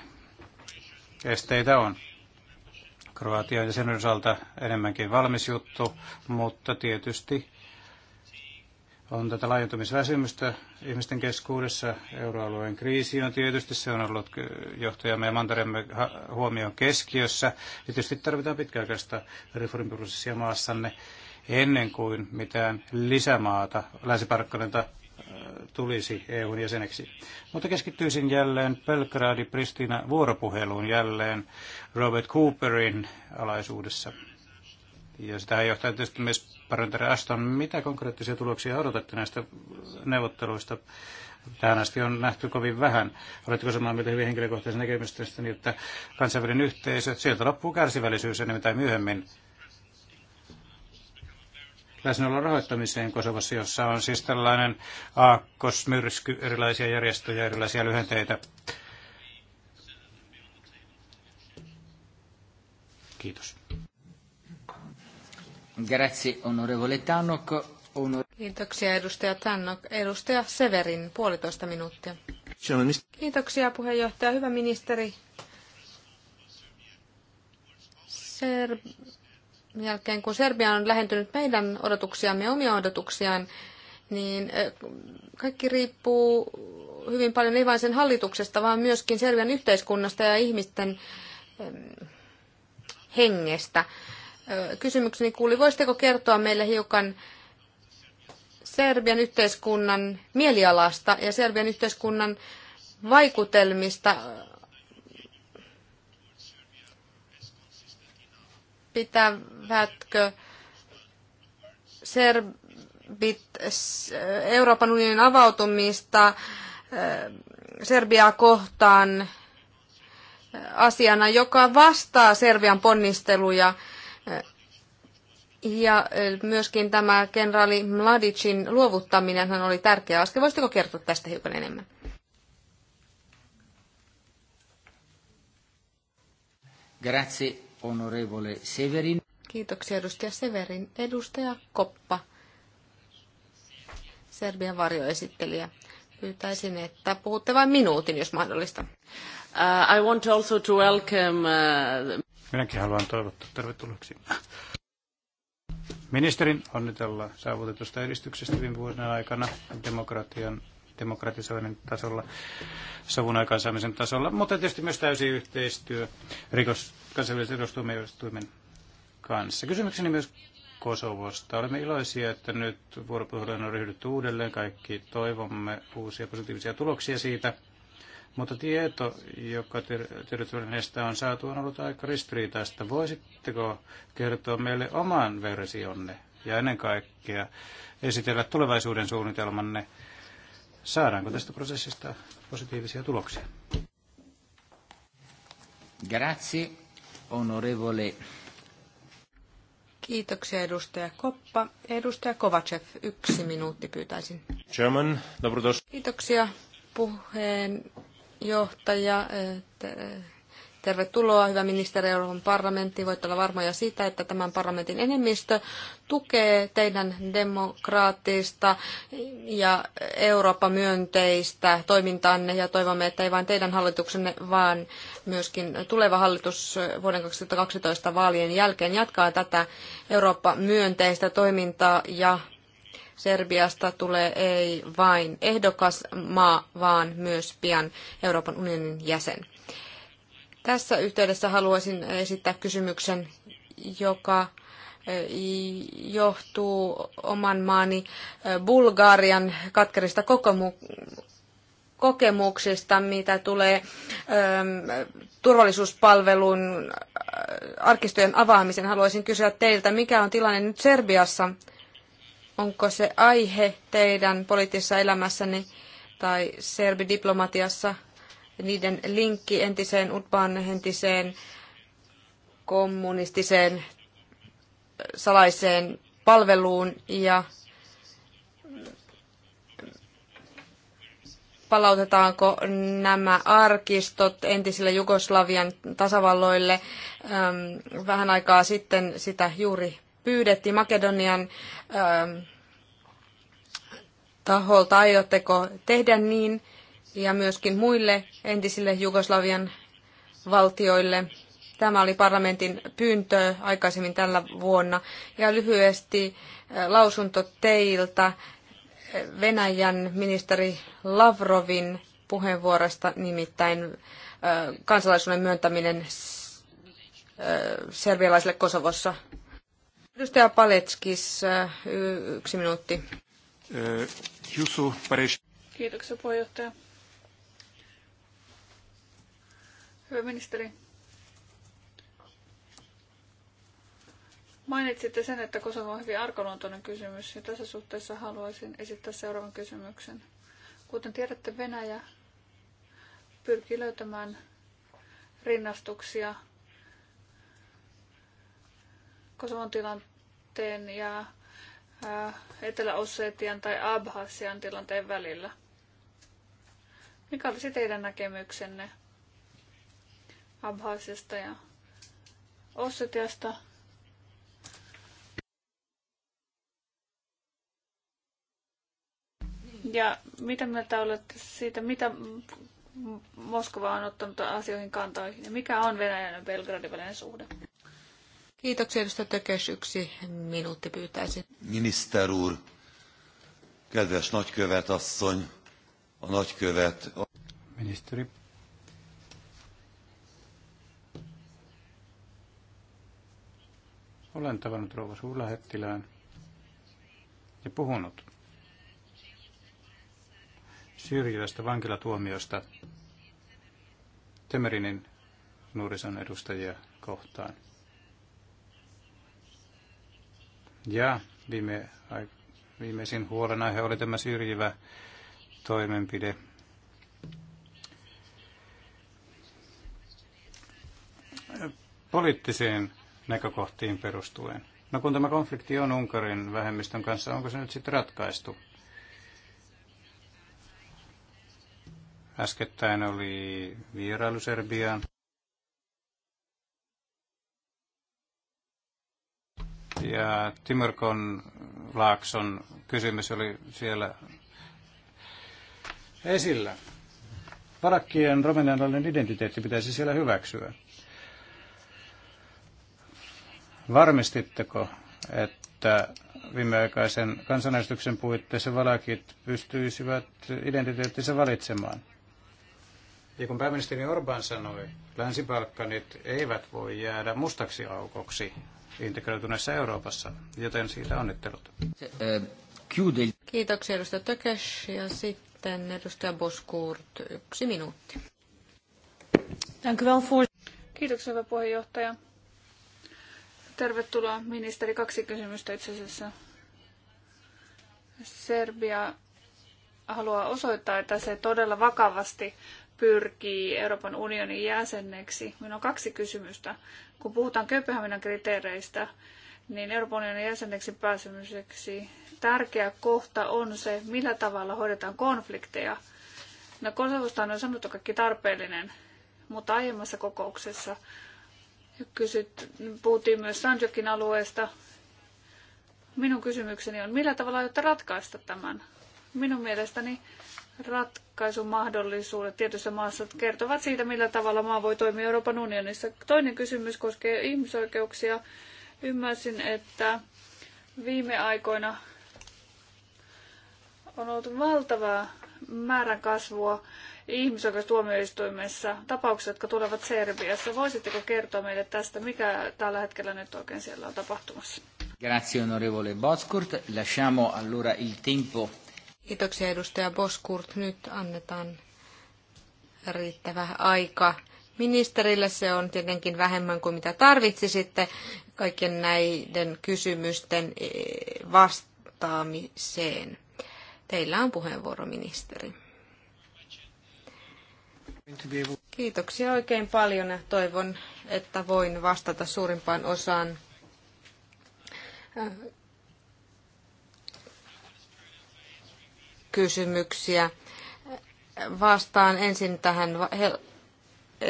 esteitä on. Kroatian sen osalta enemmänkin valmis juttu, mutta tietysti on tätä laajentumisväsymystä ihmisten keskuudessa. Euroalueen kriisi on tietysti, se on ollut johtajamme ja mantaremme huomioon keskiössä. Tietysti tarvitaan pitkäaikaista reformiprosessia maassanne ennen kuin mitään lisämaata länsi äh, tulisi EUn jäseneksi. Mutta keskittyisin jälleen Belgradi-Pristina vuoropuheluun jälleen Robert Cooperin alaisuudessa. Ja sitä johtaa tietysti myös parantare Aston. Mitä konkreettisia tuloksia odotatte näistä neuvotteluista? Tähän asti on nähty kovin vähän. Oletteko samaa mieltä hyvin henkilökohtaisen näkemystä, niin että kansainvälinen yhteisö, sieltä loppuu kärsivällisyys enemmän tai myöhemmin läsnäolon rahoittamiseen Kosovassa, jossa on siis tällainen aakkosmyrsky, erilaisia järjestöjä, erilaisia lyhenteitä. Kiitos. Grazie, onorevole Onore... Kiitoksia edustaja Tannok. Edustaja Severin, puolitoista minuuttia. Kiitoksia puheenjohtaja. Hyvä ministeri. Ser... Jälkeen kun Serbia on lähentynyt meidän odotuksiamme omia odotuksiaan, niin kaikki riippuu hyvin paljon ei vain sen hallituksesta, vaan myöskin Serbian yhteiskunnasta ja ihmisten hengestä kysymykseni kuuli, voisitteko kertoa meille hiukan Serbian yhteiskunnan mielialasta ja Serbian yhteiskunnan vaikutelmista pitävätkö serbit Euroopan unionin avautumista Serbiaa kohtaan asiana, joka vastaa Serbian ponnisteluja ja myöskin tämä kenraali Mladicin luovuttaminen hän oli tärkeä askel. Voisitko kertoa tästä hiukan enemmän? Grazie, onorevole Severin. Kiitoksia, edustaja Severin. Edustaja Koppa, Serbian varjoesittelijä. Pyytäisin, että puhutte vain minuutin, jos mahdollista. Uh, I want also to welcome, uh... Minäkin haluan toivottaa tervetulleeksi ministerin onnitella saavutetusta edistyksestä viime vuosina aikana demokratian demokratisoinnin tasolla, sovun aikaansaamisen tasolla, mutta tietysti myös täysi yhteistyö rikos, kansainvälisen rikostuomioistuimen kanssa. Kysymykseni myös Kosovosta. Olemme iloisia, että nyt vuoropuhelun on ryhdytty uudelleen. Kaikki toivomme uusia positiivisia tuloksia siitä. Mutta tieto, joka tiedotusvälineestä on saatu, on ollut aika ristiriitaista. Voisitteko kertoa meille oman versionne ja ennen kaikkea esitellä tulevaisuuden suunnitelmanne? Saadaanko tästä prosessista positiivisia tuloksia? Grazie, onorevole. Kiitoksia edustaja Koppa. Edustaja Kovacev, yksi minuutti pyytäisin. German, Kiitoksia puheen johtaja. Eh, tervetuloa, hyvä ministeri Euroopan parlamentti. Voitte olla varmoja siitä, että tämän parlamentin enemmistö tukee teidän demokraattista ja Eurooppa myönteistä toimintaanne ja toivomme, että ei vain teidän hallituksenne, vaan myöskin tuleva hallitus vuoden 2012 vaalien jälkeen jatkaa tätä Eurooppa myönteistä toimintaa ja Serbiasta tulee ei vain ehdokas maa, vaan myös pian Euroopan unionin jäsen. Tässä yhteydessä haluaisin esittää kysymyksen, joka e, johtuu oman maani e, Bulgarian katkerista kokemuksista, mitä tulee e, turvallisuuspalvelun arkistojen avaamisen. Haluaisin kysyä teiltä, mikä on tilanne nyt Serbiassa onko se aihe teidän poliittisessa elämässänne tai serbidiplomatiassa niiden linkki entiseen entiseen kommunistiseen äh, salaiseen palveluun ja palautetaanko nämä arkistot entisille Jugoslavian tasavalloille. Ähm, vähän aikaa sitten sitä juuri pyydettiin Makedonian ähm, taholta, aiotteko tehdä niin, ja myöskin muille entisille Jugoslavian valtioille. Tämä oli parlamentin pyyntö aikaisemmin tällä vuonna. Ja lyhyesti äh, lausunto teiltä äh, Venäjän ministeri Lavrovin puheenvuorosta, nimittäin äh, kansalaisuuden myöntäminen serbialaisille Kosovossa. Edustaja Paletskis, yksi minuutti. Jusu Kiitoksia puheenjohtaja. Hyvä ministeri. Mainitsitte sen, että Kosovo on hyvin arkaluontoinen kysymys ja tässä suhteessa haluaisin esittää seuraavan kysymyksen. Kuten tiedätte, Venäjä pyrkii löytämään rinnastuksia Kosovon tilanteen ja äh, Etelä-Ossetian tai Abhasian tilanteen välillä. Mikä olisi teidän näkemyksenne Abhasiasta ja Ossetiasta? Ja mitä mieltä olette siitä, mitä Moskova on ottanut asioihin kantoihin ja mikä on Venäjän ja Belgradin välinen suhde? Kiitoksia, edustaja Tökes. Yksi minuutti pyytäisin. Minister úr, kedves nagykövet asszony, a nagykövet... A... Ministeri. Olen tavannut rouva suurlähettilään ja puhunut syrjivästä vankilatuomiosta Temerinin nuorison edustajia kohtaan. Ja viime, viimeisin huolenaihe oli tämä syrjivä toimenpide. Poliittisiin näkökohtiin perustuen. No kun tämä konflikti on Unkarin vähemmistön kanssa, onko se nyt sitten ratkaistu? Äskettäin oli vierailu Serbiaan. Ja Timurkon Laakson kysymys oli siellä esillä. Parakkien romanialainen identiteetti pitäisi siellä hyväksyä. Varmistitteko, että viimeaikaisen kansanäistyksen puitteissa valakit pystyisivät identiteettinsä valitsemaan? Ja kun pääministeri Orban sanoi, länsi eivät voi jäädä mustaksi aukoksi integroituneessa Euroopassa, joten siitä onnittelut. Kiitoksia edustaja Tökes ja sitten edustaja Boskurt, yksi minuutti. Kiitoksia hyvä puheenjohtaja. Tervetuloa ministeri. Kaksi kysymystä itse asiassa. Serbia haluaa osoittaa, että se todella vakavasti pyrkii Euroopan unionin jäseneksi. Minulla on kaksi kysymystä. Kun puhutaan Kööpenhaminan kriteereistä, niin Euroopan unionin jäseneksi pääsemiseksi tärkeä kohta on se, millä tavalla hoidetaan konflikteja. No Kosovosta on sanottu kaikki tarpeellinen, mutta aiemmassa kokouksessa kysyt, puhuttiin myös Sanjokin alueesta. Minun kysymykseni on, millä tavalla aiotte ratkaista tämän? Minun mielestäni ratkaisumahdollisuudet tietyissä maassa kertovat siitä, millä tavalla maa voi toimia Euroopan unionissa. Toinen kysymys koskee ihmisoikeuksia. Ymmärsin, että viime aikoina on ollut valtavaa määrän kasvua ihmisoikeustuomioistuimessa tapauksia, jotka tulevat Serbiassa. Voisitteko kertoa meille tästä, mikä tällä hetkellä nyt oikein siellä on tapahtumassa? Grazie onorevole Boskurt. Lasciamo allora il tempo Kiitoksia edustaja Boskurt. Nyt annetaan riittävä aika ministerille. Se on tietenkin vähemmän kuin mitä tarvitsisitte kaiken näiden kysymysten e, vastaamiseen. Teillä on puheenvuoro, ministeri. Kiitoksia oikein paljon ja toivon, että voin vastata suurimpaan osaan kysymyksiä. Vastaan ensin tähän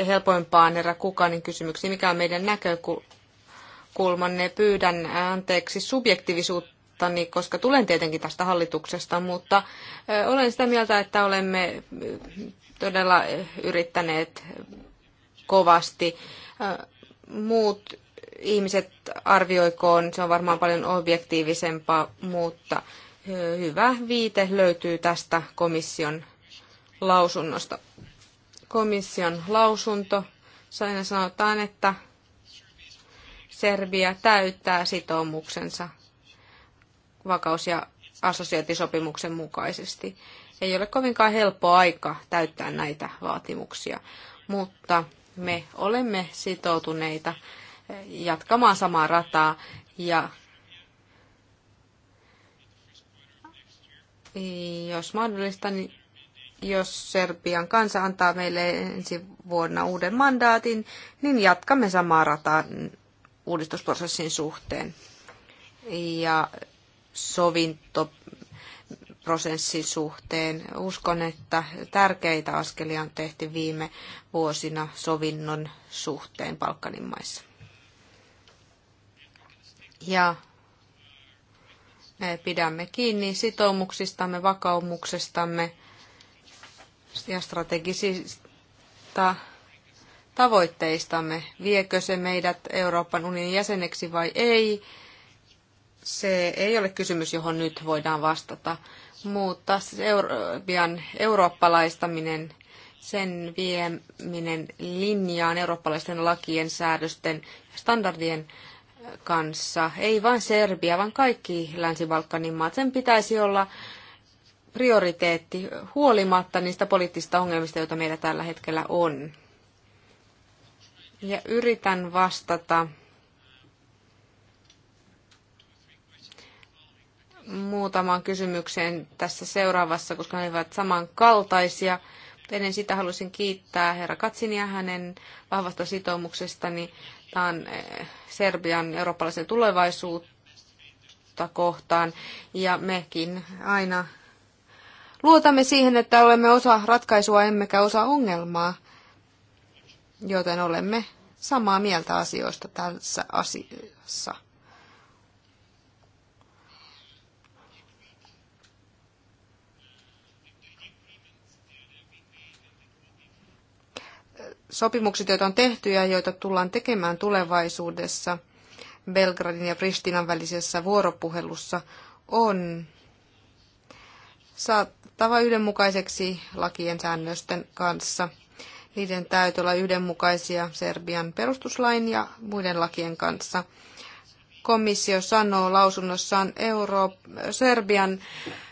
helpoimpaan herra Kukanin kysymyksiin, mikä on meidän näkökulmanne. Pyydän anteeksi subjektiivisuutta koska tulen tietenkin tästä hallituksesta, mutta olen sitä mieltä, että olemme todella yrittäneet kovasti. Muut ihmiset arvioikoon, se on varmaan paljon objektiivisempaa, mutta hyvä viite löytyy tästä komission lausunnosta. Komission lausunto, siinä sanotaan, että Serbia täyttää sitoumuksensa vakaus- ja assosiaatisopimuksen mukaisesti. Ei ole kovinkaan helppo aika täyttää näitä vaatimuksia, mutta me olemme sitoutuneita jatkamaan samaa rataa ja jos mahdollista, niin jos Serbian kansa antaa meille ensi vuonna uuden mandaatin, niin jatkamme samaa rataa uudistusprosessin suhteen. Ja sovintoprosessin suhteen. Uskon, että tärkeitä askelia on tehty viime vuosina sovinnon suhteen Balkanin maissa. Ja pidämme kiinni sitoumuksistamme, vakaumuksestamme ja strategisista tavoitteistamme. Viekö se meidät Euroopan unionin jäseneksi vai ei? Se ei ole kysymys, johon nyt voidaan vastata, mutta Euroopan eurooppalaistaminen, sen vieminen linjaan eurooppalaisten lakien, säädösten ja standardien kanssa. Ei vain Serbia, vaan kaikki Länsi-Balkanin maat. Sen pitäisi olla prioriteetti huolimatta niistä poliittisista ongelmista, joita meillä tällä hetkellä on. Ja yritän vastata muutamaan kysymykseen tässä seuraavassa, koska ne ovat samankaltaisia. Ennen sitä haluaisin kiittää herra Katsinia hänen vahvasta sitoumuksestani on eh, Serbian eurooppalaisen tulevaisuutta kohtaan. Ja mekin aina luotamme siihen, että olemme osa ratkaisua emmekä osa ongelmaa, joten olemme samaa mieltä asioista tässä asiassa. sopimukset, joita on tehty ja joita tullaan tekemään tulevaisuudessa Belgradin ja Pristinan välisessä vuoropuhelussa, on saattava yhdenmukaiseksi lakien säännösten kanssa. Niiden täytyy olla yhdenmukaisia Serbian perustuslain ja muiden lakien kanssa. Komissio sanoo lausunnossaan Euro- Serbian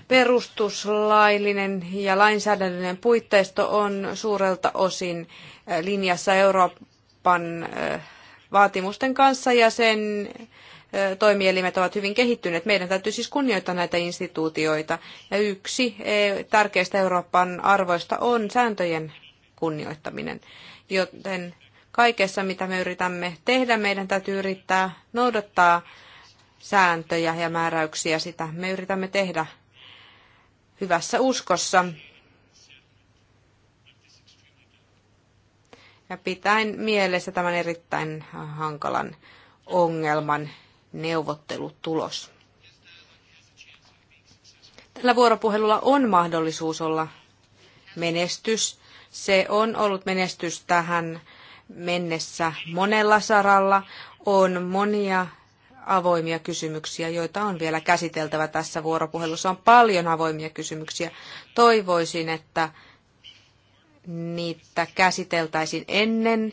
perustuslaillinen ja lainsäädännöllinen puitteisto on suurelta osin eh, linjassa Euroopan eh, vaatimusten kanssa ja sen eh, toimielimet ovat hyvin kehittyneet. Meidän täytyy siis kunnioittaa näitä instituutioita. Ja yksi tärkeistä Euroopan arvoista on sääntöjen kunnioittaminen. Joten kaikessa, mitä me yritämme tehdä, meidän täytyy yrittää noudattaa sääntöjä ja määräyksiä. Sitä me yritämme tehdä hyvässä uskossa. Ja pitäen mielessä tämän erittäin hankalan ongelman neuvottelutulos. Tällä vuoropuhelulla on mahdollisuus olla menestys. Se on ollut menestys tähän mennessä monella saralla. On monia avoimia kysymyksiä, joita on vielä käsiteltävä tässä vuoropuhelussa. On paljon avoimia kysymyksiä. Toivoisin, että niitä käsiteltäisiin ennen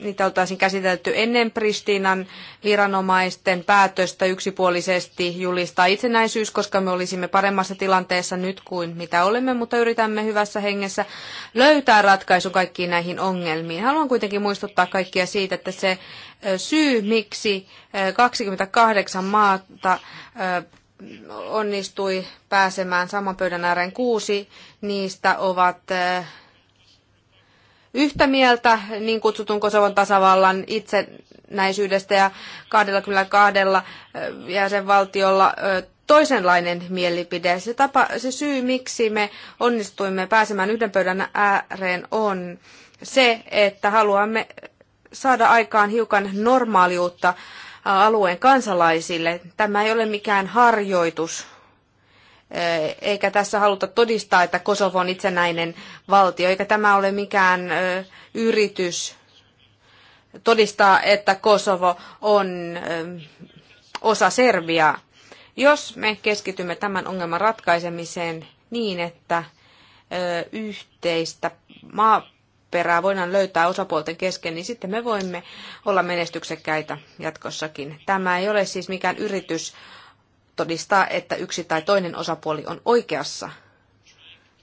niitä oltaisiin käsitelty ennen Pristiinan viranomaisten päätöstä yksipuolisesti julistaa itsenäisyys, koska me olisimme paremmassa tilanteessa nyt kuin mitä olemme, mutta yritämme hyvässä hengessä löytää ratkaisu kaikkiin näihin ongelmiin. Haluan kuitenkin muistuttaa kaikkia siitä, että se syy, miksi 28 maata onnistui pääsemään saman pöydän ääreen kuusi, niistä ovat yhtä mieltä niin kutsutun Kosovon tasavallan itsenäisyydestä ja 22 jäsenvaltiolla toisenlainen mielipide. Se, tapa, se syy, miksi me onnistuimme pääsemään yhden pöydän ääreen, on se, että haluamme saada aikaan hiukan normaaliutta alueen kansalaisille. Tämä ei ole mikään harjoitus, Eh, eikä tässä haluta todistaa, että Kosovo on itsenäinen valtio, eikä tämä ole mikään eh, yritys todistaa, että Kosovo on eh, osa Serbiaa. Jos me keskitymme tämän ongelman ratkaisemiseen niin, että yhteistä maaperää voidaan löytää osapuolten kesken, niin sitten me voimme olla menestyksekkäitä jatkossakin. Tämä ei ole siis mikään yritys todistaa, että yksi tai toinen osapuoli on oikeassa.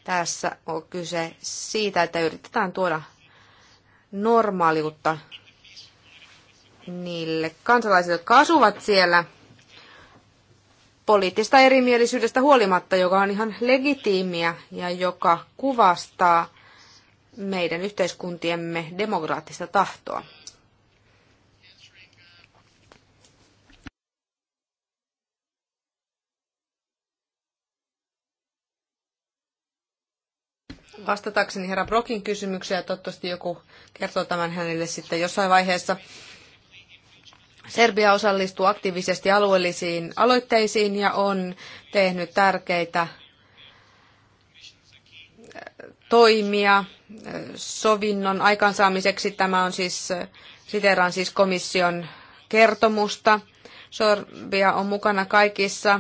Tässä on kyse siitä, että yritetään tuoda normaaliutta niille kansalaisille, jotka asuvat siellä poliittista erimielisyydestä huolimatta, joka on ihan legitiimiä ja joka kuvastaa meidän yhteiskuntiemme demokraattista tahtoa. vastatakseni herra Brokin kysymykseen, ja toivottavasti joku kertoo tämän hänelle sitten jossain vaiheessa. Serbia osallistuu aktiivisesti alueellisiin aloitteisiin ja on tehnyt tärkeitä äh, toimia äh, sovinnon aikaansaamiseksi. Tämä on siis, äh, siteraan siis komission kertomusta. Sorbia on mukana kaikissa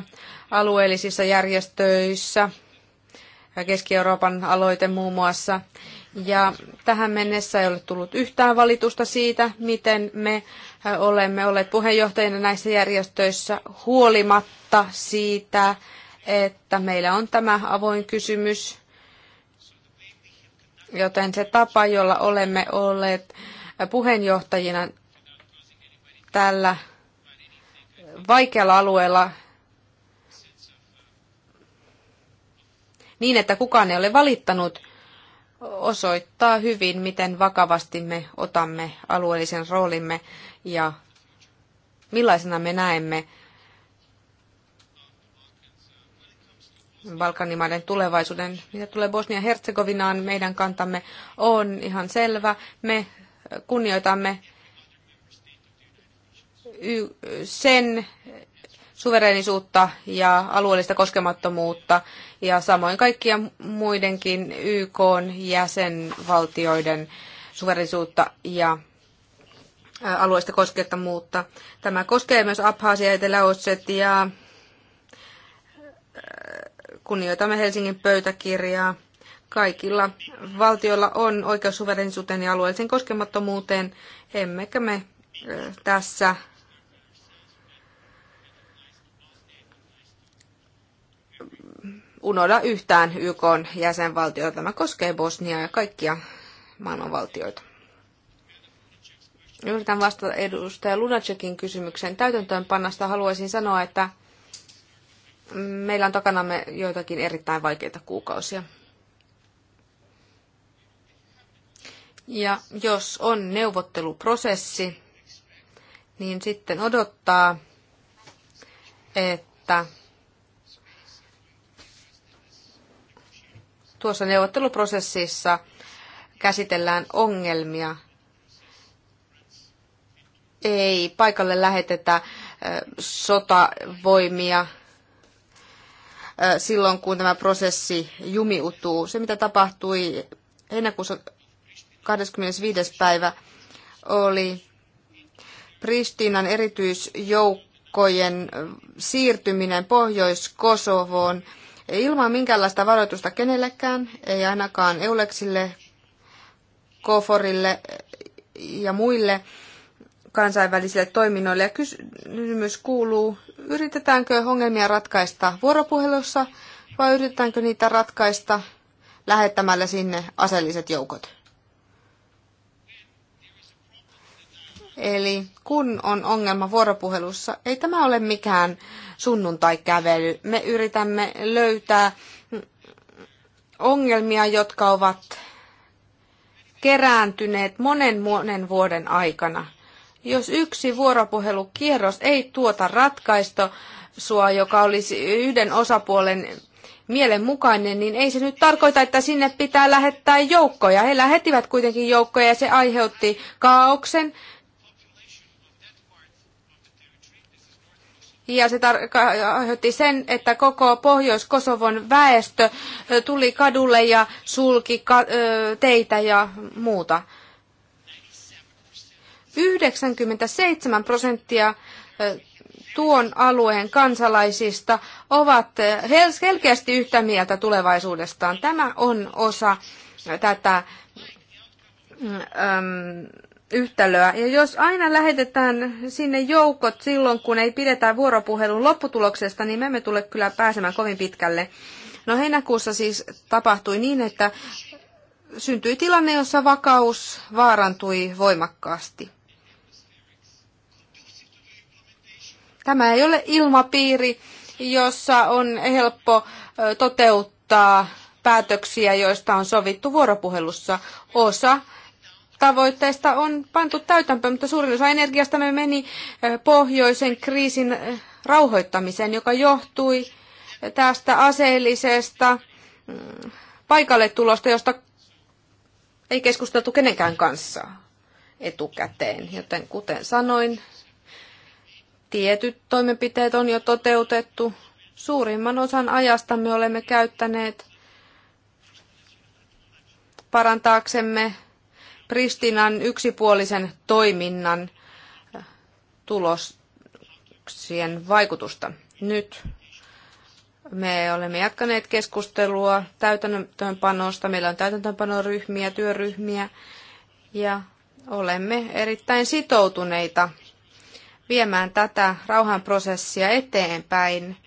alueellisissa järjestöissä, Keski-Euroopan aloite muun muassa. Ja tähän mennessä ei ole tullut yhtään valitusta siitä, miten me olemme olleet puheenjohtajina näissä järjestöissä huolimatta siitä, että meillä on tämä avoin kysymys. Joten se tapa, jolla olemme olleet puheenjohtajina tällä vaikealla alueella niin, että kukaan ei ole valittanut, osoittaa hyvin, miten vakavasti me otamme alueellisen roolimme ja millaisena me näemme Balkanimaiden tulevaisuuden. Mitä tulee Bosnia-Herzegovinaan, meidän kantamme on ihan selvä. Me kunnioitamme sen suvereenisuutta ja alueellista koskemattomuutta, ja samoin kaikkia muidenkin YK jäsenvaltioiden suverenisuutta ja alueista koskettomuutta. Tämä koskee myös Abhaasia, Etelä-Ossetiaa, kunnioitamme Helsingin pöytäkirjaa. Kaikilla valtioilla on oikeus suverenisuuteen ja alueelliseen koskemattomuuteen, emmekä me tässä unohda yhtään YK jäsenvaltiota. Tämä koskee Bosniaa ja kaikkia maailmanvaltioita. Yritän vastata edustaja Lunacekin kysymykseen täytäntöönpannasta. Haluaisin sanoa, että meillä on takanamme joitakin erittäin vaikeita kuukausia. Ja jos on neuvotteluprosessi, niin sitten odottaa, että tuossa neuvotteluprosessissa käsitellään ongelmia. Ei paikalle lähetetä sotavoimia silloin, kun tämä prosessi jumiutuu. Se, mitä tapahtui heinäkuussa 25. päivä, oli Pristinan erityisjoukkojen siirtyminen Pohjois-Kosovoon – ilman minkäänlaista varoitusta kenellekään, ei ainakaan Euleksille, Koforille ja muille kansainvälisille toiminnoille. Ja kysymys kuuluu, yritetäänkö ongelmia ratkaista vuoropuhelussa vai yritetäänkö niitä ratkaista lähettämällä sinne aseelliset joukot? Eli kun on ongelma vuoropuhelussa, ei tämä ole mikään sunnuntai-kävely. Me yritämme löytää ongelmia, jotka ovat kerääntyneet monen monen vuoden aikana. Jos yksi vuoropuhelukierros ei tuota ratkaista sua, joka olisi yhden osapuolen mielenmukainen, niin ei se nyt tarkoita, että sinne pitää lähettää joukkoja. He lähettivät kuitenkin joukkoja ja se aiheutti kaauksen, ja se aiheutti sen, että koko Pohjois-Kosovon väestö tuli kadulle ja sulki teitä ja muuta. 97 prosenttia tuon alueen kansalaisista ovat selkeästi yhtä mieltä tulevaisuudestaan. Tämä on osa tätä Ähm, yhtälöä. Ja jos aina lähetetään sinne joukot silloin, kun ei pidetä vuoropuhelun lopputuloksesta, niin me emme tule kyllä pääsemään kovin pitkälle. No heinäkuussa siis tapahtui niin, että syntyi tilanne, jossa vakaus vaarantui voimakkaasti. Tämä ei ole ilmapiiri, jossa on helppo toteuttaa päätöksiä, joista on sovittu vuoropuhelussa. Osa tavoitteista on pantu täytäntöön, mutta suurin osa energiasta me meni eh, pohjoisen kriisin eh, rauhoittamiseen, joka johtui eh, tästä aseellisesta mm, paikalle tulosta, josta ei keskusteltu kenenkään kanssa etukäteen. Joten kuten sanoin, tietyt toimenpiteet on jo toteutettu. Suurimman osan ajasta me olemme käyttäneet parantaaksemme Pristinan yksipuolisen toiminnan äh, tuloksien vaikutusta. Nyt me olemme jatkaneet keskustelua täytäntöönpanosta. Meillä on täytäntöönpanoryhmiä, työryhmiä ja olemme erittäin sitoutuneita viemään tätä rauhanprosessia eteenpäin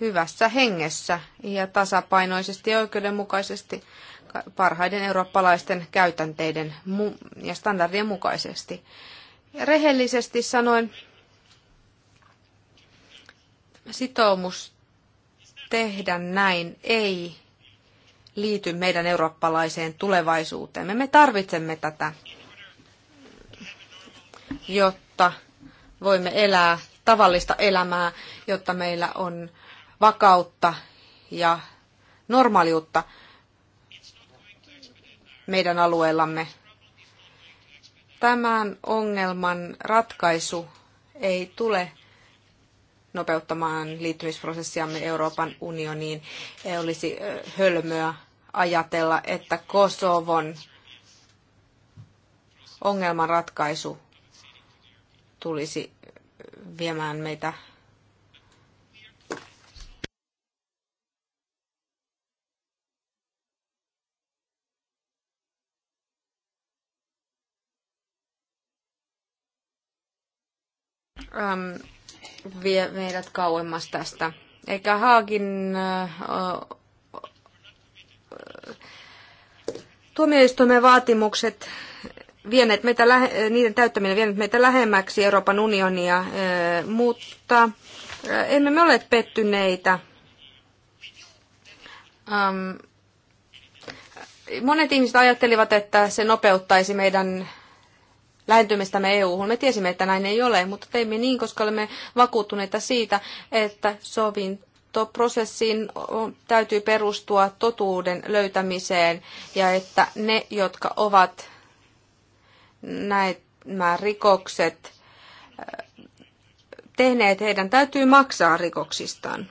hyvässä hengessä ja tasapainoisesti ja oikeudenmukaisesti parhaiden eurooppalaisten käytänteiden ja standardien mukaisesti. Ja rehellisesti sanoen, sitoumus tehdä näin ei liity meidän eurooppalaiseen tulevaisuuteen. Me tarvitsemme tätä, jotta voimme elää tavallista elämää, jotta meillä on vakautta ja normaaliutta meidän alueellamme. Tämän ongelman ratkaisu ei tule nopeuttamaan liittymisprosessiamme Euroopan unioniin. Ei olisi hölmöä ajatella, että Kosovon ongelman ratkaisu tulisi viemään meitä vie meidät kauemmas tästä. Eikä Haakin tuomioistuimen vaatimukset vieneet meitä, niiden täyttäminen vieneet meitä lähemmäksi Euroopan unionia, mutta emme me ole pettyneitä. Monet ihmiset ajattelivat, että se nopeuttaisi meidän lähentymistämme EU-hun. Me tiesimme, että näin ei ole, mutta teimme niin, koska olemme vakuuttuneita siitä, että sovintoprosessiin täytyy perustua totuuden löytämiseen ja että ne, jotka ovat nämä rikokset eh, tehneet, heidän täytyy maksaa rikoksistaan.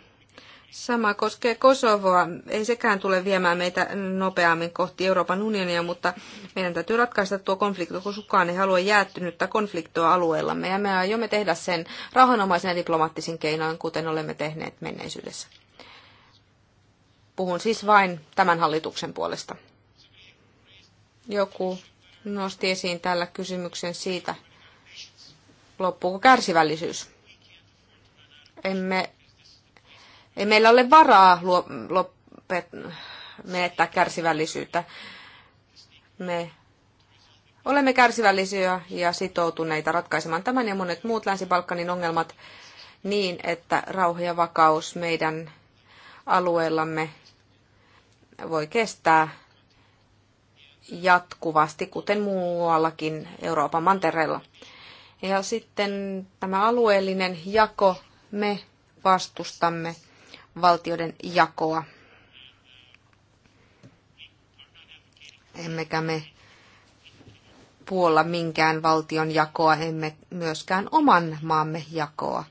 Sama koskee Kosovoa. Ei sekään tule viemään meitä nopeammin kohti Euroopan unionia, mutta meidän täytyy ratkaista tuo konflikti, kun kukaan ei halua jäättynyttä konfliktoa alueellamme. Ja me aiomme tehdä sen rauhanomaisen ja diplomaattisin keinoin, kuten olemme tehneet menneisyydessä. Puhun siis vain tämän hallituksen puolesta. Joku nosti esiin tällä kysymyksen siitä, loppuuko kärsivällisyys. Emme ei meillä ole varaa luo, lopet, menettää kärsivällisyyttä. Me olemme kärsivällisiä ja sitoutuneita ratkaisemaan tämän ja monet muut Länsi-Balkanin ongelmat niin, että rauha ja vakaus meidän alueellamme voi kestää jatkuvasti, kuten muuallakin Euroopan mantereella. Ja sitten tämä alueellinen jako, me vastustamme valtioiden jakoa. Emmekä me puolla minkään valtion jakoa, emme myöskään oman maamme jakoa.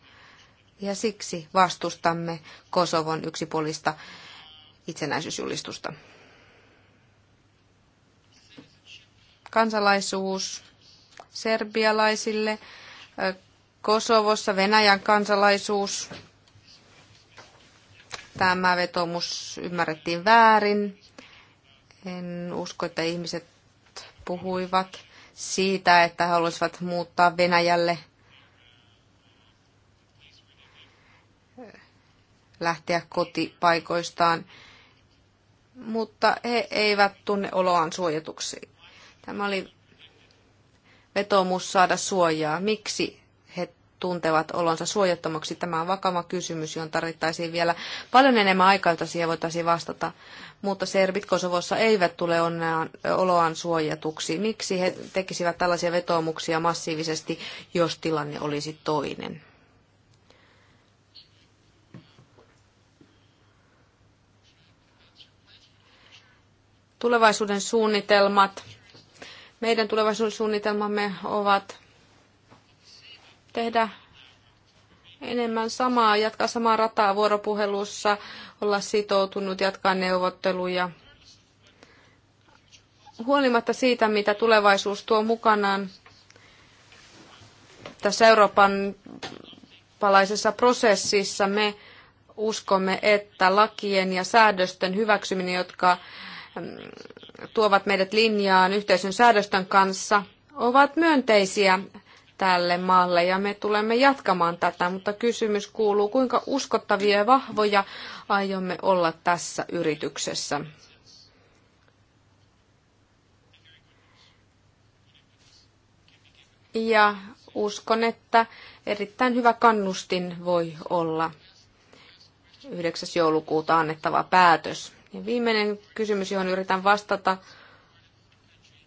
Ja siksi vastustamme Kosovon yksipuolista itsenäisyysjulistusta. Kansalaisuus serbialaisille, Kosovossa Venäjän kansalaisuus tämä vetomus ymmärrettiin väärin. En usko, että ihmiset puhuivat siitä, että he haluaisivat muuttaa Venäjälle lähteä kotipaikoistaan, mutta he eivät tunne oloaan suojatuksi. Tämä oli vetomus saada suojaa. Miksi tuntevat olonsa suojattomaksi. Tämä on vakava kysymys, johon tarvittaisiin vielä paljon enemmän aikaa, jota siihen voitaisiin vastata. Mutta serbit Kosovossa eivät tule onneaan, oloaan suojatuksi. Miksi he tekisivät tällaisia vetoomuksia massiivisesti, jos tilanne olisi toinen? tulevaisuuden suunnitelmat. Meidän tulevaisuussuunnitelmamme ovat tehdä enemmän samaa, jatkaa samaa rataa vuoropuhelussa, olla sitoutunut, jatkaa neuvotteluja. Huolimatta siitä, mitä tulevaisuus tuo mukanaan tässä Euroopan palaisessa prosessissa, me uskomme, että lakien ja säädösten hyväksyminen, jotka mm, tuovat meidät linjaan yhteisön säädösten kanssa, ovat myönteisiä tälle maalle ja me tulemme jatkamaan tätä, mutta kysymys kuuluu, kuinka uskottavia ja vahvoja aiomme olla tässä yrityksessä. Ja uskon, että erittäin hyvä kannustin voi olla 9. joulukuuta annettava päätös. Ja viimeinen kysymys, johon yritän vastata,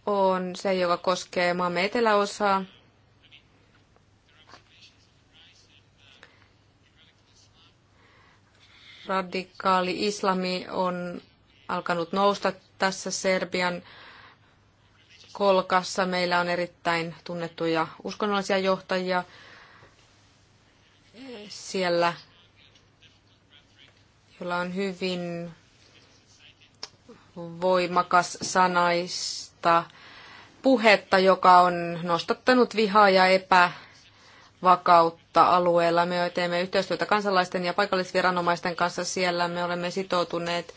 on se, joka koskee maamme eteläosaa. radikaali islami on alkanut nousta tässä Serbian kolkassa. Meillä on erittäin tunnettuja uskonnollisia johtajia siellä, jolla on hyvin voimakas sanaista puhetta, joka on nostattanut vihaa ja epävakautta alueella. Me teemme yhteistyötä kansalaisten ja paikallisviranomaisten kanssa siellä. Me olemme sitoutuneet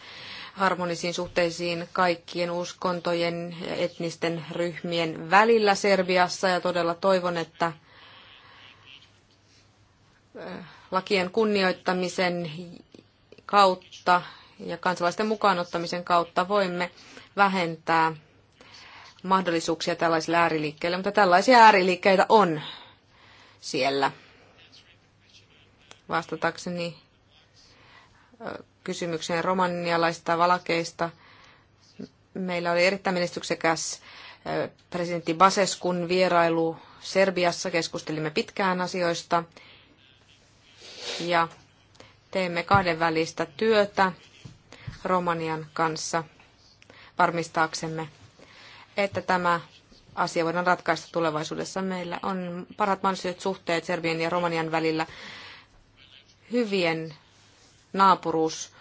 harmonisiin suhteisiin kaikkien uskontojen ja etnisten ryhmien välillä Serbiassa ja todella toivon, että eh, lakien kunnioittamisen kautta ja kansalaisten mukaanottamisen kautta voimme vähentää mahdollisuuksia tällaisille ääriliikkeille, mutta tällaisia ääriliikkeitä on siellä vastatakseni kysymykseen romanialaisista valakeista. Meillä oli erittäin menestyksekäs presidentti Baseskun vierailu Serbiassa. Keskustelimme pitkään asioista ja teemme kahdenvälistä työtä Romanian kanssa varmistaaksemme, että tämä asia voidaan ratkaista tulevaisuudessa. Meillä on parhaat mahdolliset suhteet Serbian ja Romanian välillä hyvien naapuruus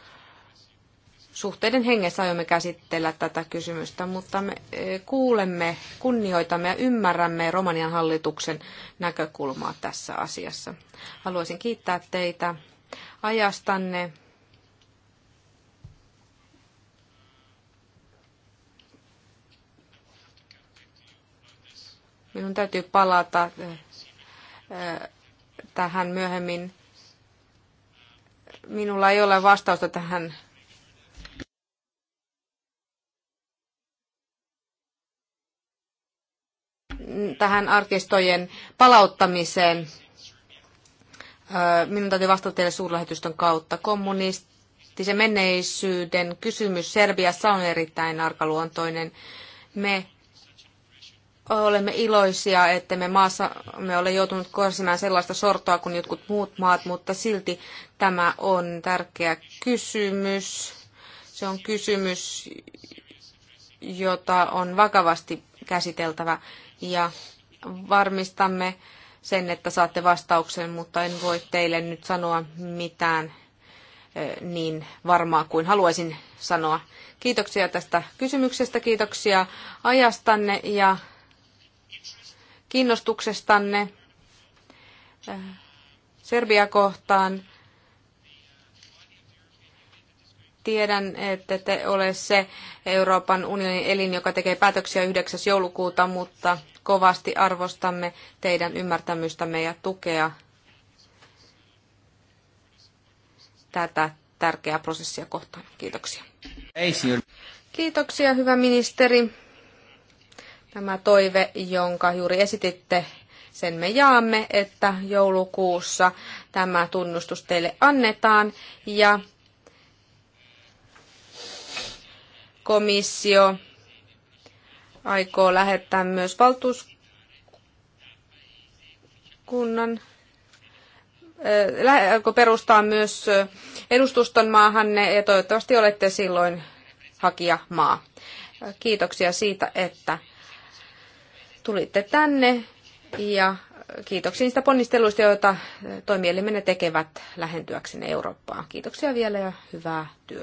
suhteiden hengessä aiomme käsitellä tätä kysymystä, mutta me e, kuulemme, kunnioitamme ja ymmärrämme Romanian hallituksen näkökulmaa tässä asiassa. Haluaisin kiittää teitä ajastanne. Minun täytyy palata e, e, tähän myöhemmin. Minulla ei ole vastausta tähän tähän arkistojen palauttamiseen. Minun täytyy vastata teille suurlähetystön kautta. Kommunistisen menneisyyden kysymys Serbiassa on erittäin arkaluontoinen. Me olemme iloisia, että me maassa me ole joutunut korsimaan sellaista sortoa kuin jotkut muut maat, mutta silti tämä on tärkeä kysymys. Se on kysymys, jota on vakavasti käsiteltävä ja varmistamme sen, että saatte vastauksen, mutta en voi teille nyt sanoa mitään niin varmaa kuin haluaisin sanoa. Kiitoksia tästä kysymyksestä, kiitoksia ajastanne ja kiinnostuksestanne äh, Serbia kohtaan. Tiedän, että te ole se Euroopan unionin elin, joka tekee päätöksiä 9. joulukuuta, mutta kovasti arvostamme teidän ymmärtämystämme ja tukea tätä tärkeää prosessia kohtaan. Kiitoksia. Kiitoksia, hyvä ministeri. Tämä toive, jonka juuri esititte, sen me jaamme, että joulukuussa tämä tunnustus teille annetaan ja komissio aikoo lähettää myös valtuuskunnan äh, aikoo perustaa myös äh, edustuston maahanne ja toivottavasti olette silloin hakija maa. Kiitoksia siitä, että tulitte tänne ja kiitoksia niistä ponnisteluista, joita toimielimenne tekevät lähentyäksenne Eurooppaan. Kiitoksia vielä ja hyvää työtä.